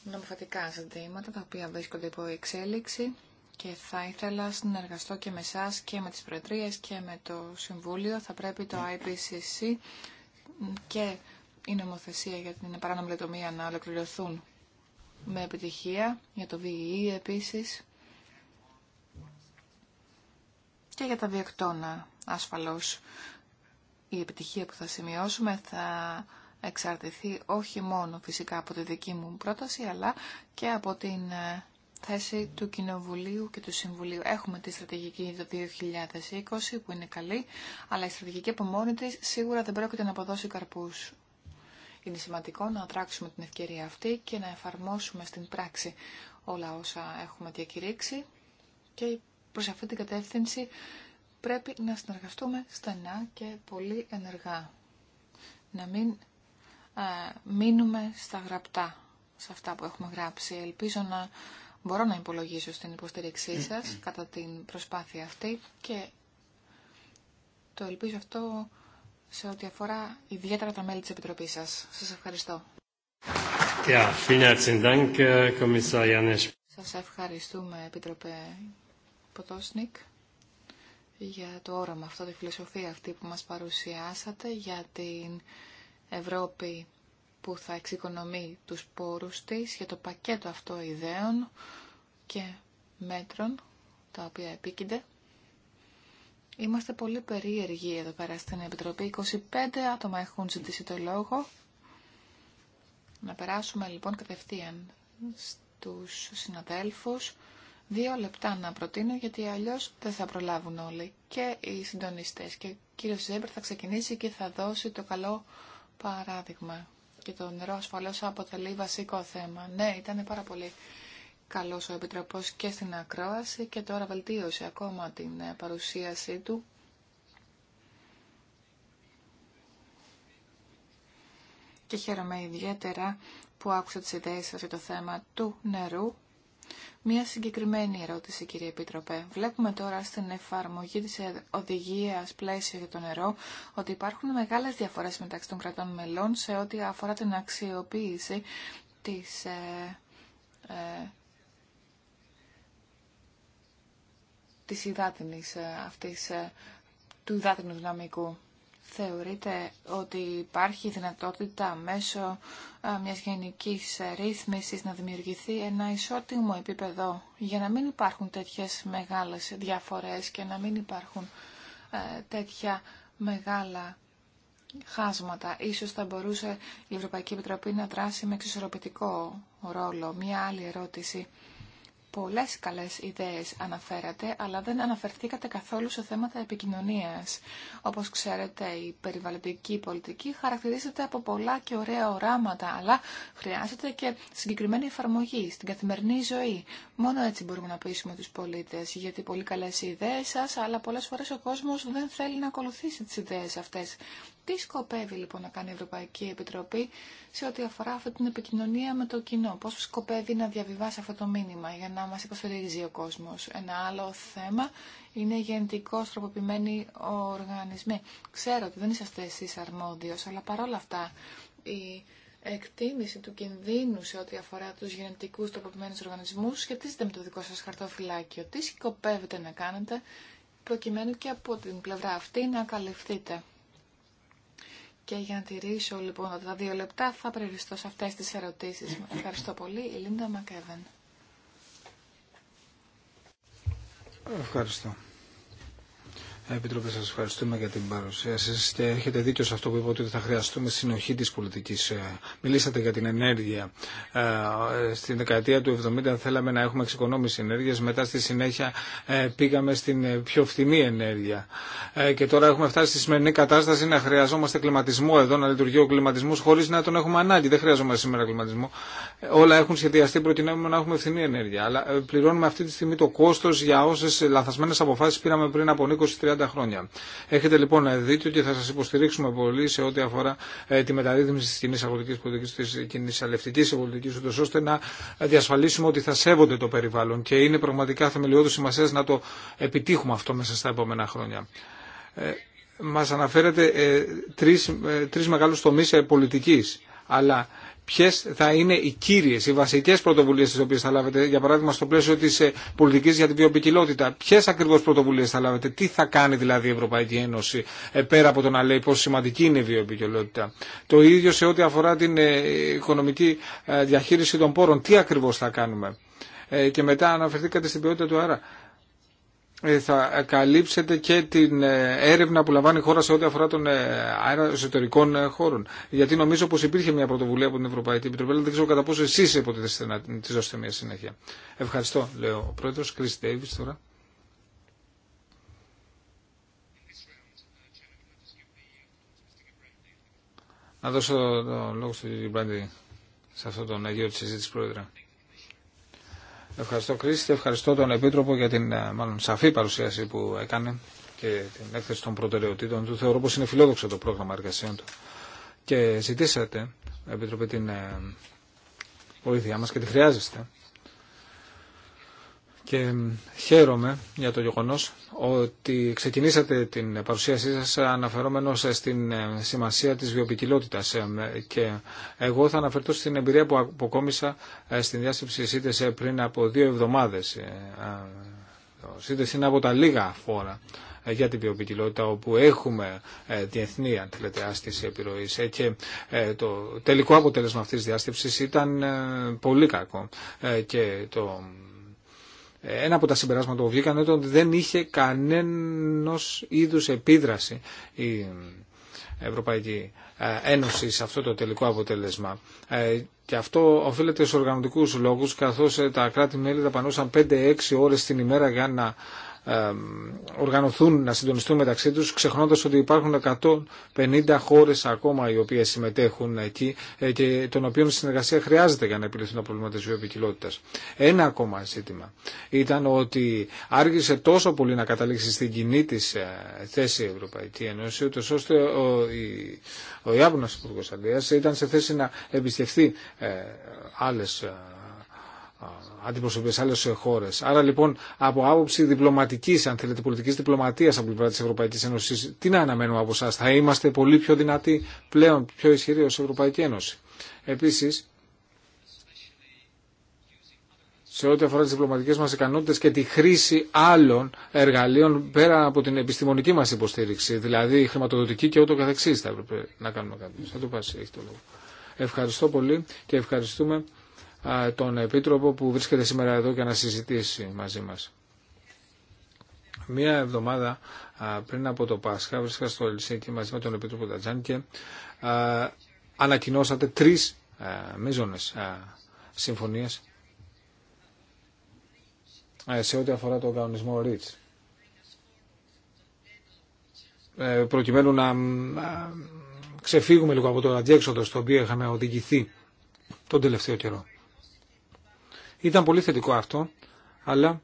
νομοθετικά ζητήματα τα οποία βρίσκονται υπό εξέλιξη και θα ήθελα να συνεργαστώ και με εσά και με τις Προεδρίες και με το Συμβούλιο. Θα πρέπει το IPCC και η νομοθεσία για την παράνομη να ολοκληρωθούν με επιτυχία για το VEE e επίσης και για τα βιοκτώνα ασφαλώς. Η επιτυχία που θα σημειώσουμε θα εξαρτηθεί όχι μόνο φυσικά από τη δική μου πρόταση, αλλά και από την ε, θέση του Κοινοβουλίου και του Συμβουλίου. Έχουμε τη στρατηγική το 2020 που είναι καλή, αλλά η στρατηγική από μόνη της σίγουρα δεν πρόκειται να αποδώσει καρπούς. Είναι σημαντικό να τράξουμε την ευκαιρία αυτή και να εφαρμόσουμε στην πράξη όλα όσα έχουμε διακηρύξει και προς αυτή την κατεύθυνση πρέπει να συνεργαστούμε στενά και πολύ ενεργά. Να μην μείνουμε στα γραπτά, σε αυτά που έχουμε γράψει. Ελπίζω να μπορώ να υπολογίσω στην υποστήριξή σας κατά την προσπάθεια αυτή και το ελπίζω αυτό σε ό,τι αφορά ιδιαίτερα τα μέλη της Επιτροπής σας. Σας ευχαριστώ.
Yeah, Dank, äh,
Σας ευχαριστούμε, Επίτροπε Ποτόσνικ για το όραμα αυτό, τη φιλοσοφία αυτή που μας παρουσιάσατε για την Ευρώπη που θα εξοικονομεί τους πόρους της για το πακέτο αυτό ιδέων και μέτρων τα οποία επίκυνται. Είμαστε πολύ περίεργοι εδώ πέρα στην Επιτροπή. 25 άτομα έχουν ζητήσει το λόγο. Να περάσουμε λοιπόν κατευθείαν στους συναδέλφους Δύο λεπτά να προτείνω γιατί αλλιώς δεν θα προλάβουν όλοι και οι συντονιστές. Και ο κύριος Ζέμπερ θα ξεκινήσει και θα δώσει το καλό παράδειγμα. Και το νερό ασφαλώς αποτελεί βασικό θέμα. Ναι, ήταν πάρα πολύ καλός ο Επιτροπός και στην ακρόαση και τώρα βελτίωσε ακόμα την ε, παρουσίασή του. Και χαίρομαι ιδιαίτερα που άκουσα τις ιδέες σας για το θέμα του νερού Μία συγκεκριμένη ερώτηση, κύριε Επίτροπε. Βλέπουμε τώρα στην εφαρμογή της οδηγίας πλαίσιο για το νερό ότι υπάρχουν μεγάλες διαφορές μεταξύ των κρατών μελών σε ό,τι αφορά την αξιοποίηση της ε, ε, της υδάτινης ε, αυτής, του υδάτινου δυναμικού. Θεωρείτε ότι υπάρχει δυνατότητα μέσω μιας γενικής ρύθμισης να δημιουργηθεί ένα ισότιμο επίπεδο για να μην υπάρχουν τέτοιες μεγάλες διαφορές και να μην υπάρχουν τέτοια μεγάλα χάσματα. Ίσως θα μπορούσε η Ευρωπαϊκή Επιτροπή να δράσει με εξισορροπητικό ρόλο. Μία άλλη ερώτηση Πολλές καλές ιδέες αναφέρατε, αλλά δεν αναφερθήκατε καθόλου σε θέματα επικοινωνίας. Όπως ξέρετε, η περιβαλλοντική πολιτική χαρακτηρίζεται από πολλά και ωραία οράματα, αλλά χρειάζεται και συγκεκριμένη εφαρμογή στην καθημερινή ζωή. Μόνο έτσι μπορούμε να πείσουμε τους πολίτες, γιατί πολύ καλές ιδέες σας, αλλά πολλές φορές ο κόσμος δεν θέλει να ακολουθήσει τις ιδέες αυτές. Τι σκοπεύει λοιπόν να κάνει η Ευρωπαϊκή Επιτροπή σε ό,τι αφορά αυτή την επικοινωνία με το κοινό. Πώς σκοπεύει να διαβιβάσει αυτό το μήνυμα για να μας υποστηρίζει ο κόσμος. Ένα άλλο θέμα είναι γενετικό τροποποιημένοι οργανισμοί. Ξέρω ότι δεν είσαστε εσείς αρμόδιος, αλλά παρόλα αυτά η εκτίμηση του κινδύνου σε ό,τι αφορά τους γενετικούς τροποποιημένους οργανισμούς σχετίζεται με το δικό σας χαρτοφυλάκιο. Τι σκοπεύετε να κάνετε προκειμένου και από την πλευρά αυτή να καλυφθείτε. Και για να τηρήσω λοιπόν τα δύο λεπτά θα περιοριστώ σε αυτές τις ερωτήσεις. Ευχαριστώ πολύ. Η Λίντα Μακέβεν.
Ευχαριστώ. Επίτροπε, σα ευχαριστούμε για την παρουσία σα. και έχετε δίκιο σε αυτό που είπατε ότι θα χρειαστούμε συνοχή τη πολιτική. Ε, μιλήσατε για την ενέργεια. Ε, στην δεκαετία του 70 θέλαμε να έχουμε εξοικονόμηση ενέργεια. μετά στη συνέχεια ε, πήγαμε στην πιο φθηνή ενέργεια. Και τώρα έχουμε φτάσει στη σημερινή κατάσταση να χρειαζόμαστε κλιματισμό εδώ, να λειτουργεί ο κλιματισμό χωρί να τον έχουμε ανάγκη. Δεν χρειαζόμαστε σήμερα κλιματισμό. Όλα έχουν σχεδιαστεί προτινάμε να έχουμε φθηνή ενέργεια. Αλλά πληρώνουμε αυτή τη στιγμή το κόστο για όσε λαθασμένε αποφάσει πήραμε πριν από χρόνια. Έχετε λοιπόν δίκιο και θα σας υποστηρίξουμε πολύ σε ό,τι αφορά ε, τη μεταρρύθμιση τη κοινή αγροτικής πολιτική τη κοινή αλευτική πολιτική, ώστε να διασφαλίσουμε ότι θα σέβονται το περιβάλλον και είναι πραγματικά θεμελιώδη σημασία να το επιτύχουμε αυτό μέσα στα επόμενα χρόνια ε, μας αναφέρετε ε, τρεις, ε, τρεις μεγάλους τομείς ε, πολιτικής. Αλλά ποιε θα είναι οι κύριε, οι βασικέ πρωτοβουλίε τι οποίε θα λάβετε, για παράδειγμα στο πλαίσιο τη ε, πολιτική για τη βιοπικιλότητα. Ποιε ακριβώ πρωτοβουλίε θα λάβετε, τι θα κάνει δηλαδή η Ευρωπαϊκή Ένωση ε, πέρα από το να λέει πόσο σημαντική είναι η βιοπικιλότητα. Το ίδιο σε ό,τι αφορά την ε, οικονομική διαχείριση των πόρων. Τι ακριβώ θα κάνουμε. Και μετά αναφερθήκατε στην ποιότητα του αέρα. Ε, θα καλύψετε και την ε, έρευνα που λαμβάνει η χώρα σε ό,τι αφορά τον ε, αέρα εσωτερικών χώρων. Γιατί νομίζω πως υπήρχε μια πρωτοβουλία από την Ευρωπαϊκή Επιτροπή, αλλά δεν ξέρω κατά πόσο εσεί υποτίθεστε να τη δώσετε μια συνέχεια. Ευχαριστώ, λέω ο πρόεδρος, Κρι Ντέιβι τώρα. Να δώσω το λόγο στον κύριο Μπράντι σε αυτόν τον αγίο της συζήτηση, πρόεδρε. Ευχαριστώ Κρίστη, ευχαριστώ τον Επίτροπο για την ε, μάλλον σαφή παρουσίαση που έκανε και την έκθεση των προτεραιοτήτων του. Θεωρώ πως είναι φιλόδοξο το πρόγραμμα εργασιών του. Και ζητήσατε, Επίτροπε, την ε, βοήθειά μας και τη χρειάζεστε και χαίρομαι για το γεγονός ότι ξεκινήσατε την παρουσίασή σας αναφερόμενος στην ε, σημασία της βιοπικιλότητας ε, και εγώ θα αναφερθώ στην εμπειρία που αποκόμισα ε, στην διάσκεψη ΣΥΤΕΣ πριν από δύο εβδομάδες. ΣΥΤΕΣ είναι από τα λίγα φόρα για την βιοπικιλότητα όπου έχουμε διεθνή αν θέλετε και το τελικό αποτέλεσμα αυτής της διάσκεψης ήταν πολύ κακό και το ένα από τα συμπεράσματα που βγήκαν ήταν ότι δεν είχε κανένας είδους επίδραση η Ευρωπαϊκή ε, Ένωση σε αυτό το τελικό αποτέλεσμα. Ε, και αυτό οφείλεται στους οργανωτικούς λόγους, καθώς ε, τα κράτη-μέλη δαπανούσαν 5-6 ώρες την ημέρα για να οργανωθούν, να συντονιστούν μεταξύ τους, ξεχνώντας ότι υπάρχουν 150 χώρες ακόμα οι οποίες συμμετέχουν εκεί ε, και των οποίων συνεργασία χρειάζεται για να επιλυθούν τα προβλήματα της βιοποικιλότητας. Ένα ακόμα ζήτημα ήταν ότι άργησε τόσο πολύ να καταλήξει στην κοινή της ε, θέση η Ευρωπαϊκή Ένωση, ούτως ώστε ο, η, ο Ιάπωνας Υπουργός ήταν σε θέση να επισκεφθεί ε, άλλες ε, αντιπροσωπείες άλλες χώρες. Άρα λοιπόν από άποψη διπλωματικής, αν θέλετε, πολιτικής διπλωματίας από την πλευρά της Ευρωπαϊκής Ένωσης, τι να αναμένουμε από εσά, θα είμαστε πολύ πιο δυνατοί πλέον, πιο ισχυροί ως Ευρωπαϊκή Ένωση. Επίσης, σε ό,τι αφορά τις διπλωματικές μας ικανότητες και τη χρήση άλλων εργαλείων πέρα από την επιστημονική μας υποστήριξη, δηλαδή χρηματοδοτική και ούτω καθεξής θα έπρεπε να κάνουμε κάτι. Θα το πάσει, το λόγο. Ευχαριστώ πολύ και ευχαριστούμε τον Επίτροπο που βρίσκεται σήμερα εδώ για να συζητήσει μαζί μας. Μία εβδομάδα πριν από το Πάσχα βρίσκα στο Ελσίνκι μαζί με τον Επίτροπο Τατζάν και ανακοινώσατε τρεις μείζονες συμφωνίες σε ό,τι αφορά τον κανονισμό ΡΙΤΣ ε, προκειμένου να ξεφύγουμε λίγο από το αντιέξοδο στο οποίο είχαμε οδηγηθεί τον τελευταίο καιρό. Ήταν πολύ θετικό αυτό, αλλά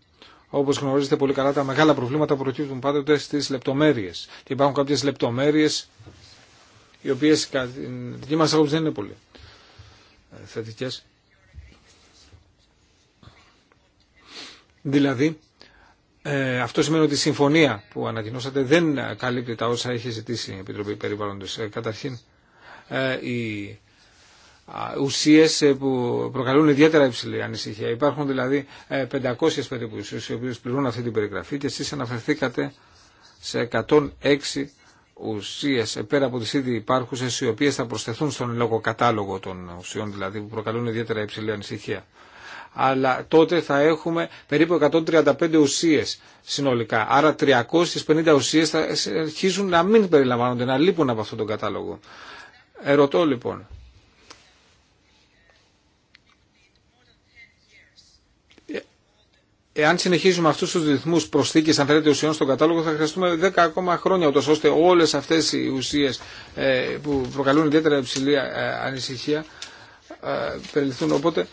Όπω γνωρίζετε πολύ καλά, τα μεγάλα προβλήματα προκύπτουν πάντοτε στι λεπτομέρειε. Και υπάρχουν κάποιε λεπτομέρειε οι οποίε κατά την δική μα άποψη δεν είναι πολύ ε, θετικέ. Δηλαδή, ε, αυτό σημαίνει ότι η συμφωνία που ανακοινώσατε δεν καλύπτει τα όσα έχει ζητήσει η Επιτροπή Περιβάλλοντος. Ε, καταρχήν, ε, η ουσίες ε, που προκαλούν ιδιαίτερα υψηλή ανησυχία. Υπάρχουν δηλαδή 500 ε, περίπου ουσίες οι οποίες πληρούν αυτή την περιγραφή και εσείς αναφερθήκατε σε 106 ουσίες ε, πέρα από τις ήδη υπάρχουσες οι οποίες θα προσθεθούν στον λόγο κατάλογο των ουσιών δηλαδή που προκαλούν ιδιαίτερα υψηλή ανησυχία. Αλλά τότε θα έχουμε περίπου 135 ουσίες συνολικά. Άρα 350 ουσίες θα αρχίζουν να μην περιλαμβάνονται, να λείπουν από αυτόν τον κατάλογο. Ερωτώ λοιπόν, εάν συνεχίζουμε αυτού του ρυθμού προσθήκη, αν θέλετε, ουσιών στον κατάλογο, θα χρειαστούμε 10 ακόμα χρόνια, ούτω ώστε όλε αυτέ οι ουσίε ε, που προκαλούν ιδιαίτερα υψηλή ε, ανησυχία ε, περιληφθούν. Οπότε.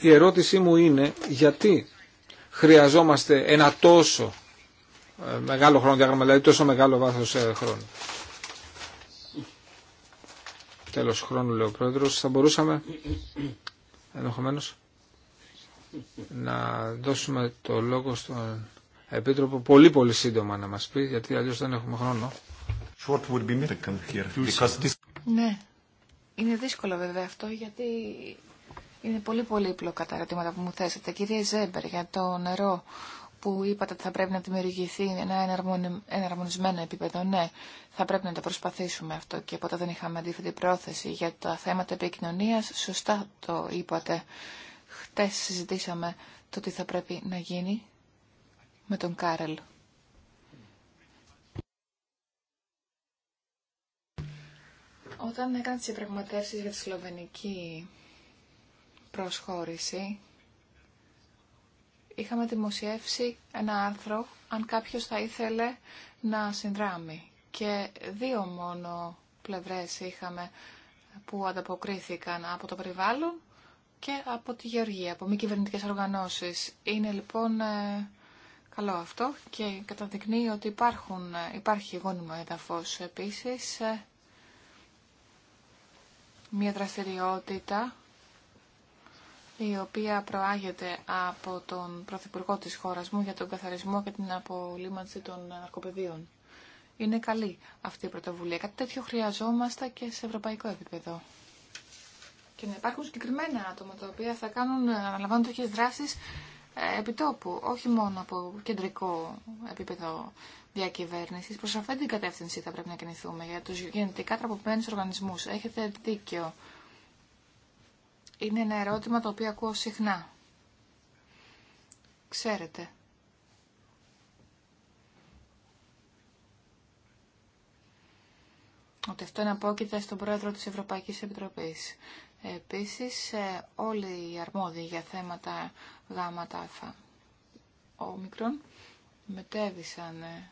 Η ερώτησή μου είναι γιατί χρειαζόμαστε ένα τόσο μεγάλο χρόνο διάγραμμα, δηλαδή τόσο μεγάλο βάθος χρόνου. Τέλο χρόνου, λέει ο πρόεδρο, θα μπορούσαμε ενδεχομένω να δώσουμε το λόγο στον Επίτροπο πολύ πολύ σύντομα να μα πει, γιατί αλλιώ δεν έχουμε χρόνο.
Ναι, είναι δύσκολο βέβαια αυτό, γιατί είναι πολύ πολύπλοκα τα ερωτήματα που μου θέσατε. Κύριε Ζέμπερ, για το νερό, που είπατε ότι θα πρέπει να δημιουργηθεί ένα εναρμονισμένο επίπεδο. Ναι, θα πρέπει να το προσπαθήσουμε αυτό και ποτέ δεν είχαμε αντίθετη πρόθεση για τα θέματα επικοινωνία. Σωστά το είπατε. Χτε συζητήσαμε το τι θα πρέπει να γίνει με τον Κάρελ. Όταν έκανε τις διαπραγματεύσεις για τη σλοβενική προσχώρηση, είχαμε δημοσιεύσει ένα άρθρο αν κάποιος θα ήθελε να συνδράμει. Και δύο μόνο πλευρές είχαμε που ανταποκρίθηκαν από το περιβάλλον και από τη γεωργία, από μη κυβερνητικές οργανώσεις. Είναι λοιπόν ε, καλό αυτό και καταδεικνύει ότι υπάρχουν, ε, υπάρχει γόνιμο έδαφος επίσης. Ε, μια δραστηριότητα η οποία προάγεται από τον Πρωθυπουργό της χώρας μου για τον καθαρισμό και την απολύμανση των ναρκοπαιδίων. Είναι καλή αυτή η πρωτοβουλία. Κάτι τέτοιο χρειαζόμαστε και σε ευρωπαϊκό επίπεδο. Και να υπάρχουν συγκεκριμένα άτομα τα οποία θα κάνουν, αναλαμβάνουν τέτοιε δράσει ε, επιτόπου, όχι μόνο από κεντρικό επίπεδο διακυβέρνηση. Προ αυτή την κατεύθυνση θα πρέπει να κινηθούμε για του γενετικά τραποποιημένου οργανισμού. Έχετε δίκιο είναι ένα ερώτημα το οποίο ακούω συχνά. Ξέρετε. Ότι αυτό είναι απόκειτα στον πρόεδρο της Ευρωπαϊκής Επιτροπής. Επίσης, ε, όλοι οι αρμόδιοι για θέματα γάμματα α, όμικρον μετέβησαν ε,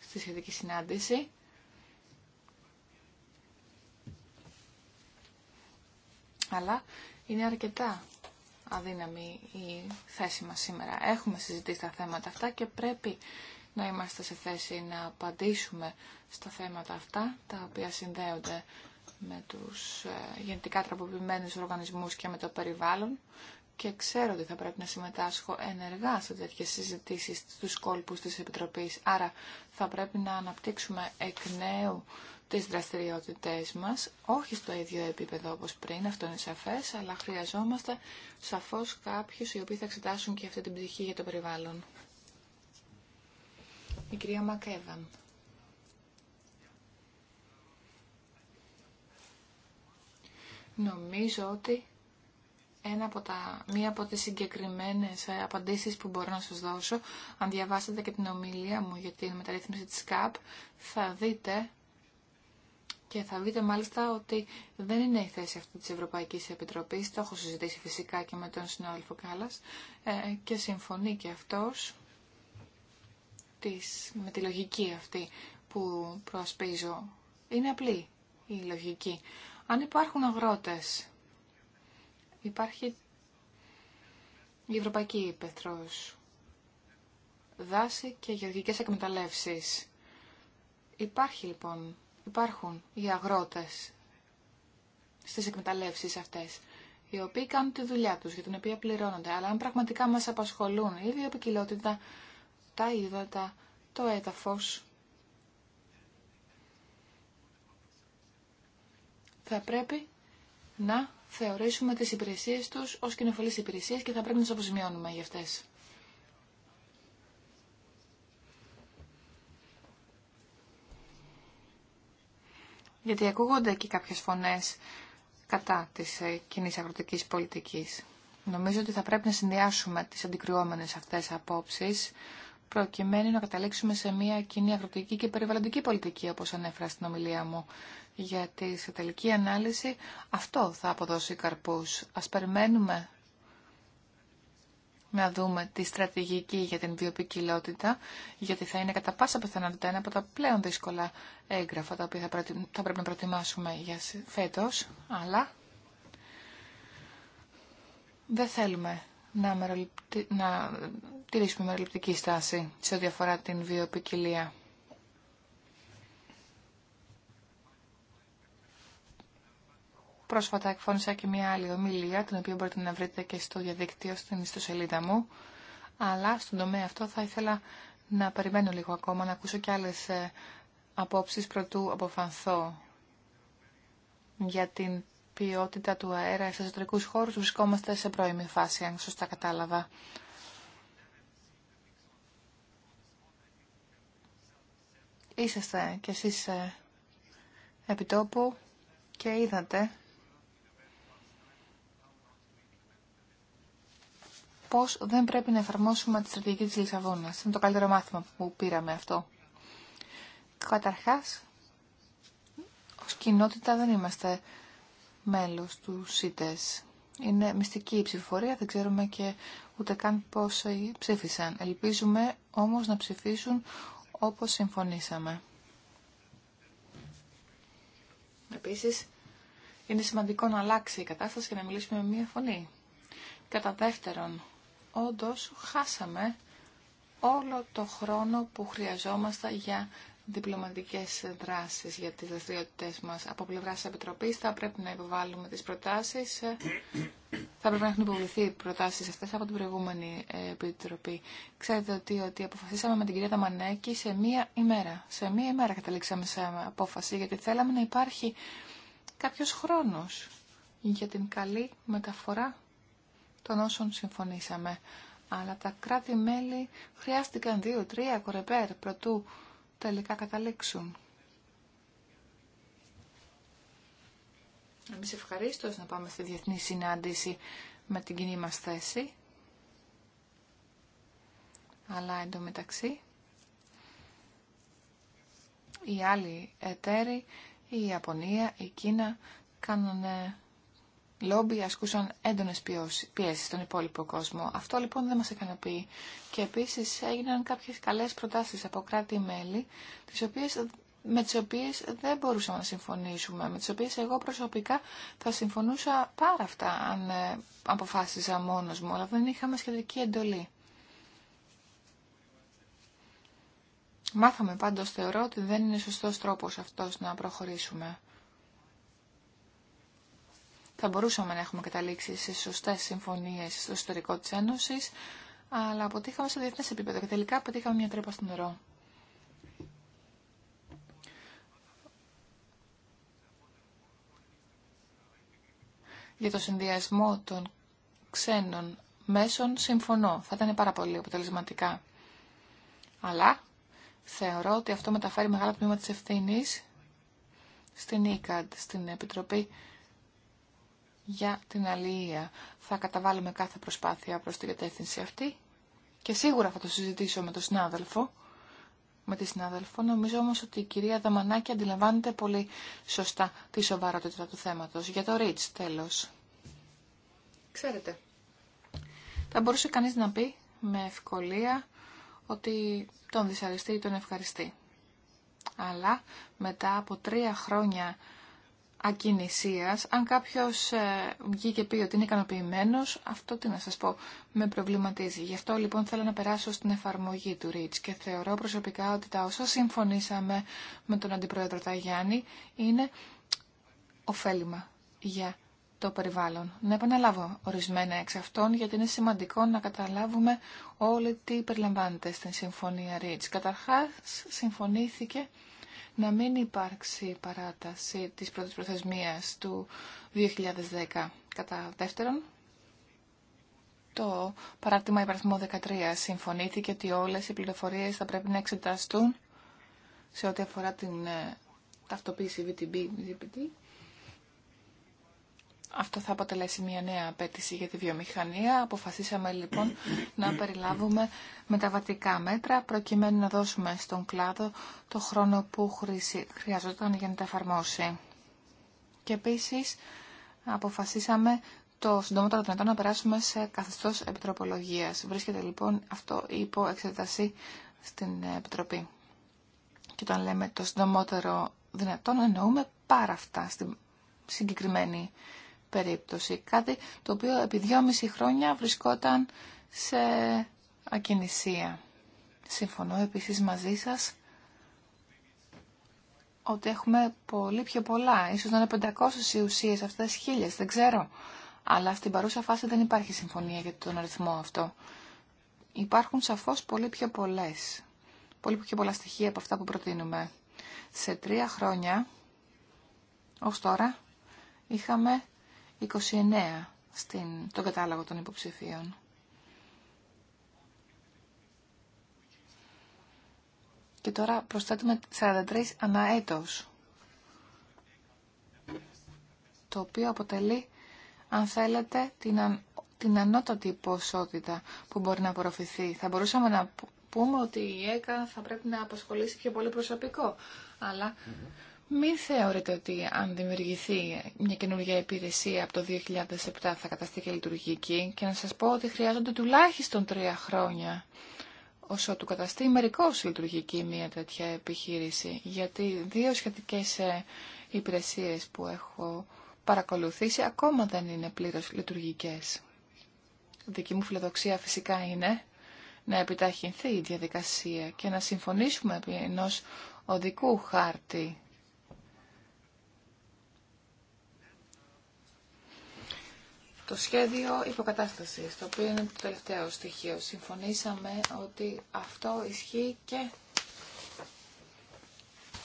στη σχετική συνάντηση αλλά είναι αρκετά αδύναμη η θέση μας σήμερα. Έχουμε συζητήσει τα θέματα αυτά και πρέπει να είμαστε σε θέση να απαντήσουμε στα θέματα αυτά, τα οποία συνδέονται με τους ε, γενετικά τραποποιημένους οργανισμούς και με το περιβάλλον και ξέρω ότι θα πρέπει να συμμετάσχω ενεργά σε τέτοιες συζητήσεις στους κόλπους της Επιτροπής. Άρα θα πρέπει να αναπτύξουμε εκ νέου τις δραστηριότητές μας, όχι στο ίδιο επίπεδο όπως πριν, αυτό είναι σαφές, αλλά χρειαζόμαστε σαφώς κάποιους οι οποίοι θα εξετάσουν και αυτή την πτυχή για το περιβάλλον. Η κυρία Μακέβαν. Νομίζω ότι ένα από τα, μία από τις συγκεκριμένες ε, απαντήσεις που μπορώ να σας δώσω, αν διαβάσετε και την ομιλία μου για την μεταρρύθμιση της ΚΑΠ, θα δείτε και θα δείτε μάλιστα ότι δεν είναι η θέση αυτή της Ευρωπαϊκής Επιτροπής. Το έχω συζητήσει φυσικά και με τον συνάδελφο Κάλλας ε, και συμφωνεί και αυτός της, με τη λογική αυτή που προασπίζω. Είναι απλή η λογική. Αν υπάρχουν αγρότες, υπάρχει η Ευρωπαϊκή Πεθρός, δάση και γεωργικές εκμεταλλεύσεις. Υπάρχει λοιπόν Υπάρχουν οι αγρότες στις εκμεταλλεύσεις αυτές, οι οποίοι κάνουν τη δουλειά τους, για την οποία πληρώνονται. Αλλά αν πραγματικά μας απασχολούν η βιοπικιλότητα, τα ύδατα, το έδαφος, θα πρέπει να θεωρήσουμε τις υπηρεσίες τους ως κοινοφελείς υπηρεσίες και θα πρέπει να τις αποζημιώνουμε για αυτές. γιατί ακούγονται εκεί κάποιες φωνές κατά της ε, κοινή αγροτικής πολιτικής. Νομίζω ότι θα πρέπει να συνδυάσουμε τις αντικρουόμενες αυτές απόψεις προκειμένου να καταλήξουμε σε μια κοινή αγροτική και περιβαλλοντική πολιτική, όπως ανέφερα στην ομιλία μου. Γιατί σε τελική ανάλυση αυτό θα αποδώσει καρπούς. Ας περιμένουμε να δούμε τη στρατηγική για την βιοπικιλότητα, γιατί θα είναι κατά πάσα πιθανότητα ένα από τα πλέον δύσκολα έγγραφα τα οποία θα, πρέπει, να προετοιμάσουμε για φέτος, αλλά δεν θέλουμε να, να τηρήσουμε μεροληπτική στάση σε ό,τι αφορά την βιοπικιλία. Πρόσφατα εκφώνησα και μια άλλη ομιλία, την οποία μπορείτε να βρείτε και στο διαδίκτυο, στην ιστοσελίδα μου. Αλλά στον τομέα αυτό θα ήθελα να περιμένω λίγο ακόμα, να ακούσω και άλλες ε, απόψεις προτού αποφανθώ για την ποιότητα του αέρα σε εσωτερικού χώρου βρισκόμαστε σε πρώιμη φάση, αν σωστά κατάλαβα. Είσαστε κι εσείς ε, επιτόπου και είδατε Πώ δεν πρέπει να εφαρμόσουμε τη στρατηγική τη Λισαβόνας. Είναι το καλύτερο μάθημα που πήραμε αυτό. Καταρχάς, ως κοινότητα δεν είμαστε μέλος του ΣΥΤΕΣ. Είναι μυστική η ψηφοφορία, δεν ξέρουμε και ούτε καν πόσοι ψήφισαν. Ελπίζουμε όμως να ψηφίσουν όπως συμφωνήσαμε. Επίση, είναι σημαντικό να αλλάξει η κατάσταση και να μιλήσουμε με μία φωνή. Κατά δεύτερον, όντως χάσαμε όλο το χρόνο που χρειαζόμασταν για διπλωματικές δράσεις για τις δραστηριότητε μας. Από πλευράς της Επιτροπής θα πρέπει να υποβάλουμε τις προτάσεις. θα πρέπει να έχουν υποβληθεί οι προτάσεις αυτές από την προηγούμενη Επιτροπή. Ξέρετε ότι, ότι αποφασίσαμε με την κυρία Ταμανέκη σε μία ημέρα. Σε μία ημέρα καταλήξαμε σε απόφαση γιατί θέλαμε να υπάρχει κάποιος χρόνος για την καλή μεταφορά των όσων συμφωνήσαμε. Αλλά τα κράτη-μέλη χρειάστηκαν δύο-τρία κορεπέρ προτού τελικά καταλήξουν. Εμείς ευχαρίστως να πάμε στη διεθνή συνάντηση με την κοινή μας θέση. Αλλά εντωμεταξύ οι άλλοι εταίροι, η Ιαπωνία, η Κίνα κάνουν λόμπι ασκούσαν έντονες πιέσεις στον υπόλοιπο κόσμο. Αυτό λοιπόν δεν μας ικανοποιεί. Και επίσης έγιναν κάποιες καλές προτάσεις από κράτη-μέλη, τις οποίες με τις οποίες δεν μπορούσαμε να συμφωνήσουμε, με τις οποίες εγώ προσωπικά θα συμφωνούσα πάρα αυτά αν ε, αποφάσιζα μόνος μου, αλλά δεν είχαμε σχετική εντολή. Μάθαμε πάντως θεωρώ ότι δεν είναι σωστός τρόπος αυτός να προχωρήσουμε θα μπορούσαμε να έχουμε καταλήξει σε σωστέ συμφωνίες στο ιστορικό τη Ένωση, αλλά αποτύχαμε σε διεθνές επίπεδο και τελικά αποτύχαμε μια τρύπα στο νερό. Για το συνδυασμό των ξένων μέσων συμφωνώ, θα ήταν πάρα πολύ αποτελεσματικά. Αλλά θεωρώ ότι αυτό μεταφέρει μεγάλο τμήμα της ευθύνης στην ΕΚΑΔ, στην Επιτροπή για την αλληλεία. Θα καταβάλουμε κάθε προσπάθεια προς την κατεύθυνση αυτή και σίγουρα θα το συζητήσω με τον συνάδελφο. Με τη συνάδελφο νομίζω όμως ότι η κυρία Δαμανάκη αντιλαμβάνεται πολύ σωστά τη σοβαρότητα του θέματος. Για το ρίτς τέλος. Ξέρετε, θα μπορούσε κανείς να πει με ευκολία ότι τον δυσαρεστεί ή τον ευχαριστεί. Αλλά μετά από τρία χρόνια ακινησίας, αν κάποιος ε, βγει και πει ότι είναι ικανοποιημένο, αυτό τι να σας πω, με προβληματίζει. Γι' αυτό λοιπόν θέλω να περάσω στην εφαρμογή του REACH και θεωρώ προσωπικά ότι τα όσα συμφωνήσαμε με τον Αντιπρόεδρο Ταγιάννη είναι ωφέλιμα για το περιβάλλον. Να επαναλάβω ορισμένα εξ αυτών, γιατί είναι σημαντικό να καταλάβουμε όλοι τι περιλαμβάνεται στην Συμφωνία REACH. Καταρχάς, συμφωνήθηκε να μην υπάρξει παράταση της πρώτης προθεσμίας του 2010. Κατά δεύτερον, το παράρτημα υπαριθμό 13 συμφωνήθηκε ότι όλες οι πληροφορίες θα πρέπει να εξεταστούν σε ό,τι αφορά την ε, ταυτοποίηση VTB, GPT αυτό θα αποτελέσει μια νέα απέτηση για τη βιομηχανία. Αποφασίσαμε λοιπόν να περιλάβουμε μεταβατικά μέτρα προκειμένου να δώσουμε στον κλάδο το χρόνο που χρειαζόταν για να τα εφαρμόσει. Και επίσης αποφασίσαμε το συντομότερο δυνατό να περάσουμε σε καθεστώς επιτροπολογίας. Βρίσκεται λοιπόν αυτό υπό εξετασή στην Επιτροπή. Και όταν λέμε το συντομότερο δυνατόν εννοούμε πάρα αυτά στην συγκεκριμένη περίπτωση. Κάτι το οποίο επί δυόμιση χρόνια βρισκόταν σε ακινησία. Συμφωνώ επίσης μαζί σας ότι έχουμε πολύ πιο πολλά. Ίσως να είναι 500 οι ουσίες αυτές, χίλιες, δεν ξέρω. Αλλά στην παρούσα φάση δεν υπάρχει συμφωνία για τον αριθμό αυτό. Υπάρχουν σαφώς πολύ πιο πολλές. Πολύ πιο πολλά στοιχεία από αυτά που προτείνουμε. Σε τρία χρόνια, ως τώρα, είχαμε 29 στην, το κατάλογο των υποψηφίων. Και τώρα προσθέτουμε 43 έτος, το οποίο αποτελεί, αν θέλετε, την, αν, την ανώτατη ποσότητα που μπορεί να απορροφηθεί. Θα μπορούσαμε να πούμε ότι η ΕΚΑ θα πρέπει να απασχολήσει πιο πολύ προσωπικό, αλλά... Μην θεωρείτε ότι αν δημιουργηθεί μια καινούργια υπηρεσία από το 2007 θα καταστεί και λειτουργική και να σας πω ότι χρειάζονται τουλάχιστον τρία χρόνια όσο του καταστεί μερικώς λειτουργική μια τέτοια επιχείρηση γιατί δύο σχετικές ε, υπηρεσίες που έχω παρακολουθήσει ακόμα δεν είναι πλήρως λειτουργικές. Δική μου φιλοδοξία φυσικά είναι να επιταχυνθεί η διαδικασία και να συμφωνήσουμε επί ενός οδικού χάρτη Το σχέδιο υποκατάστασης, το οποίο είναι το τελευταίο στοιχείο. Συμφωνήσαμε ότι αυτό ισχύει και,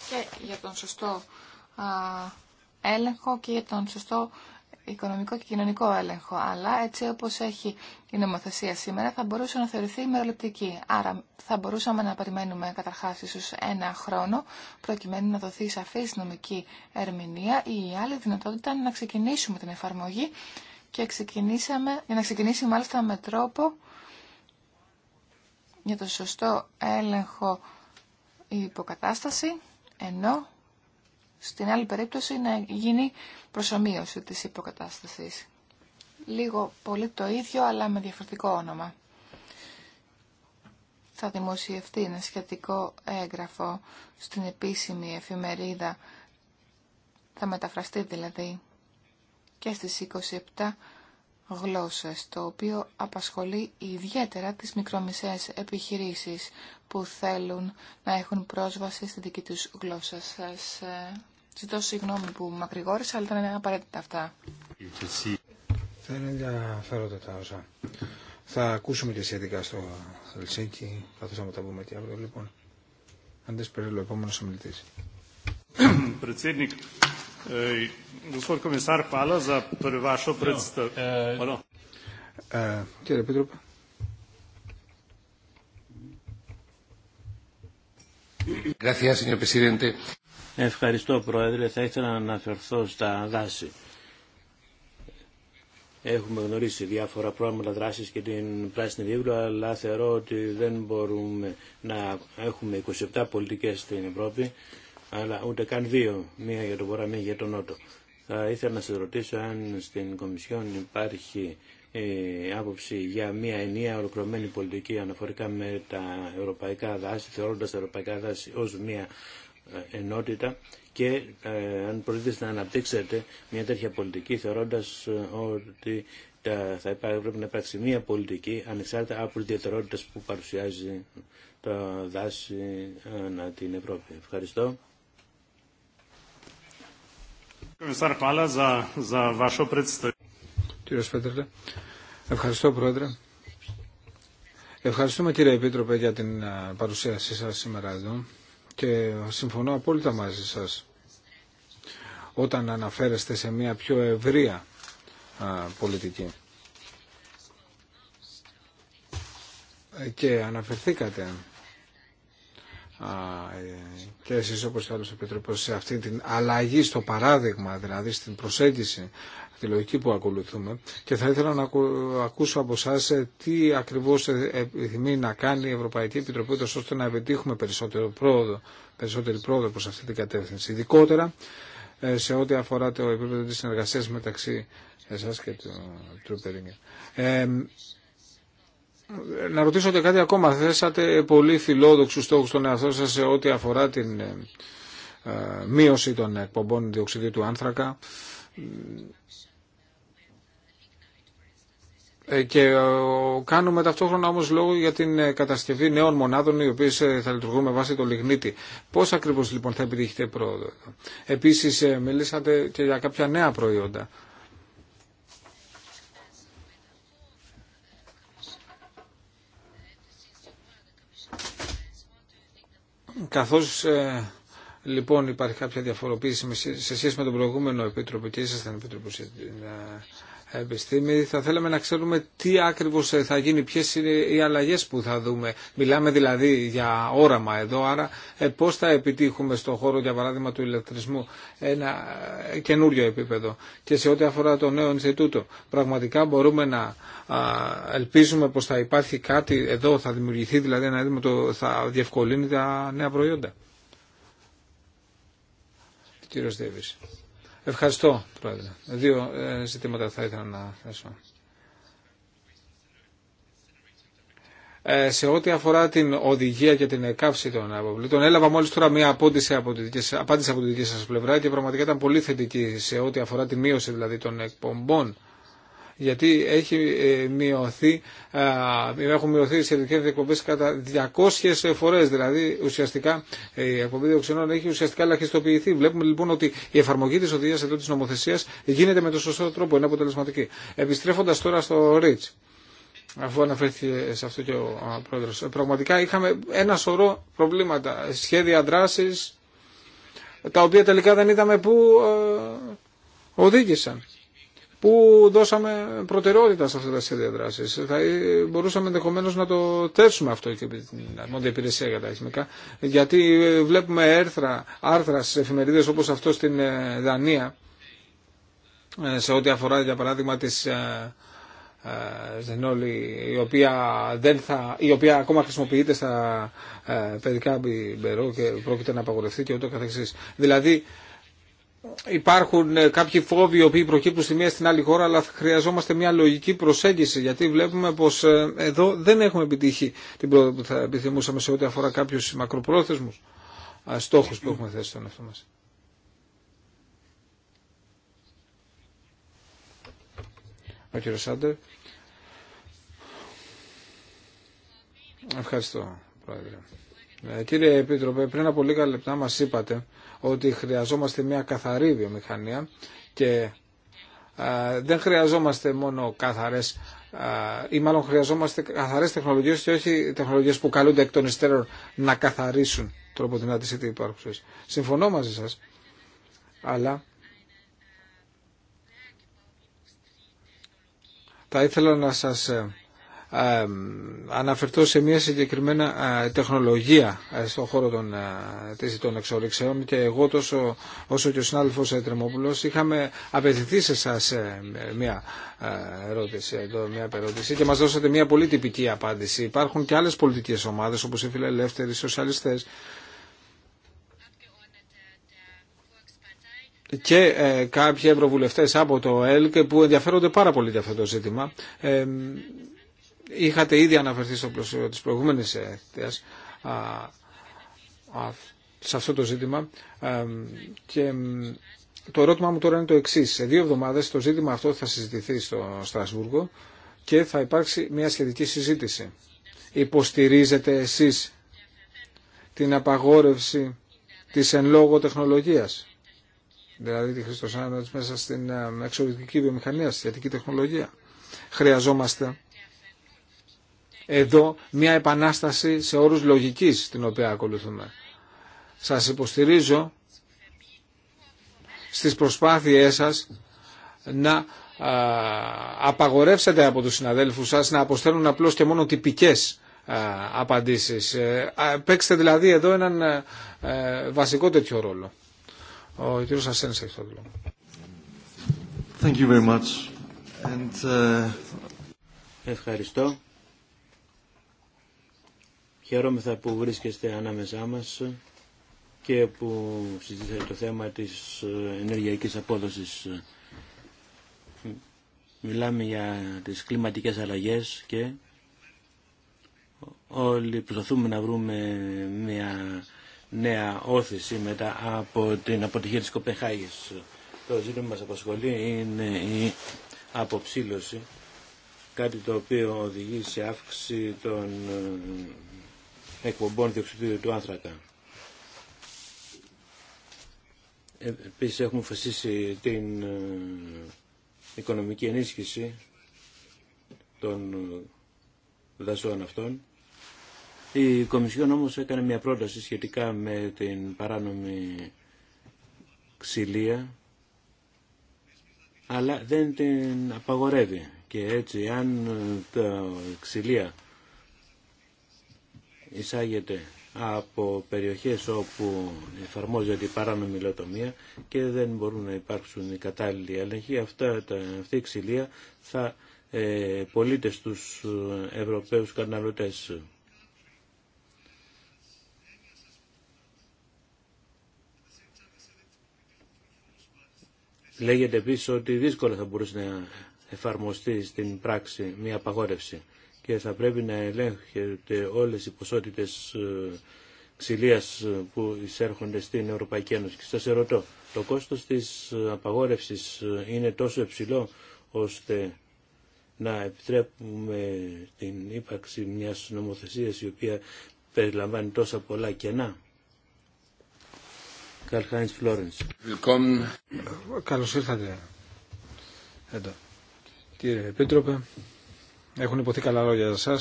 και για τον σωστό α, έλεγχο και για τον σωστό οικονομικό και κοινωνικό έλεγχο. Αλλά έτσι όπως έχει η νομοθεσία σήμερα θα μπορούσε να θεωρηθεί μεροληπτική. Άρα θα μπορούσαμε να περιμένουμε καταρχάς ίσως ένα χρόνο προκειμένου να δοθεί σαφής νομική ερμηνεία ή η άλλη δυνατότητα να ξεκινήσουμε την εφαρμογή και ξεκινήσαμε, για να ξεκινήσει μάλιστα με τρόπο για το σωστό έλεγχο η υποκατάσταση, ενώ στην άλλη περίπτωση να γίνει προσωμείωση της υποκατάστασης. Λίγο πολύ το ίδιο, αλλά με διαφορετικό όνομα. Θα δημοσιευτεί ένα σχετικό έγγραφο στην επίσημη εφημερίδα. Θα μεταφραστεί δηλαδή και στις 27 γλώσσες, το οποίο απασχολεί ιδιαίτερα τις μικρομεσαίες επιχειρήσεις που θέλουν να έχουν πρόσβαση στη δική τους γλώσσα. Σας ε, ζητώ συγγνώμη που μακρηγόρησα, αλλά ήταν απαραίτητα αυτά. είναι
ενδιαφέροντα τα όσα. Θα ακούσουμε και σχετικά στο Ελσίνκι, καθώς θα τα πούμε και αύριο λοιπόν. Αντές περίλου, επόμενος ομιλητής.
Ευχαριστώ Πρόεδρε. Θα ήθελα να αναφερθώ στα δάση. Έχουμε γνωρίσει διάφορα πρόγραμματα δράση και την πράσινη βίβλο, αλλά θεωρώ ότι δεν μπορούμε να έχουμε 27 πολιτικέ στην Ευρώπη αλλά ούτε καν δύο, μία για το Βορρά, μία για τον Νότο. Θα ήθελα να σας ρωτήσω αν στην Κομισιόν υπάρχει ε, άποψη για μια ενιαία ολοκληρωμένη πολιτική αναφορικά με τα ευρωπαϊκά δάση, θεωρώντας τα ευρωπαϊκά δάση ως μια ε, ενότητα και ε, αν προτίθεστε να αναπτύξετε μια τέτοια πολιτική θεωρώντας ότι τα, θα υπά, πρέπει να υπάρξει μια πολιτική ανεξάρτητα από τις ιδιαιτερότητες που παρουσιάζει τα δάση ανά την Ευρώπη. Ευχαριστώ. Κύριε
Σπέτερλε, ευχαριστώ Πρόεδρε. Ευχαριστούμε κύριε Επίτροπε για την παρουσίασή σας σήμερα εδώ και συμφωνώ απόλυτα μαζί σας όταν αναφέρεστε σε μια πιο ευρεία πολιτική. Και αναφερθήκατε ε, και εσείς όπως και άλλος επιτρέπω σε αυτή την αλλαγή στο παράδειγμα, δηλαδή στην προσέγγιση, τη λογική που ακολουθούμε και θα ήθελα να ακούσω από εσά ε, τι ακριβώς ε, επιθυμεί να κάνει η Ευρωπαϊκή Επιτροπή ώστε να επιτύχουμε περισσότερο πρόοδο, περισσότερη πρόοδο προς αυτή την κατεύθυνση. Ειδικότερα σε ό,τι αφορά το επίπεδο της συνεργασίας μεταξύ εσάς και του Τρούπερινγκ να ρωτήσω και κάτι ακόμα. Θέσατε πολύ φιλόδοξους στόχους στον εαυτό σα σε ό,τι αφορά την ε, ε, μείωση των εκπομπών διοξιδίου του άνθρακα ε, και κάνουμε ταυτόχρονα όμως λόγο για την κατασκευή νέων μονάδων οι οποίες θα λειτουργούν με βάση το λιγνίτη. Πώς ακριβώς λοιπόν θα επιτύχετε πρόοδο. Επίσης μιλήσατε και για κάποια νέα προϊόντα Καθώς ε, λοιπόν υπάρχει κάποια διαφοροποίηση σε σχέση με τον προηγούμενο επίτροπο και ήσασταν επίτροπο επιστήμη. Θα θέλαμε να ξέρουμε τι ακριβώς θα γίνει, ποιες είναι οι αλλαγές που θα δούμε. Μιλάμε δηλαδή για όραμα εδώ, άρα ε, πώς θα επιτύχουμε στον χώρο, για παράδειγμα, του ηλεκτρισμού ένα ε, καινούριο επίπεδο. Και σε ό,τι αφορά το νέο Ινστιτούτο, πραγματικά μπορούμε να ελπίζουμε πως θα υπάρχει κάτι εδώ, θα δημιουργηθεί δηλαδή ένα έδειμο που θα διευκολύνει τα νέα προϊόντα. Κύριος Δέβης. Ευχαριστώ, Πρόεδρε. Δύο ε, ζητήματα θα ήθελα να θέσω. Ε, σε ό,τι αφορά την οδηγία και την εκάψη των αποβλήτων. Έλαβα μόλι τώρα μία απάντηση από τη δική, απάντηση από τη δική σας πλευρά και πραγματικά ήταν πολύ θετική σε ό,τι αφορά τη μείωση δηλαδή των εκπομπών γιατί έχει ε, μειωθεί, έχουν μειωθεί οι σχετικέ διακοπέ κατά 200 φορέ. Δηλαδή, ουσιαστικά ε, η εκπομπή διοξενών έχει ουσιαστικά ελαχιστοποιηθεί. Βλέπουμε λοιπόν ότι η εφαρμογή τη οδηγία εδώ τη νομοθεσία γίνεται με το σωστό τρόπο, είναι αποτελεσματική. Επιστρέφοντα τώρα στο REACH αφού αναφέρθηκε σε αυτό και ο πρόεδρο, Πραγματικά είχαμε ένα σωρό προβλήματα, σχέδια δράση, τα οποία τελικά δεν είδαμε πού ε, οδήγησαν που δώσαμε προτεραιότητα σε αυτές τις διαδράσει. Θα ε, μπορούσαμε ενδεχομένω να το θέσουμε αυτό και την αρμόδια υπηρεσία για τα γιατί ε, βλέπουμε έρθρα, άρθρα στι εφημερίδε όπω αυτό στην ε, Δανία, σε ό,τι αφορά για παράδειγμα τις Ζενόλη, η οποία, οποία ακόμα χρησιμοποιείται στα παιδικά μπερό και πρόκειται να απαγορευτεί και ούτω καθεξής. Δηλαδή, υπάρχουν ε, κάποιοι φόβοι οι οποίοι προκύπτουν στη μία στην άλλη χώρα, αλλά χρειαζόμαστε μια λογική προσέγγιση, γιατί βλέπουμε πως ε, εδώ δεν έχουμε επιτύχει την πρόοδο που θα επιθυμούσαμε σε ό,τι αφορά κάποιους μακροπρόθεσμους ε, στόχους που έχουμε θέσει στον εαυτό μας. Ο Σάντερ. Ευχαριστώ, Πρόεδρε. Κύριε Επίτροπε, πριν από λίγα λεπτά μας είπατε ότι χρειαζόμαστε μια καθαρή βιομηχανία και δεν χρειαζόμαστε μόνο καθαρές ή μάλλον χρειαζόμαστε καθαρές τεχνολογίες και όχι τεχνολογίες που καλούνται εκ των υστέρων να καθαρίσουν τρόπο την άτηση υπάρχουσες. Συμφωνώ μαζί σας, αλλά θα ήθελα να σας ε, αναφερθώ σε μια συγκεκριμένα τεχνολογία στον χώρο των, των εξορίξεων και εγώ τόσο όσο και ο συνάδελφος ε, Τρεμόπουλος είχαμε απαιτηθεί σε εσάς ε, μια ερώτηση, μια και μας δώσατε μια πολύ τυπική απάντηση. Υπάρχουν και άλλες πολιτικές ομάδες όπως οι φιλελεύθεροι, οι σοσιαλιστές και ε, κάποιοι ευρωβουλευτές από το ΕΛΚ που ενδιαφέρονται πάρα πολύ για αυτό το ζήτημα. Ε, είχατε ήδη αναφερθεί στο πλαίσιο της προηγούμενης θέας σε αυτό το ζήτημα ε, και το ερώτημά μου τώρα είναι το εξή. Σε δύο εβδομάδες το ζήτημα αυτό θα συζητηθεί στο Στρασβούργο και θα υπάρξει μια σχετική συζήτηση. Υποστηρίζετε εσείς την απαγόρευση της εν λόγω τεχνολογίας, δηλαδή τη χρηστοσάνατος μέσα στην ε, εξωτερική βιομηχανία, στη θετική τεχνολογία. Χρειαζόμαστε εδώ μια επανάσταση σε όρους λογικής την οποία ακολουθούμε. Σας υποστηρίζω στις προσπάθειές σας να απαγορεύσετε από τους συναδέλφους σας να αποστέλουν απλώς και μόνο τυπικές απαντήσεις. Ε, παίξτε δηλαδή εδώ έναν ε, βασικό τέτοιο ρόλο. Ο κ. Ασένης έχει το λόγο.
Thank you very much.
And, ε, Ευχαριστώ. Χαιρόμεθα που βρίσκεστε ανάμεσά μας και που συζητήσατε το θέμα της ενεργειακής απόδοσης. Μιλάμε για τις κλιματικές αλλαγές και όλοι προσπαθούμε να βρούμε μια νέα όθηση μετά από την αποτυχία της Κοπεχάγης. Το ζήτημα που μας απασχολεί είναι η αποψήλωση, κάτι το οποίο οδηγεί σε αύξηση των εκπομπών διοξιδίου του άνθρακα. Ε, επίσης έχουμε φασίσει την ε, οικονομική ενίσχυση των ε, δασών αυτών. Η Κομισιόν όμως έκανε μια πρόταση σχετικά με την παράνομη ξυλία, αλλά δεν την απαγορεύει. Και έτσι αν τα ξυλία εισάγεται από περιοχές όπου εφαρμόζεται η παράνομη λοτομία και δεν μπορούν να υπάρξουν οι κατάλληλοι έλεγχοι, αυτά, τα, αυτή η ξυλία θα ε, πολίτες τους ε, Ευρωπαίους καταναλωτές. Λέγεται επίσης ότι δύσκολα θα μπορούσε να εφαρμοστεί στην πράξη μια απαγόρευση και θα πρέπει να ελέγχεται όλες οι ποσότητες ε, ξυλίας ε, που εισέρχονται στην Ευρωπαϊκή Ένωση. Και σας ερωτώ, το κόστος της ε, απαγόρευσης είναι τόσο υψηλό ώστε να επιτρέπουμε την ύπαρξη μιας νομοθεσίας η οποία περιλαμβάνει τόσα πολλά κενά. Καλχάινς Φλόρενς. Καλώς ήρθατε εδώ.
Κύριε Επίτροπε, έχουν υποθεί καλά λόγια για εσά.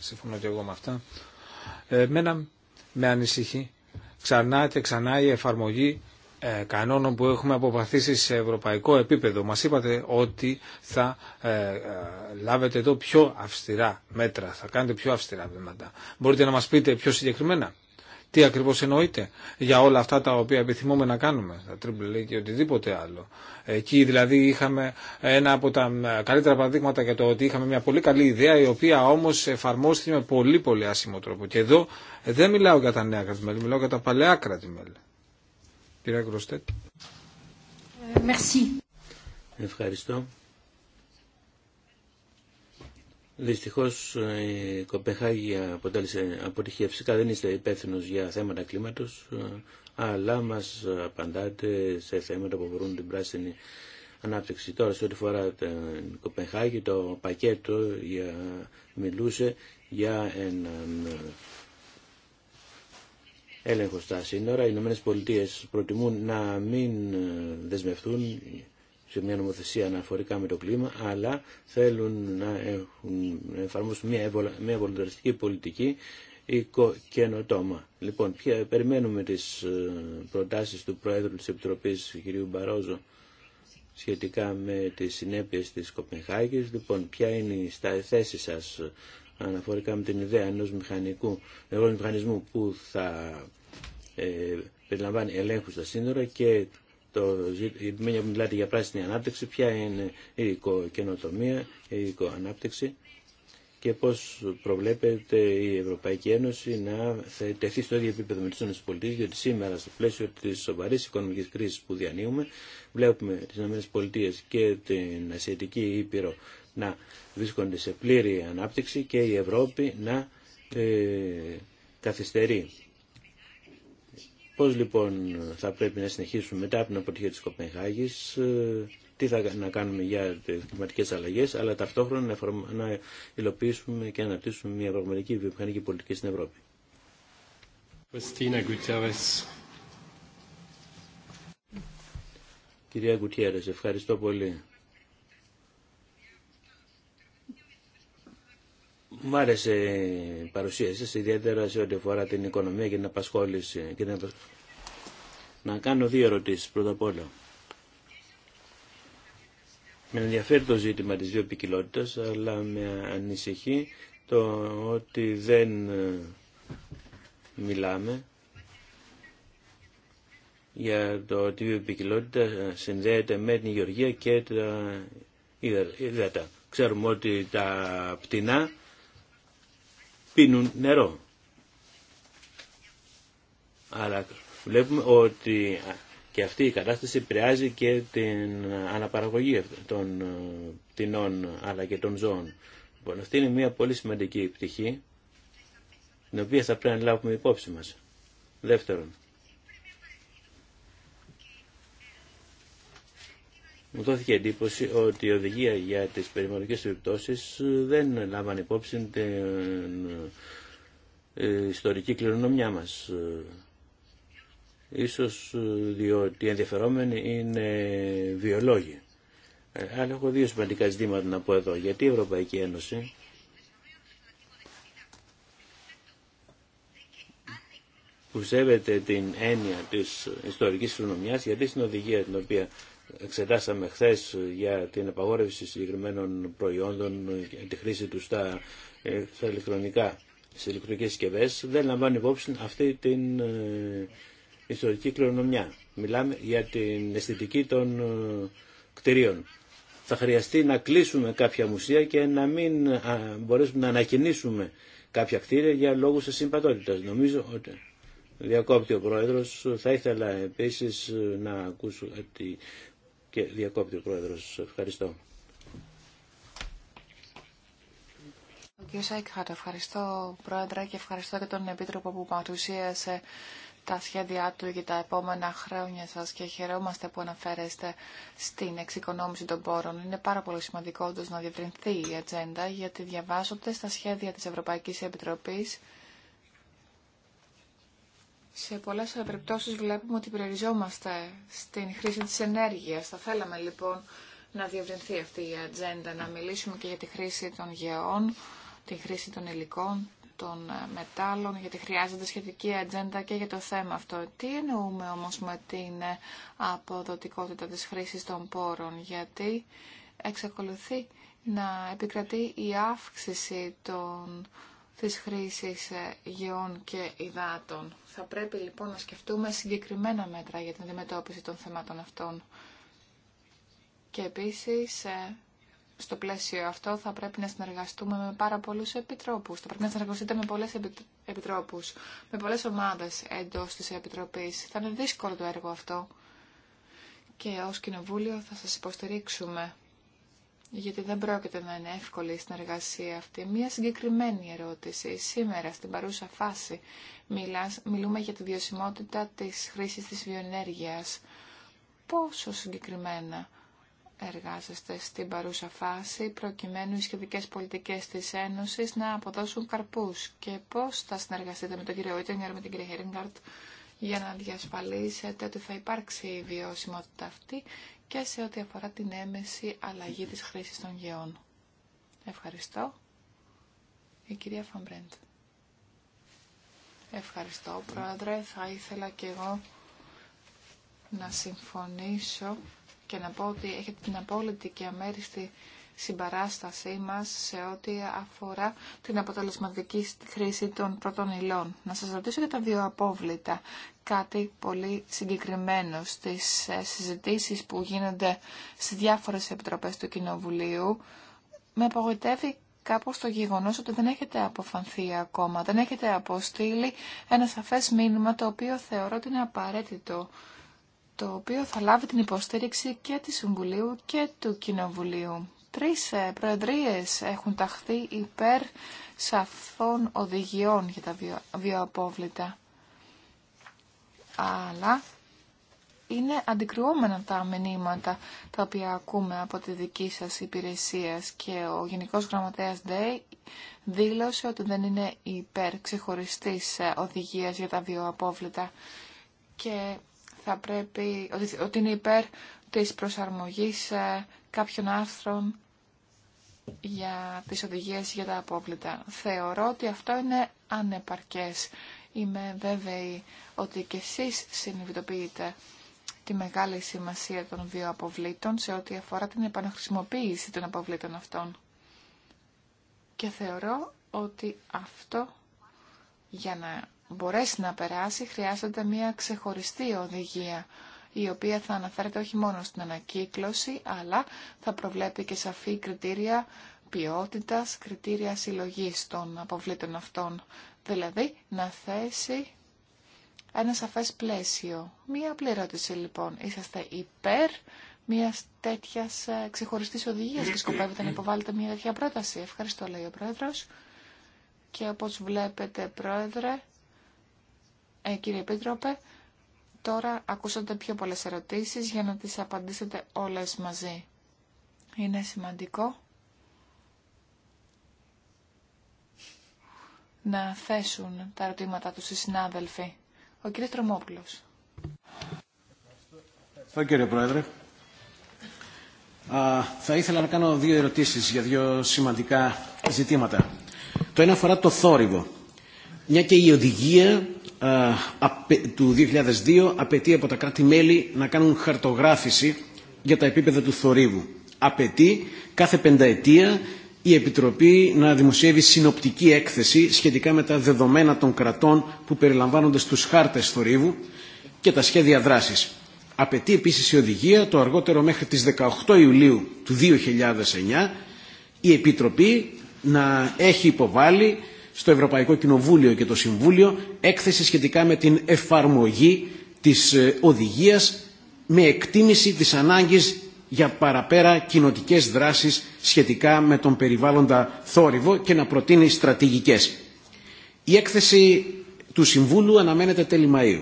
Συμφωνώ και εγώ με αυτά. Ε, εμένα με ανησυχεί ξανά και ξανά η εφαρμογή ε, κανόνων που έχουμε αποπαθήσει σε ευρωπαϊκό επίπεδο. Μας είπατε ότι θα ε, ε, λάβετε εδώ πιο αυστηρά μέτρα, θα κάνετε πιο αυστηρά βήματα. Μπορείτε να μας πείτε πιο συγκεκριμένα τι ακριβώ εννοείται για όλα αυτά τα οποία επιθυμούμε να κάνουμε, τα Triple και οτιδήποτε άλλο. Εκεί δηλαδή είχαμε ένα από τα καλύτερα παραδείγματα για το ότι είχαμε μια πολύ καλή ιδέα η οποία όμω εφαρμόστηκε με πολύ πολύ άσχημο τρόπο. Και εδώ δεν μιλάω για τα νέα κρατημέλη, μιλάω για τα παλαιά κρατημέλη.
Κυρία ε, Ευχαριστώ. Δυστυχώς ε, η Κοπεχάγη αποτέλεσε αποτυχία. Φυσικά δεν είστε υπεύθυνο για θέματα κλίματος, ε, αλλά μας απαντάτε σε θέματα που μπορούν την πράσινη ανάπτυξη. Τώρα, σε ό,τι φορά την Κοπεχάγη, το πακέτο για, μιλούσε για έναν έλεγχο στα σύνορα. Οι Ηνωμένε Πολιτείε προτιμούν να μην ε, δεσμευτούν σε μια νομοθεσία αναφορικά με το κλίμα, αλλά θέλουν να, έχουν, να εφαρμόσουν μια, μια βολονταριστική πολιτική καινοτόμα. Λοιπόν, περιμένουμε τις ε, προτάσεις του Πρόεδρου της Επιτροπής κ. Μπαρόζο σχετικά με τις συνέπειες της Κοπενχάγης. Λοιπόν, ποια είναι η θέση σας ε, αναφορικά με την ιδέα ενός μηχανικού, ενός μηχανισμού που θα ε, περιλαμβάνει ελέγχου στα σύνορα και το, μια που μιλάτε για πράσινη ανάπτυξη, ποια είναι η οικοκαινοτομία, η οικοανάπτυξη και πώς προβλέπεται η Ευρωπαϊκή Ένωση να τεθεί στο ίδιο επίπεδο με τις ΗΠΑ, γιατί σήμερα στο πλαίσιο της σοβαρής οικονομικής κρίσης που διανύουμε, βλέπουμε τις ΗΠΑ και την Ασιατική Ήπειρο να βρίσκονται σε πλήρη ανάπτυξη και η Ευρώπη να ε, καθυστερεί. Πώς λοιπόν θα πρέπει να συνεχίσουμε μετά από την αποτυχία της Κοπενχάγης, ε, τι θα να κάνουμε για τις κλιματικές αλλαγές, αλλά ταυτόχρονα να υλοποιήσουμε και να αναπτύσσουμε μια πραγματική βιομηχανική πολιτική στην Ευρώπη. Κυρία Γκουτιέρες, ευχαριστώ πολύ. Μου άρεσε η παρουσία σας, ιδιαίτερα σε ό,τι αφορά την οικονομία και την απασχόληση. Να κάνω δύο ερωτήσεις πρώτα απ' όλα. Με ενδιαφέρει το ζήτημα της βιοποικιλότητας, αλλά με ανησυχεί το ότι δεν ε, μιλάμε για το ότι η βιοπικιλότητα ε, συνδέεται με την υγειοργία και τα υδατά. Ξέρουμε ότι τα πτηνά πίνουν νερό. Αλλά βλέπουμε ότι και αυτή η κατάσταση επηρεάζει και την αναπαραγωγή των πτηνών αλλά και των ζώων. Λοιπόν, αυτή είναι μια πολύ σημαντική πτυχή την οποία θα πρέπει να λάβουμε υπόψη μας. Δεύτερον, μου δόθηκε εντύπωση ότι η οδηγία για τις περιβαλλοντικές επιπτώσεις δεν λάμβανε υπόψη την ε, ιστορική κληρονομιά μας. Ίσως διότι οι ενδιαφερόμενοι είναι βιολόγοι. Αλλά έχω δύο σημαντικά ζητήματα να πω εδώ. Γιατί η Ευρωπαϊκή Ένωση που σέβεται την έννοια της ιστορικής κληρονομιάς, γιατί στην οδηγία την οποία εξετάσαμε χθε για την απαγόρευση συγκεκριμένων προϊόντων και τη χρήση του ε, στα, ηλεκτρονικά, στις ηλεκτρονικές συσκευέ, δεν λαμβάνει υπόψη αυτή την ε, ιστορική κληρονομιά. Μιλάμε για την αισθητική των ε, κτηρίων. Θα χρειαστεί να κλείσουμε κάποια μουσεία και να μην μπορέσουμε να ανακοινήσουμε κάποια κτίρια για λόγους ασυμπατότητας. Νομίζω ότι διακόπτει ο Πρόεδρος. Θα ήθελα επίσης να ακούσω ότι και διακόπτει ο Πρόεδρος. Ευχαριστώ.
Κύριε κ. ευχαριστώ Πρόεδρε και ευχαριστώ και τον Επίτροπο που παρουσίασε τα σχέδιά του για τα επόμενα χρόνια σας και χαιρόμαστε που αναφέρεστε στην εξοικονόμηση των πόρων. Είναι πάρα πολύ σημαντικό όντως να διευρυνθεί η ατζέντα γιατί διαβάζονται στα σχέδια της Ευρωπαϊκής Επιτροπής σε πολλές περιπτώσεις βλέπουμε ότι περιοριζόμαστε στην χρήση της ενέργειας. Θα θέλαμε λοιπόν να διευρυνθεί αυτή η ατζέντα, να μιλήσουμε και για τη χρήση των γεών, τη χρήση των υλικών, των ε, μετάλλων, γιατί χρειάζεται σχετική ατζέντα και για το θέμα αυτό. Τι εννοούμε όμως με την ε, αποδοτικότητα της χρήσης των πόρων, γιατί εξακολουθεί να επικρατεί η αύξηση των της χρήσης ε, γεών και υδάτων. Θα πρέπει λοιπόν να σκεφτούμε συγκεκριμένα μέτρα για την αντιμετώπιση των θεμάτων αυτών. Και επίσης, ε, στο πλαίσιο αυτό θα πρέπει να συνεργαστούμε με πάρα πολλούς επιτρόπους. Θα πρέπει να συνεργαστείτε με πολλές επιτρόπους, με πολλές ομάδες εντός της Επιτροπής. Θα είναι δύσκολο το έργο αυτό. Και ως Κοινοβούλιο θα σας υποστηρίξουμε γιατί δεν πρόκειται να είναι εύκολη η συνεργασία αυτή. Μία συγκεκριμένη ερώτηση. Σήμερα, στην παρούσα φάση, μιλάς, μιλούμε για τη βιωσιμότητα της χρήσης της βιοενέργειας. Πόσο συγκεκριμένα εργάζεστε στην παρούσα φάση, προκειμένου οι σχετικέ πολιτικές της Ένωσης να αποδώσουν καρπούς και πώς θα συνεργαστείτε με τον κύριο Ιτενγκερ, με την κυρία Χέριγκαρτ, για να διασφαλίσετε ότι θα υπάρξει η βιωσιμότητα αυτή και σε ό,τι αφορά την έμεση αλλαγή της χρήσης των γεών. Ευχαριστώ. Η κυρία Φαμπρέντ. Ευχαριστώ, Πρόεδρε. Θα ήθελα και εγώ να συμφωνήσω και να πω ότι έχετε την απόλυτη και αμέριστη συμπαράστασή μας σε ό,τι αφορά την αποτελεσματική χρήση των πρώτων υλών. Να σας ρωτήσω για τα δύο απόβλητα. Κάτι πολύ συγκεκριμένο στις ε, συζητήσεις που γίνονται στις διάφορες επιτροπές του Κοινοβουλίου. Με απογοητεύει κάπως το γεγονός ότι δεν έχετε αποφανθεί ακόμα, δεν έχετε αποστείλει ένα σαφές μήνυμα το οποίο θεωρώ ότι είναι απαραίτητο το οποίο θα λάβει την υποστήριξη και του Συμβουλίου και του Κοινοβουλίου. Τρεις ε, προεδρίες έχουν ταχθεί υπέρ σαφών οδηγιών για τα βιοαπόβλητα. Αλλά είναι αντικρουόμενα τα μηνύματα τα οποία ακούμε από τη δική σας υπηρεσία και ο Γενικός Γραμματέας Day δήλωσε ότι δεν είναι υπέρ ξεχωριστής ε, οδηγίας για τα βιοαπόβλητα και θα πρέπει ότι, είναι υπέρ της προσαρμογής ε, κάποιων άρθρων για τις οδηγίες για τα απόβλητα. Θεωρώ ότι αυτό είναι ανεπαρκές. Είμαι βέβαιη ότι και εσείς συνειδητοποιείτε τη μεγάλη σημασία των δύο αποβλήτων σε ό,τι αφορά την επαναχρησιμοποίηση των αποβλήτων αυτών. Και θεωρώ ότι αυτό για να μπορέσει να περάσει χρειάζεται μια ξεχωριστή οδηγία η οποία θα αναφέρεται όχι μόνο στην ανακύκλωση, αλλά θα προβλέπει και σαφή κριτήρια ποιότητας, κριτήρια συλλογής των αποβλήτων αυτών. Δηλαδή, να θέσει ένα σαφές πλαίσιο. Μία απλή ερώτηση λοιπόν. Είσαστε υπέρ μια τέτοια ε, ξεχωριστή οδηγία και σκοπεύετε να υποβάλλετε μια τέτοια πρόταση. Ευχαριστώ, λέει ο Πρόεδρο. Και όπω βλέπετε, Πρόεδρε, ε, κύριε Επίτροπε, Τώρα ακούσατε πιο πολλές ερωτήσεις για να τις απαντήσετε όλες μαζί. Είναι σημαντικό να θέσουν τα ερωτήματα τους οι συνάδελφοι. Ο κ. Τρομόπουλος.
Ευχαριστώ κύριε Πρόεδρε. θα ήθελα να κάνω δύο ερωτήσεις για δύο σημαντικά ζητήματα. Το ένα αφορά το θόρυβο μια και η οδηγία του 2002 απαιτεί από τα κράτη-μέλη να κάνουν χαρτογράφηση για τα επίπεδα του θορύβου. Απαιτεί κάθε πενταετία η Επιτροπή να δημοσιεύει συνοπτική έκθεση σχετικά με τα δεδομένα των κρατών που περιλαμβάνονται στους χάρτες θορύβου και τα σχέδια δράσης. Απαιτεί επίσης η οδηγία το αργότερο μέχρι τις 18 Ιουλίου του 2009 η Επιτροπή να έχει υποβάλει στο Ευρωπαϊκό Κοινοβούλιο και το Συμβούλιο έκθεση σχετικά με την εφαρμογή της ε, οδηγίας με εκτίμηση της ανάγκης για παραπέρα κοινοτικέ δράσεις σχετικά με τον περιβάλλοντα θόρυβο και να προτείνει στρατηγικές. Η έκθεση του Συμβούλου αναμένεται τέλη Μαΐου.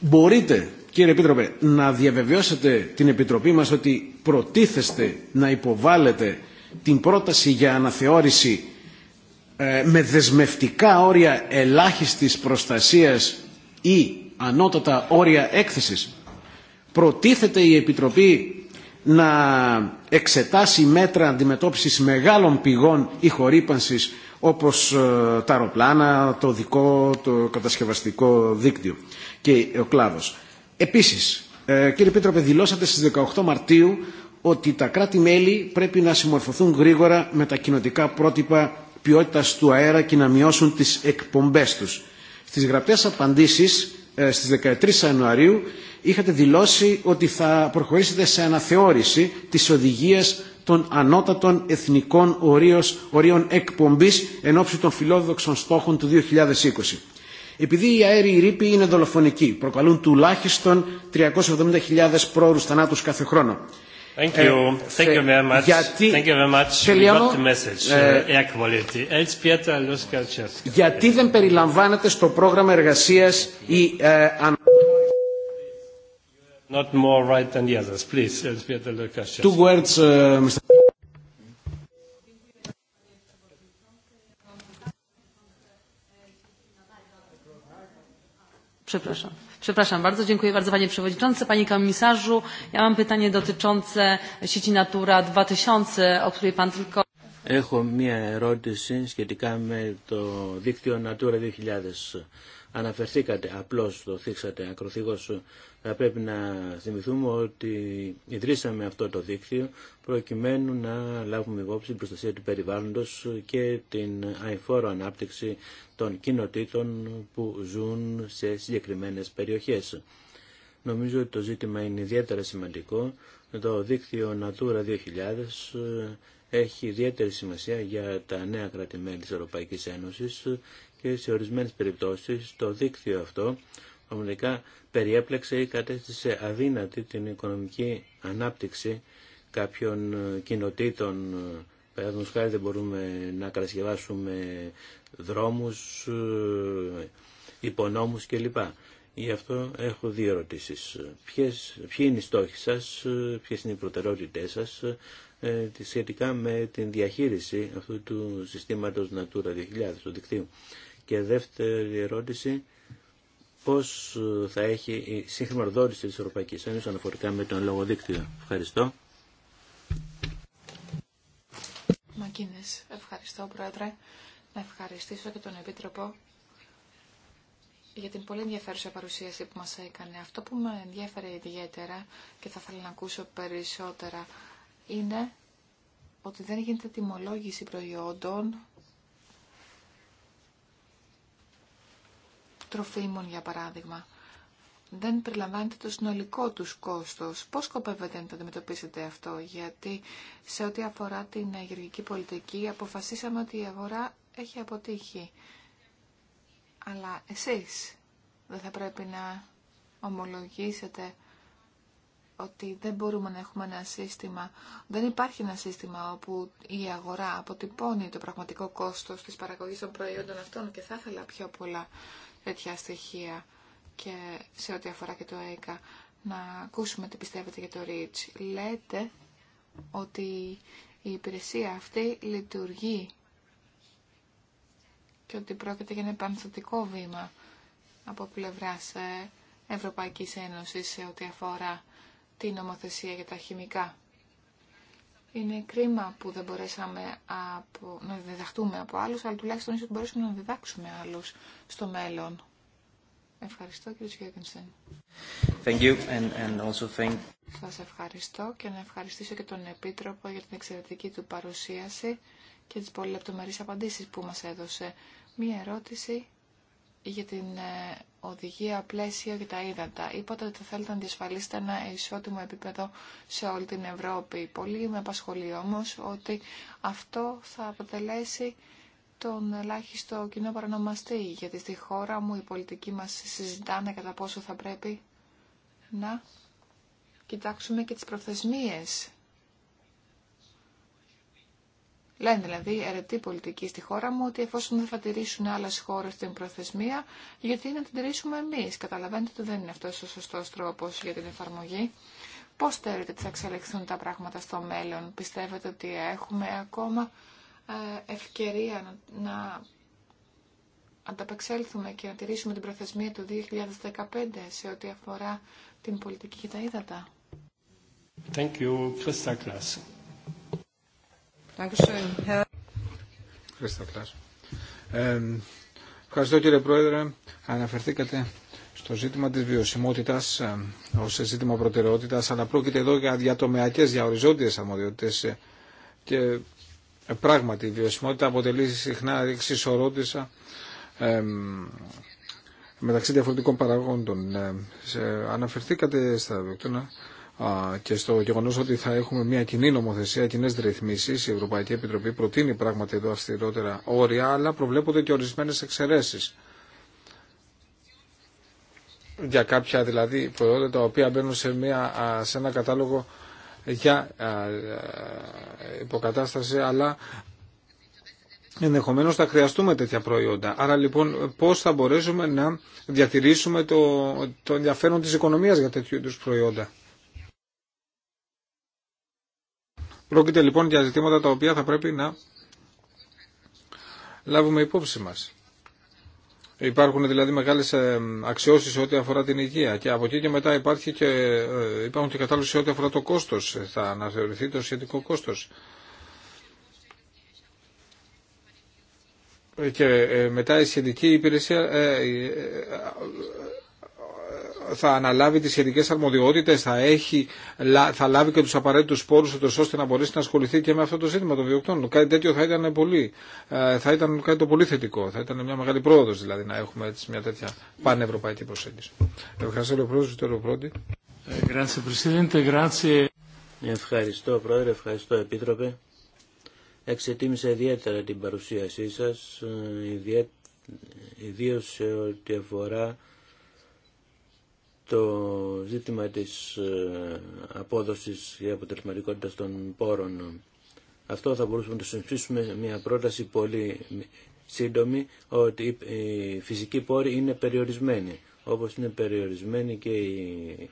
Μπορείτε, κύριε Επίτροπε, να διαβεβαιώσετε την Επιτροπή μας ότι προτίθεστε να υποβάλλετε την πρόταση για αναθεώρηση ε, με δεσμευτικά όρια ελάχιστης προστασίας ή ανώτατα όρια έκθεσης προτίθεται η Επιτροπή να εξετάσει μέτρα αντιμετώπισης μεγάλων πηγών χορύπανσης όπως ε, τα αεροπλάνα, το δικό, το κατασκευαστικό δίκτυο και ο κλάδος. Επίσης, ε, κύριε Πίτροπε, δηλώσατε στις 18 Μαρτίου ότι τα κράτη-μέλη πρέπει να συμμορφωθούν γρήγορα με τα κοινοτικά πρότυπα ποιότητας του αέρα και να μειώσουν τις εκπομπές τους. Στις γραπτές απαντήσεις ε, στις 13 Ιανουαρίου είχατε δηλώσει ότι θα προχωρήσετε σε αναθεώρηση της οδηγίας των ανώτατων εθνικών ορίων εκπομπής εν ώψη των φιλόδοξων στόχων του 2020. Επειδή οι αέριοι ρήποι είναι δολοφονικοί, προκαλούν τουλάχιστον 370.000 πρόωρους θανάτους κάθε χρόνο.
Thank you. Thank you
Γιατί... δεν περιλαμβάνεται στο πρόγραμμα εργασίας η... Ε,
Not more right than the others, please. Two
words,
Mr. Przepraszam bardzo, dziękuję bardzo Panie Przewodniczący. Panie Komisarzu, ja mam pytanie dotyczące sieci Natura 2000, o której Pan tylko...
Έχω μία ερώτηση σχετικά με το δίκτυο Natura 2000. Αναφερθήκατε, απλώς το θίξατε ακροθήγως θα πρέπει να θυμηθούμε ότι ιδρύσαμε αυτό το δίκτυο προκειμένου να λάβουμε υπόψη την προστασία του περιβάλλοντος και την αηφόρο ανάπτυξη των κοινοτήτων που ζουν σε συγκεκριμένες περιοχές. Νομίζω ότι το ζήτημα είναι ιδιαίτερα σημαντικό. Το δίκτυο Natura 2000 έχει ιδιαίτερη σημασία για τα νέα κρατημένη της Ευρωπαϊκής Ένωσης και σε ορισμένες περιπτώσεις το δίκτυο αυτό ομιλικά περιέπλεξε ή κατέστησε αδύνατη την οικονομική ανάπτυξη κάποιων ε, κοινοτήτων. Ε, παραδείγματος χάρη δεν μπορούμε να κατασκευάσουμε δρόμους, ε, υπονόμους κλπ. Γι' αυτό έχω δύο ερωτήσεις. Ποιες, ποιοι είναι οι στόχοι σας, ποιες είναι οι προτεραιότητές σας ε, σχετικά με την διαχείριση αυτού του συστήματος Natura 2000 του δικτύου. Και δεύτερη ερώτηση πώς ε, θα έχει η συγχρηματοδότηση της Ευρωπαϊκής Ένωσης αναφορικά με τον λογοδίκτυο. Ευχαριστώ.
Μακίνες, ευχαριστώ Πρόεδρε. Να ευχαριστήσω και τον Επίτροπο για την πολύ ενδιαφέρουσα παρουσίαση που μας έκανε. Αυτό που με ενδιαφέρει ιδιαίτερα και θα ήθελα να ακούσω περισσότερα είναι ότι δεν γίνεται τιμολόγηση προϊόντων τροφίμων, για παράδειγμα. Δεν περιλαμβάνεται το συνολικό τους κόστος. Πώς σκοπεύετε να το αντιμετωπίσετε αυτό, γιατί σε ό,τι αφορά την γεωργική πολιτική αποφασίσαμε ότι η αγορά έχει αποτύχει. Αλλά εσείς δεν θα πρέπει να ομολογήσετε ότι δεν μπορούμε να έχουμε ένα σύστημα, δεν υπάρχει ένα σύστημα όπου η αγορά αποτυπώνει το πραγματικό κόστος της παραγωγής των προϊόντων αυτών και θα ήθελα πιο πολλά τέτοια στοιχεία και σε ό,τι αφορά και το ΕΚΑ. Να ακούσουμε τι πιστεύετε για το REACH. Λέτε ότι η υπηρεσία αυτή λειτουργεί και ότι πρόκειται για ένα επαναστατικό βήμα από πλευρά ε, Ευρωπαϊκής Ένωσης σε ό,τι αφορά την νομοθεσία για τα χημικά. Είναι κρίμα που δεν μπορέσαμε από, να διδαχτούμε από άλλους, αλλά τουλάχιστον ίσως μπορέσουμε να διδάξουμε άλλους στο μέλλον. Ευχαριστώ κύριε Σιώκενσεν.
Thank you and, and also thank...
Σας ευχαριστώ και να ευχαριστήσω και τον Επίτροπο για την εξαιρετική του παρουσίαση και τις πολύ λεπτομερείς απαντήσεις που μας έδωσε. Μία ερώτηση για την ε, οδηγία πλαίσιο για τα ύδατα. Είπατε ότι θέλετε να διασφαλίσετε ένα ισότιμο επίπεδο σε όλη την Ευρώπη. Πολύ με απασχολεί όμω ότι αυτό θα αποτελέσει τον ελάχιστο κοινό παρανομαστή, γιατί στη χώρα μου οι πολιτικοί μας συζητάνε κατά πόσο θα πρέπει να κοιτάξουμε και τις προθεσμίες Λένε δηλαδή αιρετή πολιτική στη χώρα μου ότι εφόσον δεν θα τηρήσουν άλλε χώρε την προθεσμία, γιατί να την τηρήσουμε εμεί. Καταλαβαίνετε ότι δεν είναι αυτό ο σωστό τρόπο για την εφαρμογή. Πώ θέλετε ότι θα εξελιχθούν τα πράγματα στο μέλλον, Πιστεύετε ότι έχουμε ακόμα ε, ευκαιρία να ανταπεξέλθουμε και να τηρήσουμε την προθεσμία του 2015 σε ό,τι αφορά την πολιτική και τα ύδατα.
Thank you, Christa
ε,
ευχαριστώ κύριε Πρόεδρε. Αναφερθήκατε στο ζήτημα της βιωσιμότητας ε, ως ζήτημα προτεραιότητας, αλλά πρόκειται εδώ για διατομεακές, για οριζόντιες αρμοδιότητες ε, και πράγματι η βιωσιμότητα αποτελεί συχνά εξισορρότησα ε, μεταξύ διαφορετικών παραγόντων. αναφερθήκατε στα βιοκτώνα και στο γεγονό ότι θα έχουμε μια κοινή νομοθεσία, κοινέ ρυθμίσει. Η Ευρωπαϊκή Επιτροπή προτείνει πράγματι εδώ αυστηρότερα όρια, αλλά προβλέπονται και ορισμένε εξαιρέσει. Για κάποια δηλαδή προϊόντα τα οποία μπαίνουν σε, σε ένα κατάλογο για υποκατάσταση, αλλά ενδεχομένω θα χρειαστούμε τέτοια προϊόντα. Άρα λοιπόν πώ θα μπορέσουμε να διατηρήσουμε το, το ενδιαφέρον τη οικονομία για τέτοιου είδου προϊόντα. Πρόκειται λοιπόν για ζητήματα τα οποία θα πρέπει να λάβουμε υπόψη μας. Υπάρχουν δηλαδή μεγάλες ε, αξιώσεις σε ό,τι αφορά την υγεία και από εκεί και μετά υπάρχει και, ε, υπάρχουν και κατάλληλες σε ό,τι αφορά το κόστος. Θα αναθεωρηθεί το σχετικό κόστος. Ε, και μετά η σχετική υπηρεσία θα αναλάβει τις σχετικές αρμοδιότητες, θα, θα λάβει και τους απαραίτητους πόρους ώστε να μπορέσει να ασχοληθεί και με αυτό το ζήτημα των βιοκτών. Κάτι τέτοιο θα ήταν, πολύ, ε, θα ήταν κάτι το πολύ θετικό, θα ήταν μια μεγάλη πρόοδος δηλαδή να έχουμε έτσι μια τέτοια πανευρωπαϊκή προσέγγιση.
Ευχαριστώ Λεπρόεδρος, Ευχαριστώ Πρόεδρε, ευχαριστώ Επίτροπε. Εξετίμησα ιδιαίτερα την παρουσίασή σας, ε, ιδίως σε ό,τι αφορά το ζήτημα της ε, απόδοσης και αποτελεσματικότητας των πόρων. Αυτό θα μπορούσαμε να το με μια πρόταση πολύ σύντομη ότι οι φυσικοί πόροι είναι περιορισμένοι, όπως είναι περιορισμένη και η,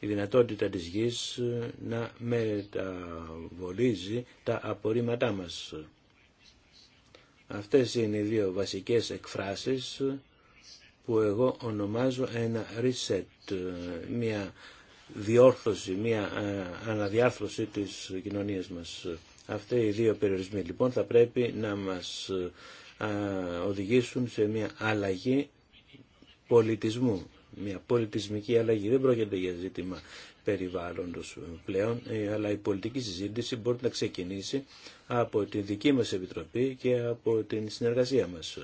δυνατότητα της γης ε, να μεταβολίζει τα απορρίμματά μας. Αυτές είναι οι δύο βασικές εκφράσεις που εγώ ονομάζω ένα reset, μια διόρθωση, μια ε, αναδιάρθρωση της κοινωνίας μας. Αυτή οι δύο περιορισμοί λοιπόν θα πρέπει να μας ε, οδηγήσουν σε μια αλλαγή πολιτισμού, μια πολιτισμική αλλαγή. Δεν πρόκειται για ζήτημα περιβάλλοντος πλέον, ε, αλλά η πολιτική συζήτηση μπορεί να ξεκινήσει από τη δική μας Επιτροπή και από την συνεργασία μας.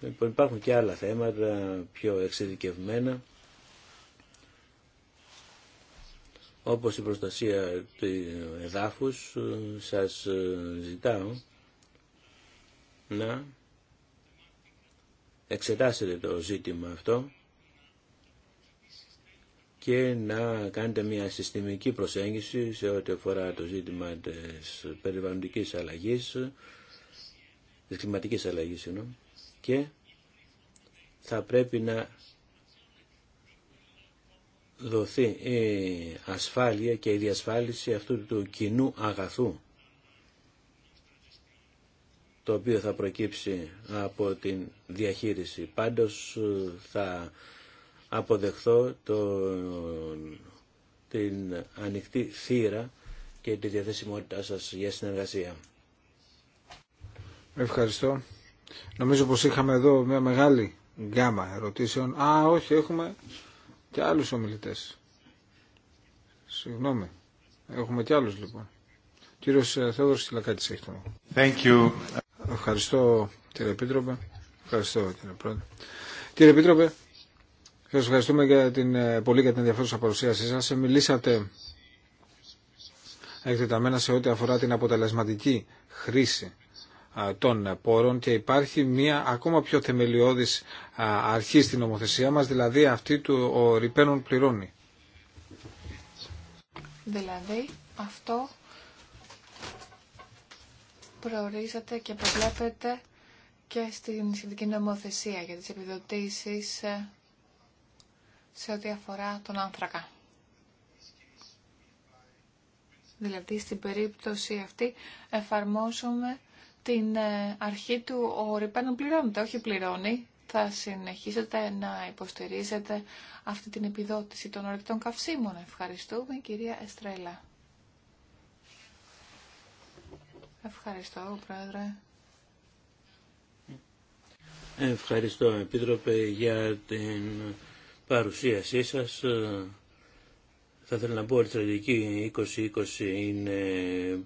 Λοιπόν, υπάρχουν και άλλα θέματα πιο εξειδικευμένα, όπως η προστασία του εδάφους, σας ζητάω να εξετάσετε το ζήτημα αυτό και να κάνετε μια συστημική προσέγγιση σε ό,τι αφορά το ζήτημα της περιβαλλοντικής αλλαγής, της κλιματικής αλλαγής, εννοώ και θα πρέπει να δοθεί η ασφάλεια και η διασφάλιση αυτού του κοινού αγαθού το οποίο θα προκύψει από την διαχείριση. Πάντως θα αποδεχθώ την ανοιχτή θύρα και τη διαθεσιμότητά σας για συνεργασία.
Ευχαριστώ. Νομίζω πως είχαμε εδώ μια μεγάλη γκάμα ερωτήσεων. Α, όχι, έχουμε και άλλους ομιλητές. Συγγνώμη. Έχουμε και άλλους λοιπόν. Κύριος ε, Θεόδωρος Τιλακάτης έχει το Ευχαριστώ κύριε Επίτροπε. Ευχαριστώ κύριε Πρόεδρε. Κύριε Επίτροπε, σας ευχαριστούμε για την, ε, πολύ για την ενδιαφέρουσα παρουσίασή σας. Ε, μιλήσατε εκτεταμένα σε ό,τι αφορά την αποτελεσματική χρήση των πόρων και υπάρχει μια ακόμα πιο θεμελιώδης αρχή στην νομοθεσία μας, δηλαδή αυτή του ο ρηπαίνων πληρώνει.
Δηλαδή αυτό προορίζεται και προβλέπεται και στην σχετική νομοθεσία για τις επιδοτήσεις ε, σε ό,τι αφορά τον άνθρακα. Δηλαδή στην περίπτωση αυτή εφαρμόσουμε την ε, αρχή του ο Ριπένον πληρώνεται, όχι πληρώνει. Θα συνεχίσετε να υποστηρίζετε αυτή την επιδότηση των ορεικτών καυσίμων. Ευχαριστούμε, κυρία Εστρέλα. Ευχαριστώ, Πρόεδρε.
Ευχαριστώ, Επίτροπε, για την παρουσίασή σας. Θα ήθελα να πω ότι η στρατηγική 2020 είναι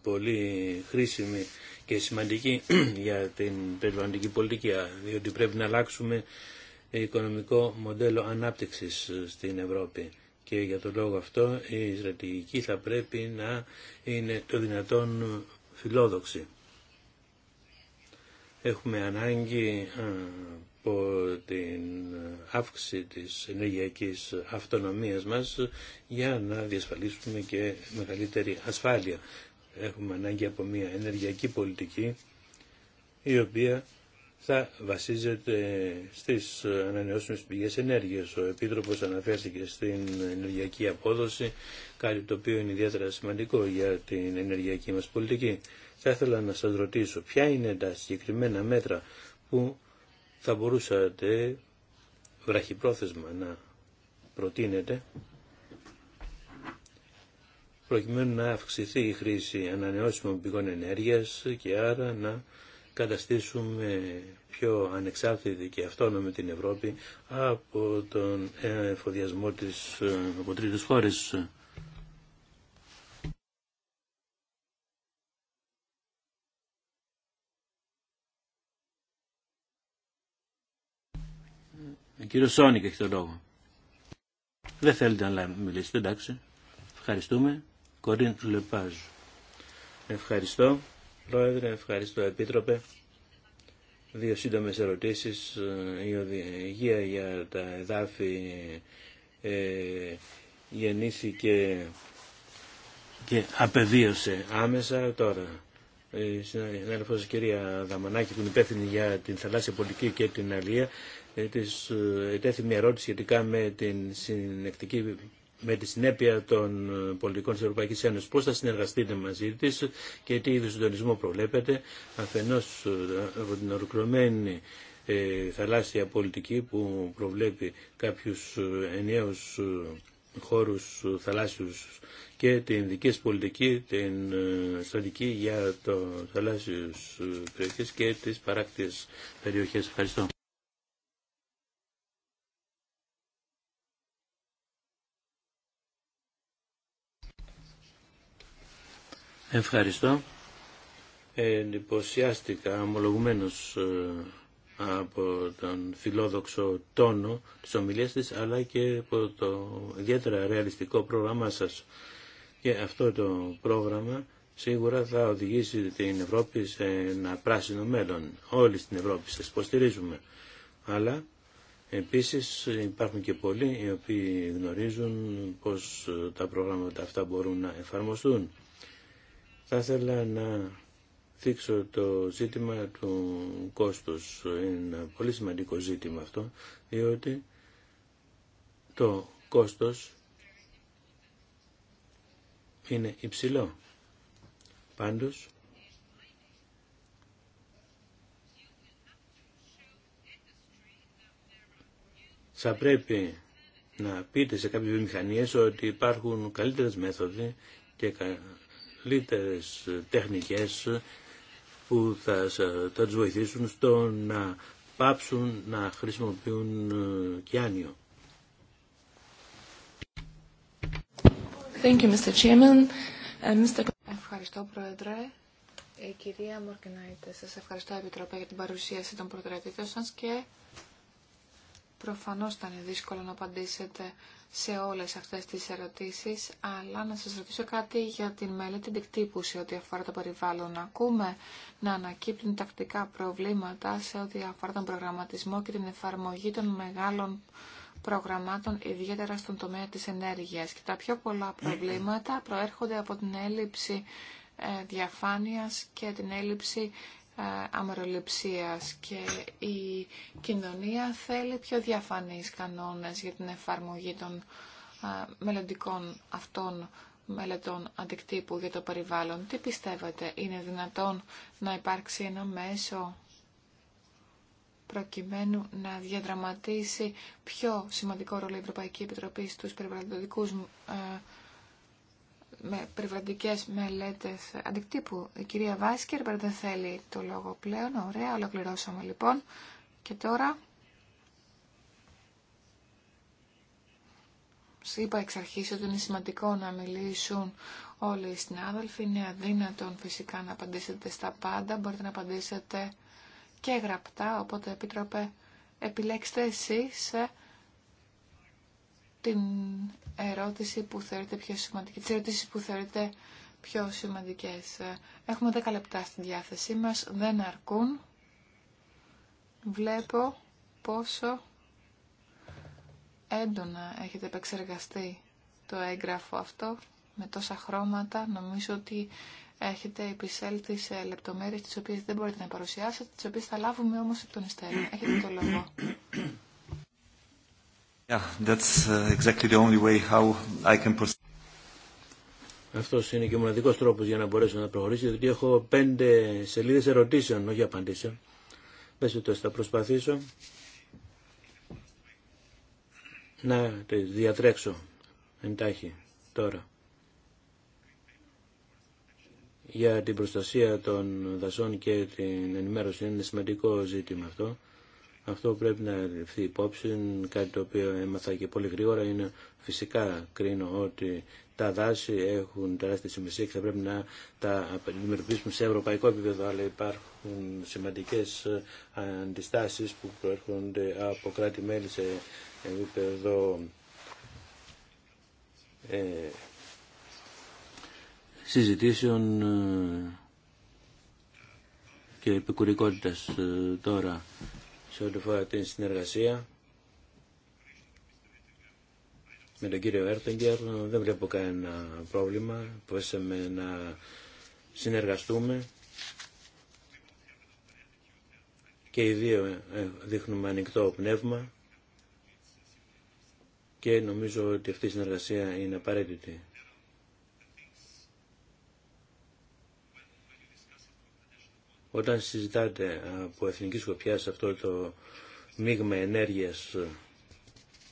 πολύ χρήσιμη και σημαντική *clears throat* για την περιβαλλοντική πολιτική, διότι πρέπει να αλλάξουμε οικονομικό μοντέλο ανάπτυξης στην Ευρώπη. Και για τον λόγο αυτό η στρατηγική θα πρέπει να είναι το δυνατόν φιλόδοξη. Έχουμε ανάγκη από την αύξηση της ενεργειακής αυτονομίας μας για να διασφαλίσουμε και μεγαλύτερη ασφάλεια. Έχουμε ανάγκη από μια ενεργειακή πολιτική η οποία θα βασίζεται στις ανανεώσιμες πηγές ενέργειας. Ο Επίτροπος αναφέρθηκε στην ενεργειακή απόδοση, κάτι το οποίο είναι ιδιαίτερα σημαντικό για την ενεργειακή μας πολιτική. Θα ήθελα να σας ρωτήσω ποια είναι τα συγκεκριμένα μέτρα που θα μπορούσατε βραχυπρόθεσμα να προτείνετε προκειμένου να αυξηθεί η χρήση ανανεώσιμων πηγών ενέργειας και άρα να καταστήσουμε πιο ανεξάρτητη και αυτόνομη την Ευρώπη από τον εφοδιασμό της από τρίτες χώρες. Κύριο Σόνικ έχει το λόγο. Δεν θέλετε να μιλήσετε, εντάξει. Ευχαριστούμε. Κορίν Λεπάζ. Ευχαριστώ, Πρόεδρε, ευχαριστώ, Επίτροπε. Δύο σύντομες ερωτήσεις. Ε, η οδηγία για τα εδάφη ε, γεννήθηκε και απεβίωσε άμεσα τώρα ε, η συνάδελφος κυρία Δαμανάκη που είναι υπεύθυνη για την θαλάσσια πολιτική και την αλία ε, της ε, ετέθη μια ερώτηση σχετικά με την συνεκτική με τη συνέπεια των πολιτικών της Ευρωπαϊκής Ένωσης, πώς θα συνεργαστείτε μαζί της και τι είδους συντονισμό προβλέπετε, αφενός από την ολοκληρωμένη θαλάσσια πολιτική που προβλέπει κάποιους ενιαίους χώρους θαλάσσιους και την δική πολιτική, την ε, στρατική για το θαλάσσιους ε, περιοχές και τις παράκτιες περιοχές. Ευχαριστώ. Ευχαριστώ. Ε, εντυπωσιάστηκα ομολογουμένως από τον φιλόδοξο τόνο της ομιλίας της αλλά και από το ιδιαίτερα ρεαλιστικό πρόγραμμά σας. Και αυτό το πρόγραμμα σίγουρα θα οδηγήσει την Ευρώπη σε ένα πράσινο μέλλον. Όλοι στην Ευρώπη σας υποστηρίζουμε. Αλλά επίσης υπάρχουν και πολλοί οι οποίοι γνωρίζουν πώς τα προγράμματα αυτά μπορούν να εφαρμοστούν. Θα ήθελα να θίξω το ζήτημα του κόστους. Είναι ένα πολύ σημαντικό ζήτημα αυτό, διότι το κόστος είναι υψηλό. Πάντως, θα πρέπει να πείτε σε κάποιες βιομηχανίες ότι υπάρχουν καλύτερες μέθοδοι και καλύτερες τεχνικές που θα, θα τους βοηθήσουν στο να πάψουν να χρησιμοποιούν ε, κιάνιο.
Thank you, Mr. Chairman. Ε, Mr. Ευχαριστώ, Πρόεδρε. Η ε, κυρία Μορκενάιτε, σας ευχαριστώ, Επιτροπέ, για την παρουσίαση των προτεραιοτήτων σας και προφανώς ήταν δύσκολο να απαντήσετε σε όλες αυτές τις ερωτήσεις, αλλά να σας ρωτήσω κάτι για την μελέτη αντικτύπου σε ό,τι αφορά το περιβάλλον. Ακούμε να ανακύπτουν τακτικά προβλήματα σε ό,τι αφορά τον προγραμματισμό και την εφαρμογή των μεγάλων προγραμμάτων, ιδιαίτερα στον τομέα της ενέργειας. Και τα πιο πολλά προβλήματα προέρχονται από την έλλειψη ε, διαφάνειας και την έλλειψη ε, αμεροληψίας και η κοινωνία θέλει πιο διαφανείς κανόνες για την εφαρμογή των ε, μελλοντικών αυτών μελετών αντικτύπου για το περιβάλλον. Τι πιστεύετε, είναι δυνατόν να υπάρξει ένα μέσο προκειμένου να διαδραματίσει πιο σημαντικό ρόλο η Ευρωπαϊκή Επιτροπή στους περιβαλλοντικούς ε, με περιβαλλοντικές μελέτες αντικτύπου. Η κυρία Βάσκερ δεν θέλει το λόγο πλέον. Ωραία, ολοκληρώσαμε λοιπόν. Και τώρα... Είπα εξ αρχής ότι είναι σημαντικό να μιλήσουν όλοι οι συνάδελφοι. Είναι αδύνατον φυσικά να απαντήσετε στα πάντα. Μπορείτε να απαντήσετε και γραπτά, οπότε επίτροπε επιλέξτε εσείς ε, την ερώτηση που θεωρείτε πιο σημαντική, τις ερωτήσεις που θεωρείτε πιο σημαντικές. Έχουμε 10 λεπτά στη διάθεσή μας, δεν αρκούν. Βλέπω πόσο έντονα έχετε επεξεργαστεί το έγγραφο αυτό με τόσα χρώματα. Νομίζω ότι έχετε επισέλθει σε λεπτομέρειες τις οποίες δεν μπορείτε να παρουσιάσετε, τις οποίες θα λάβουμε όμως από τον Έχετε το λόγο. *coughs*
Uh,
αυτό είναι και ο μοναδικό τρόπο για να μπορέσω να προχωρήσω, διότι έχω πέντε σελίδε ερωτήσεων, όχι απαντήσεων. Πες το, θα προσπαθήσω να τι διατρέξω εντάχει τώρα για την προστασία των δασών και την ενημέρωση. Είναι σημαντικό ζήτημα αυτό. Αυτό πρέπει να ληφθεί υπόψη, κάτι το οποίο έμαθα και πολύ γρήγορα είναι φυσικά κρίνω ότι τα δάση έχουν τεράστια σημασία και θα πρέπει να τα δημιουργήσουμε σε ευρωπαϊκό επίπεδο, αλλά υπάρχουν σημαντικές ε, αντιστάσεις που προέρχονται από κράτη-μέλη σε επίπεδο ε, συζητήσεων ε, και επικουρικότητας ε, τώρα σε ό,τι φορά την συνεργασία με τον κύριο Έρτεγκερ. Δεν βλέπω κανένα πρόβλημα. Μπορέσαμε να συνεργαστούμε και οι δύο ε, δείχνουμε ανοιχτό πνεύμα και νομίζω ότι αυτή η συνεργασία είναι απαραίτητη. Όταν συζητάτε ε, από εθνική σκοπιά σε αυτό το μείγμα ενέργειας ε,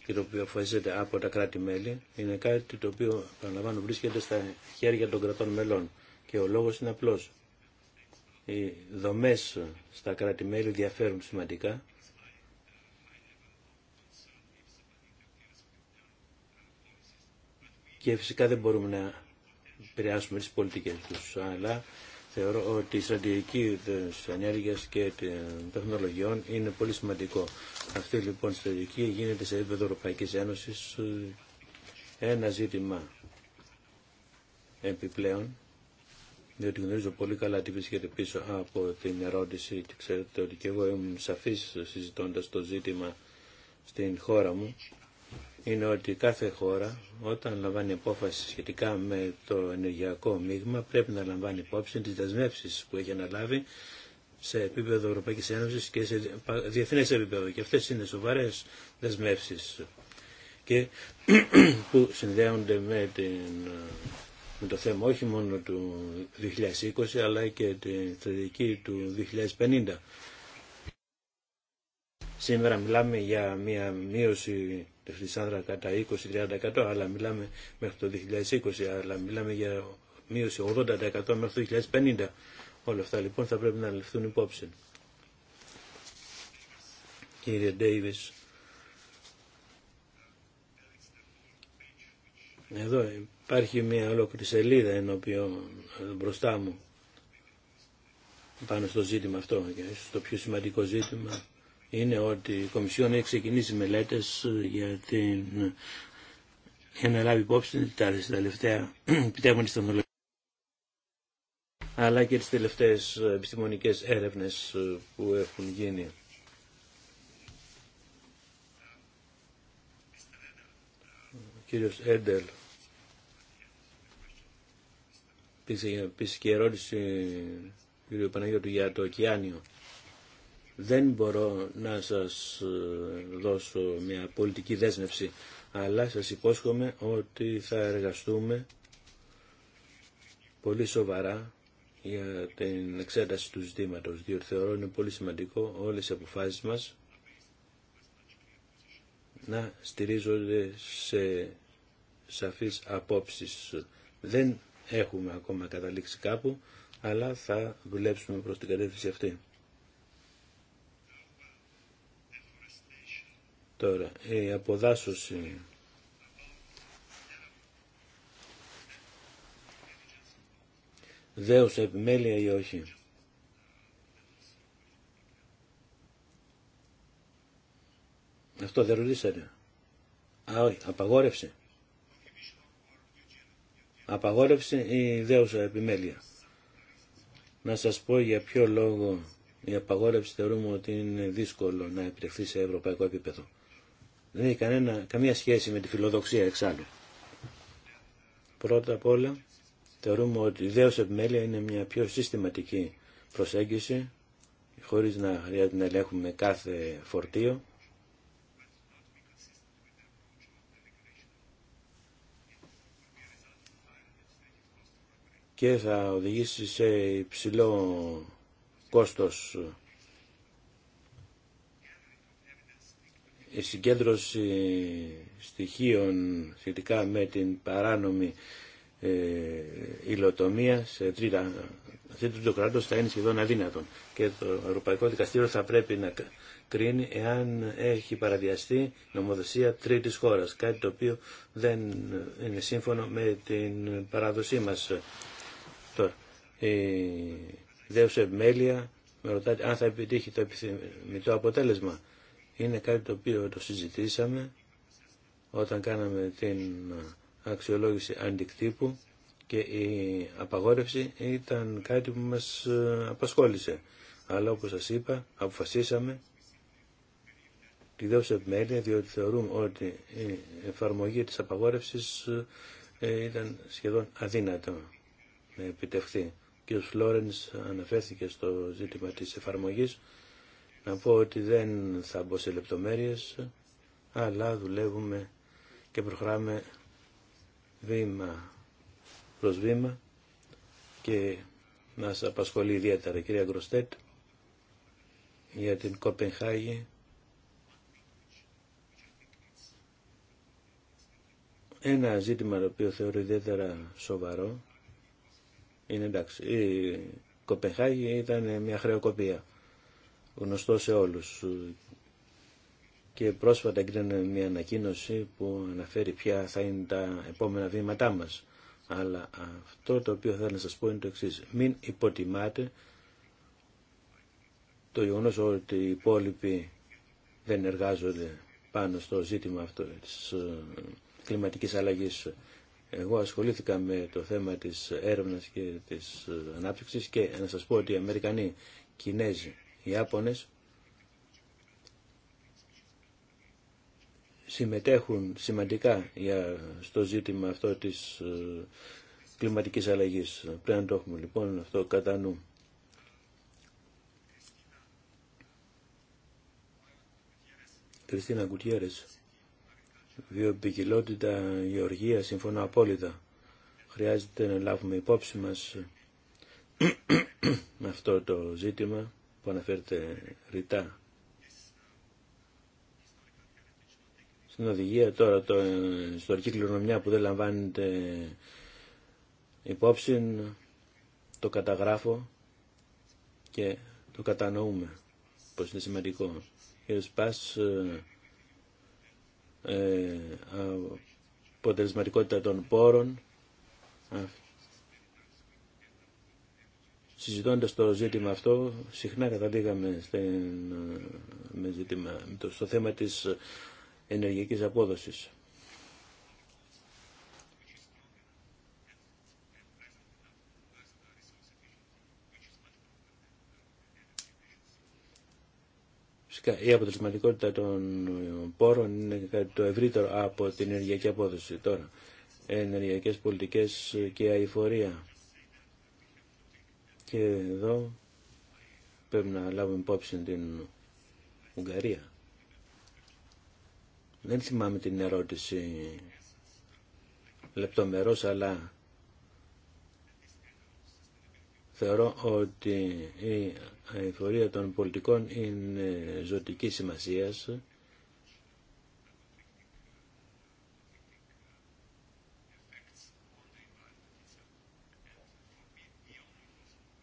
και το οποίο αποφασίζεται από τα κράτη-μέλη, είναι κάτι το οποίο, παραλαμβάνω, βρίσκεται στα χέρια των κρατών μελών. Και ο λόγος είναι απλός. Οι δομές ε, στα κράτη-μέλη διαφέρουν σημαντικά. Και φυσικά δεν μπορούμε να επηρεάσουμε τις πολιτικές τους, αλλά Θεωρώ ότι η στρατηγική της ενέργειας και των τεχνολογιών είναι πολύ σημαντικό. Αυτή λοιπόν η στρατηγική γίνεται σε επίπεδο Ευρωπαϊκής Ένωσης ένα ζήτημα επιπλέον, διότι γνωρίζω πολύ καλά τι βρίσκεται πίσω από την ερώτηση και ξέρετε ότι και εγώ ήμουν σαφής συζητώντας το ζήτημα στην χώρα μου είναι ότι κάθε χώρα όταν λαμβάνει απόφαση σχετικά με το ενεργειακό μείγμα πρέπει να λαμβάνει υπόψη τις δεσμεύσεις που έχει αναλάβει σε επίπεδο Ευρωπαϊκής Ένωσης και σε διεθνές επίπεδο. Και αυτές είναι σοβαρές δεσμεύσεις και *clears throat* που συνδέονται με, το θέμα όχι μόνο του 2020 αλλά και τη θετική του 2050. Σήμερα μιλάμε για μια μείωση της κατα κατά 20-30% αλλά μιλάμε μέχρι το 2020 αλλά μιλάμε για μείωση 80% μέχρι το 2050 όλα αυτά λοιπόν θα πρέπει να ληφθούν υπόψη κύριε Ντέιβις εδώ υπάρχει μια ολόκληρη σελίδα ενώπιον μπροστά μου πάνω στο ζήτημα αυτό και στο πιο σημαντικό ζήτημα είναι ότι η Κομισιόν έχει ξεκινήσει μελέτες ε, για την για να λάβει υπόψη τα τελευταία επιτεύγματα *clears throat* στην αλλά και τις τελευταίες ε, επιστημονικές έρευνες ε, που έχουν γίνει. κύριος Έντελ πήσε και ερώτηση κύριο Παναγιώτου για το ωκεάνιο. Δεν μπορώ να σας ε, δώσω μια πολιτική δέσμευση, αλλά σας υπόσχομαι ότι θα εργαστούμε πολύ σοβαρά για την εξέταση του ζητήματος, διότι θεωρώ είναι πολύ σημαντικό όλες οι αποφάσεις μας να στηρίζονται σε σαφείς απόψεις. Δεν έχουμε ακόμα καταλήξει κάπου, αλλά θα δουλέψουμε προς την κατεύθυνση αυτή. Τώρα, η αποδάσωση δέουσα επιμέλεια ή όχι. Αυτό δεν ρωτήσατε. Α, όχι, απαγόρευση. Απαγόρευση ή δέουσα επιμέλεια. Να σας πω για ποιο λόγο η απαγόρευση θεωρούμε ότι είναι δύσκολο να επιτευχθεί σε ευρωπαϊκό επίπεδο. Δεν έχει κανένα, καμία σχέση με τη φιλοδοξία εξάλλου. Πρώτα απ' όλα θεωρούμε ότι η επιμέλεια είναι μια πιο συστηματική προσέγγιση χωρίς να χρειάζεται να ελέγχουμε κάθε φορτίο. και θα οδηγήσει σε υψηλό κόστος η συγκέντρωση στοιχείων σχετικά με την παράνομη ε, υλοτομία σε, τρίτα, σε τρίτο κράτος θα είναι σχεδόν αδύνατον και το Ευρωπαϊκό Δικαστήριο θα πρέπει να κρίνει εάν έχει παραδιαστεί νομοθεσία τρίτης χώρας, κάτι το οποίο δεν είναι σύμφωνο με την παράδοσή μας. Τώρα, η Δέουσευ επιμέλεια με ρωτάτε αν θα επιτύχει το επιθυμητό αποτέλεσμα είναι κάτι το οποίο το συζητήσαμε όταν κάναμε την αξιολόγηση αντικτύπου και η απαγόρευση ήταν κάτι που μας ε, απασχόλησε. Αλλά όπως σας είπα, αποφασίσαμε τη δόση επιμέλεια, διότι θεωρούμε ότι η εφαρμογή της απαγόρευσης ε, ήταν σχεδόν αδύνατο να επιτευχθεί. Ο κ. Φλόρενς αναφέρθηκε στο ζήτημα της εφαρμογής να πω ότι δεν θα μπω σε λεπτομέρειες, αλλά δουλεύουμε και προχωράμε βήμα προς βήμα και μας απασχολεί ιδιαίτερα η κυρία Γκροστέτ για την Κοπενχάγη. Ένα ζήτημα το οποίο θεωρώ ιδιαίτερα σοβαρό είναι εντάξει, η Κοπενχάγη ήταν μια χρεοκοπία γνωστό σε όλους. Και πρόσφατα έγινε μια ανακοίνωση που αναφέρει ποια θα είναι τα επόμενα βήματά μας. Αλλά αυτό το οποίο θέλω να σας πω είναι το εξής. Μην υποτιμάτε το γεγονός ότι οι υπόλοιποι δεν εργάζονται πάνω στο ζήτημα αυτό της ε, κλιματικής αλλαγής. Εγώ ασχολήθηκα με το θέμα της έρευνας και της ε, ανάπτυξης και να σας πω ότι οι Αμερικανοί, Κινέζοι, οι Άπωνες συμμετέχουν σημαντικά για, στο ζήτημα αυτό της ε, κλιματικής αλλαγής. Πρέπει να το έχουμε λοιπόν αυτό κατά νου. Κριστίνα Κουτιέρες. Βιοπικιλότητα, γεωργία, συμφωνώ απόλυτα. Χρειάζεται να λάβουμε υπόψη μας *clears throat* αυτό το ζήτημα που αναφέρεται ρητά. Στην οδηγία τώρα το αρχή κληρονομιά που δεν λαμβάνεται υπόψη το καταγράφω και το κατανοούμε πως είναι σημαντικό. Κύριε Σπάς, ε, ε, αποτελεσματικότητα των πόρων, συζητώντας το ζήτημα αυτό, συχνά καταλήγαμε ε, με στο θέμα της ε, ενεργειακής απόδοσης. Φυσικά η αποτελεσματικότητα των ε, πόρων είναι κάτι το ευρύτερο από την ενεργειακή απόδοση τώρα. Ενεργειακές πολιτικές και αηφορία και εδώ πρέπει να λάβουμε υπόψη την Ουγγαρία. Δεν θυμάμαι την ερώτηση λεπτομερώς, αλλά θεωρώ ότι η αηφορία των πολιτικών είναι ζωτική σημασίας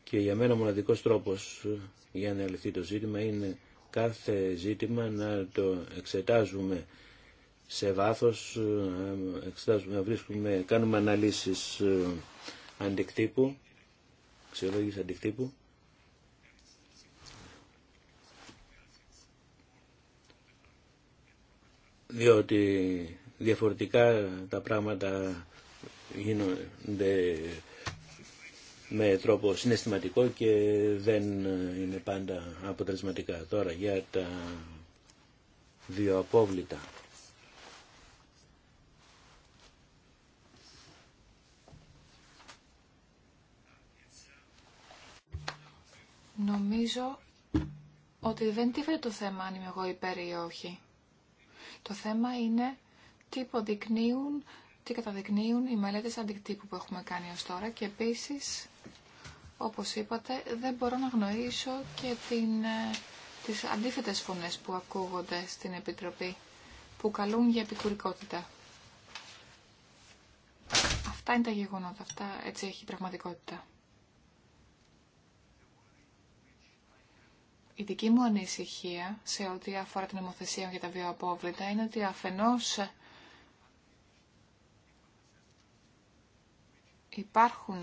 Και για μένα ο μοναδικός τρόπος ε, για να λυθεί το ζήτημα είναι κάθε ζήτημα να το εξετάζουμε σε βάθος, ε, εξετάζουμε, βρίσκουμε, κάνουμε αναλύσεις ε, αντικτύπου, αξιολόγηση αντικτύπου. Διότι διαφορετικά τα πράγματα γίνονται με τρόπο συναισθηματικό και δεν είναι πάντα αποτελεσματικά. Τώρα για τα δύο απόβλητα.
Νομίζω ότι δεν τίθεται το θέμα αν είμαι εγώ υπέρ ή όχι. Το θέμα είναι τι υποδεικνύουν τι καταδεικνύουν οι μελέτες αντικτύπου που έχουμε κάνει ως τώρα και επίσης, όπως είπατε, δεν μπορώ να γνωρίσω και την, ε, τις αντίθετες φωνές που ακούγονται στην Επιτροπή που καλούν για επικουρικότητα. Αυτά είναι τα γεγονότα, αυτά έτσι έχει η πραγματικότητα. Η δική μου ανησυχία σε ό,τι αφορά την νομοθεσία για τα βιοαπόβλητα είναι ότι αφενός υπάρχουν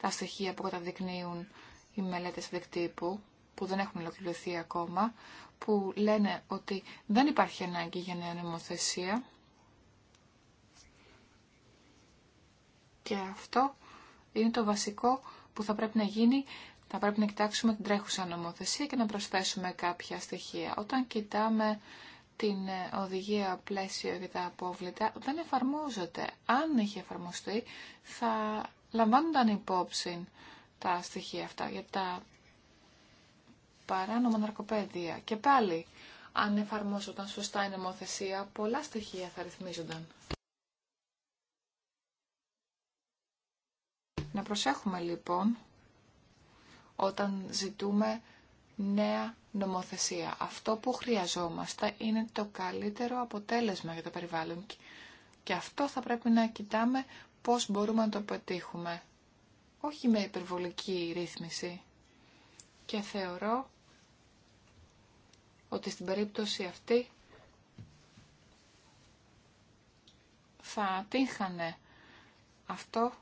τα στοιχεία που καταδεικνύουν οι μελέτες δεκτύπου, που δεν έχουν ολοκληρωθεί ακόμα, που λένε ότι δεν υπάρχει ανάγκη για νέα νομοθεσία. Και αυτό είναι το βασικό που θα πρέπει να γίνει. Θα πρέπει να κοιτάξουμε την τρέχουσα νομοθεσία και να προσθέσουμε κάποια στοιχεία. Όταν κοιτάμε την ε, οδηγία πλαίσιο για τα απόβλητα δεν εφαρμόζεται. Αν είχε εφαρμοστεί θα λαμβάνονταν υπόψη τα στοιχεία αυτά για τα παράνομα ναρκοπαίδια. Και πάλι, αν εφαρμόζονταν σωστά η νομοθεσία, πολλά στοιχεία θα ρυθμίζονταν. Να προσέχουμε λοιπόν όταν ζητούμε νέα νομοθεσία. Αυτό που χρειαζόμαστε είναι το καλύτερο αποτέλεσμα για το περιβάλλον και αυτό θα πρέπει να κοιτάμε πώς μπορούμε να το πετύχουμε. Όχι με υπερβολική ρύθμιση. Και θεωρώ ότι στην περίπτωση αυτή θα τύχανε αυτό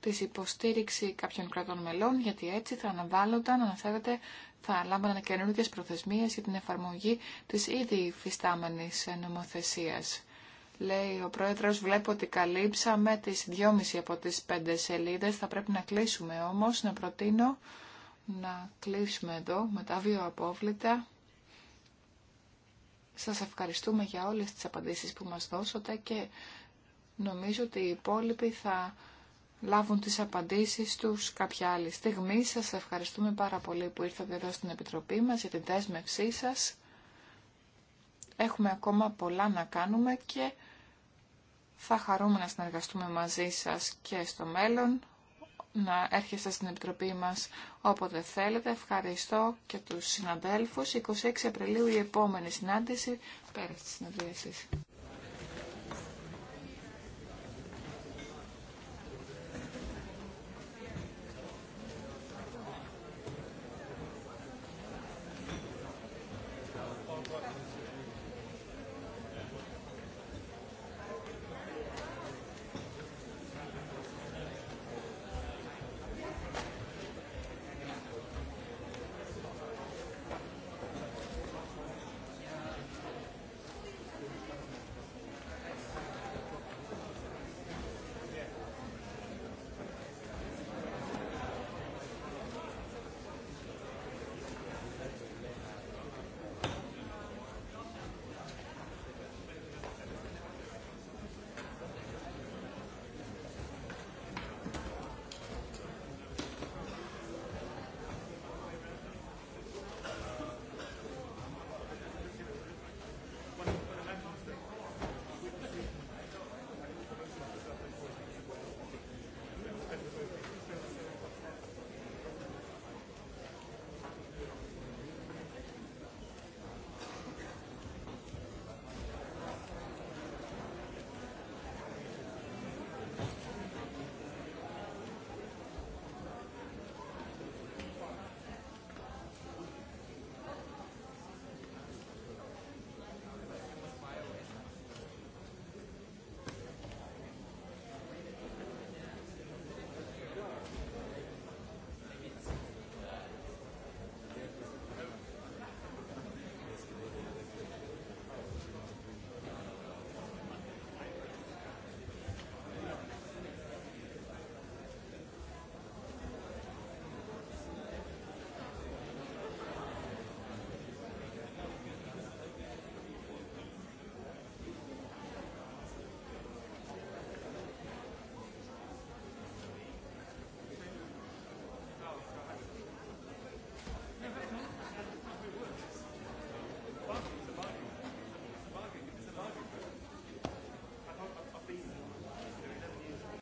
της υποστήριξη κάποιων κρατών μελών, γιατί έτσι θα αναβάλλονταν, αναφέρεται θα λάμβαναν καινούργιε προθεσμίες για την εφαρμογή τη ήδη φυστάμενης νομοθεσία. Λέει ο Πρόεδρος, βλέπω ότι καλύψαμε τις 2,5 από τις πέντε σελίδες, θα πρέπει να κλείσουμε όμως, να προτείνω να κλείσουμε εδώ τα δύο απόβλητα. Σα ευχαριστούμε για όλες τις απαντήσεις που μας δώσατε και νομίζω ότι οι υπόλοιποι θα λάβουν τις απαντήσεις τους κάποια άλλη στιγμή. Σας ευχαριστούμε πάρα πολύ που ήρθατε εδώ στην Επιτροπή μας για την δέσμευσή σας. Έχουμε ακόμα πολλά να κάνουμε και θα χαρούμε να συνεργαστούμε μαζί σας και στο μέλλον. Να έρχεστε στην Επιτροπή μας όποτε θέλετε. Ευχαριστώ και τους συναδέλφους. 26 Απριλίου η επόμενη συνάντηση πέρα της συναντήσεις.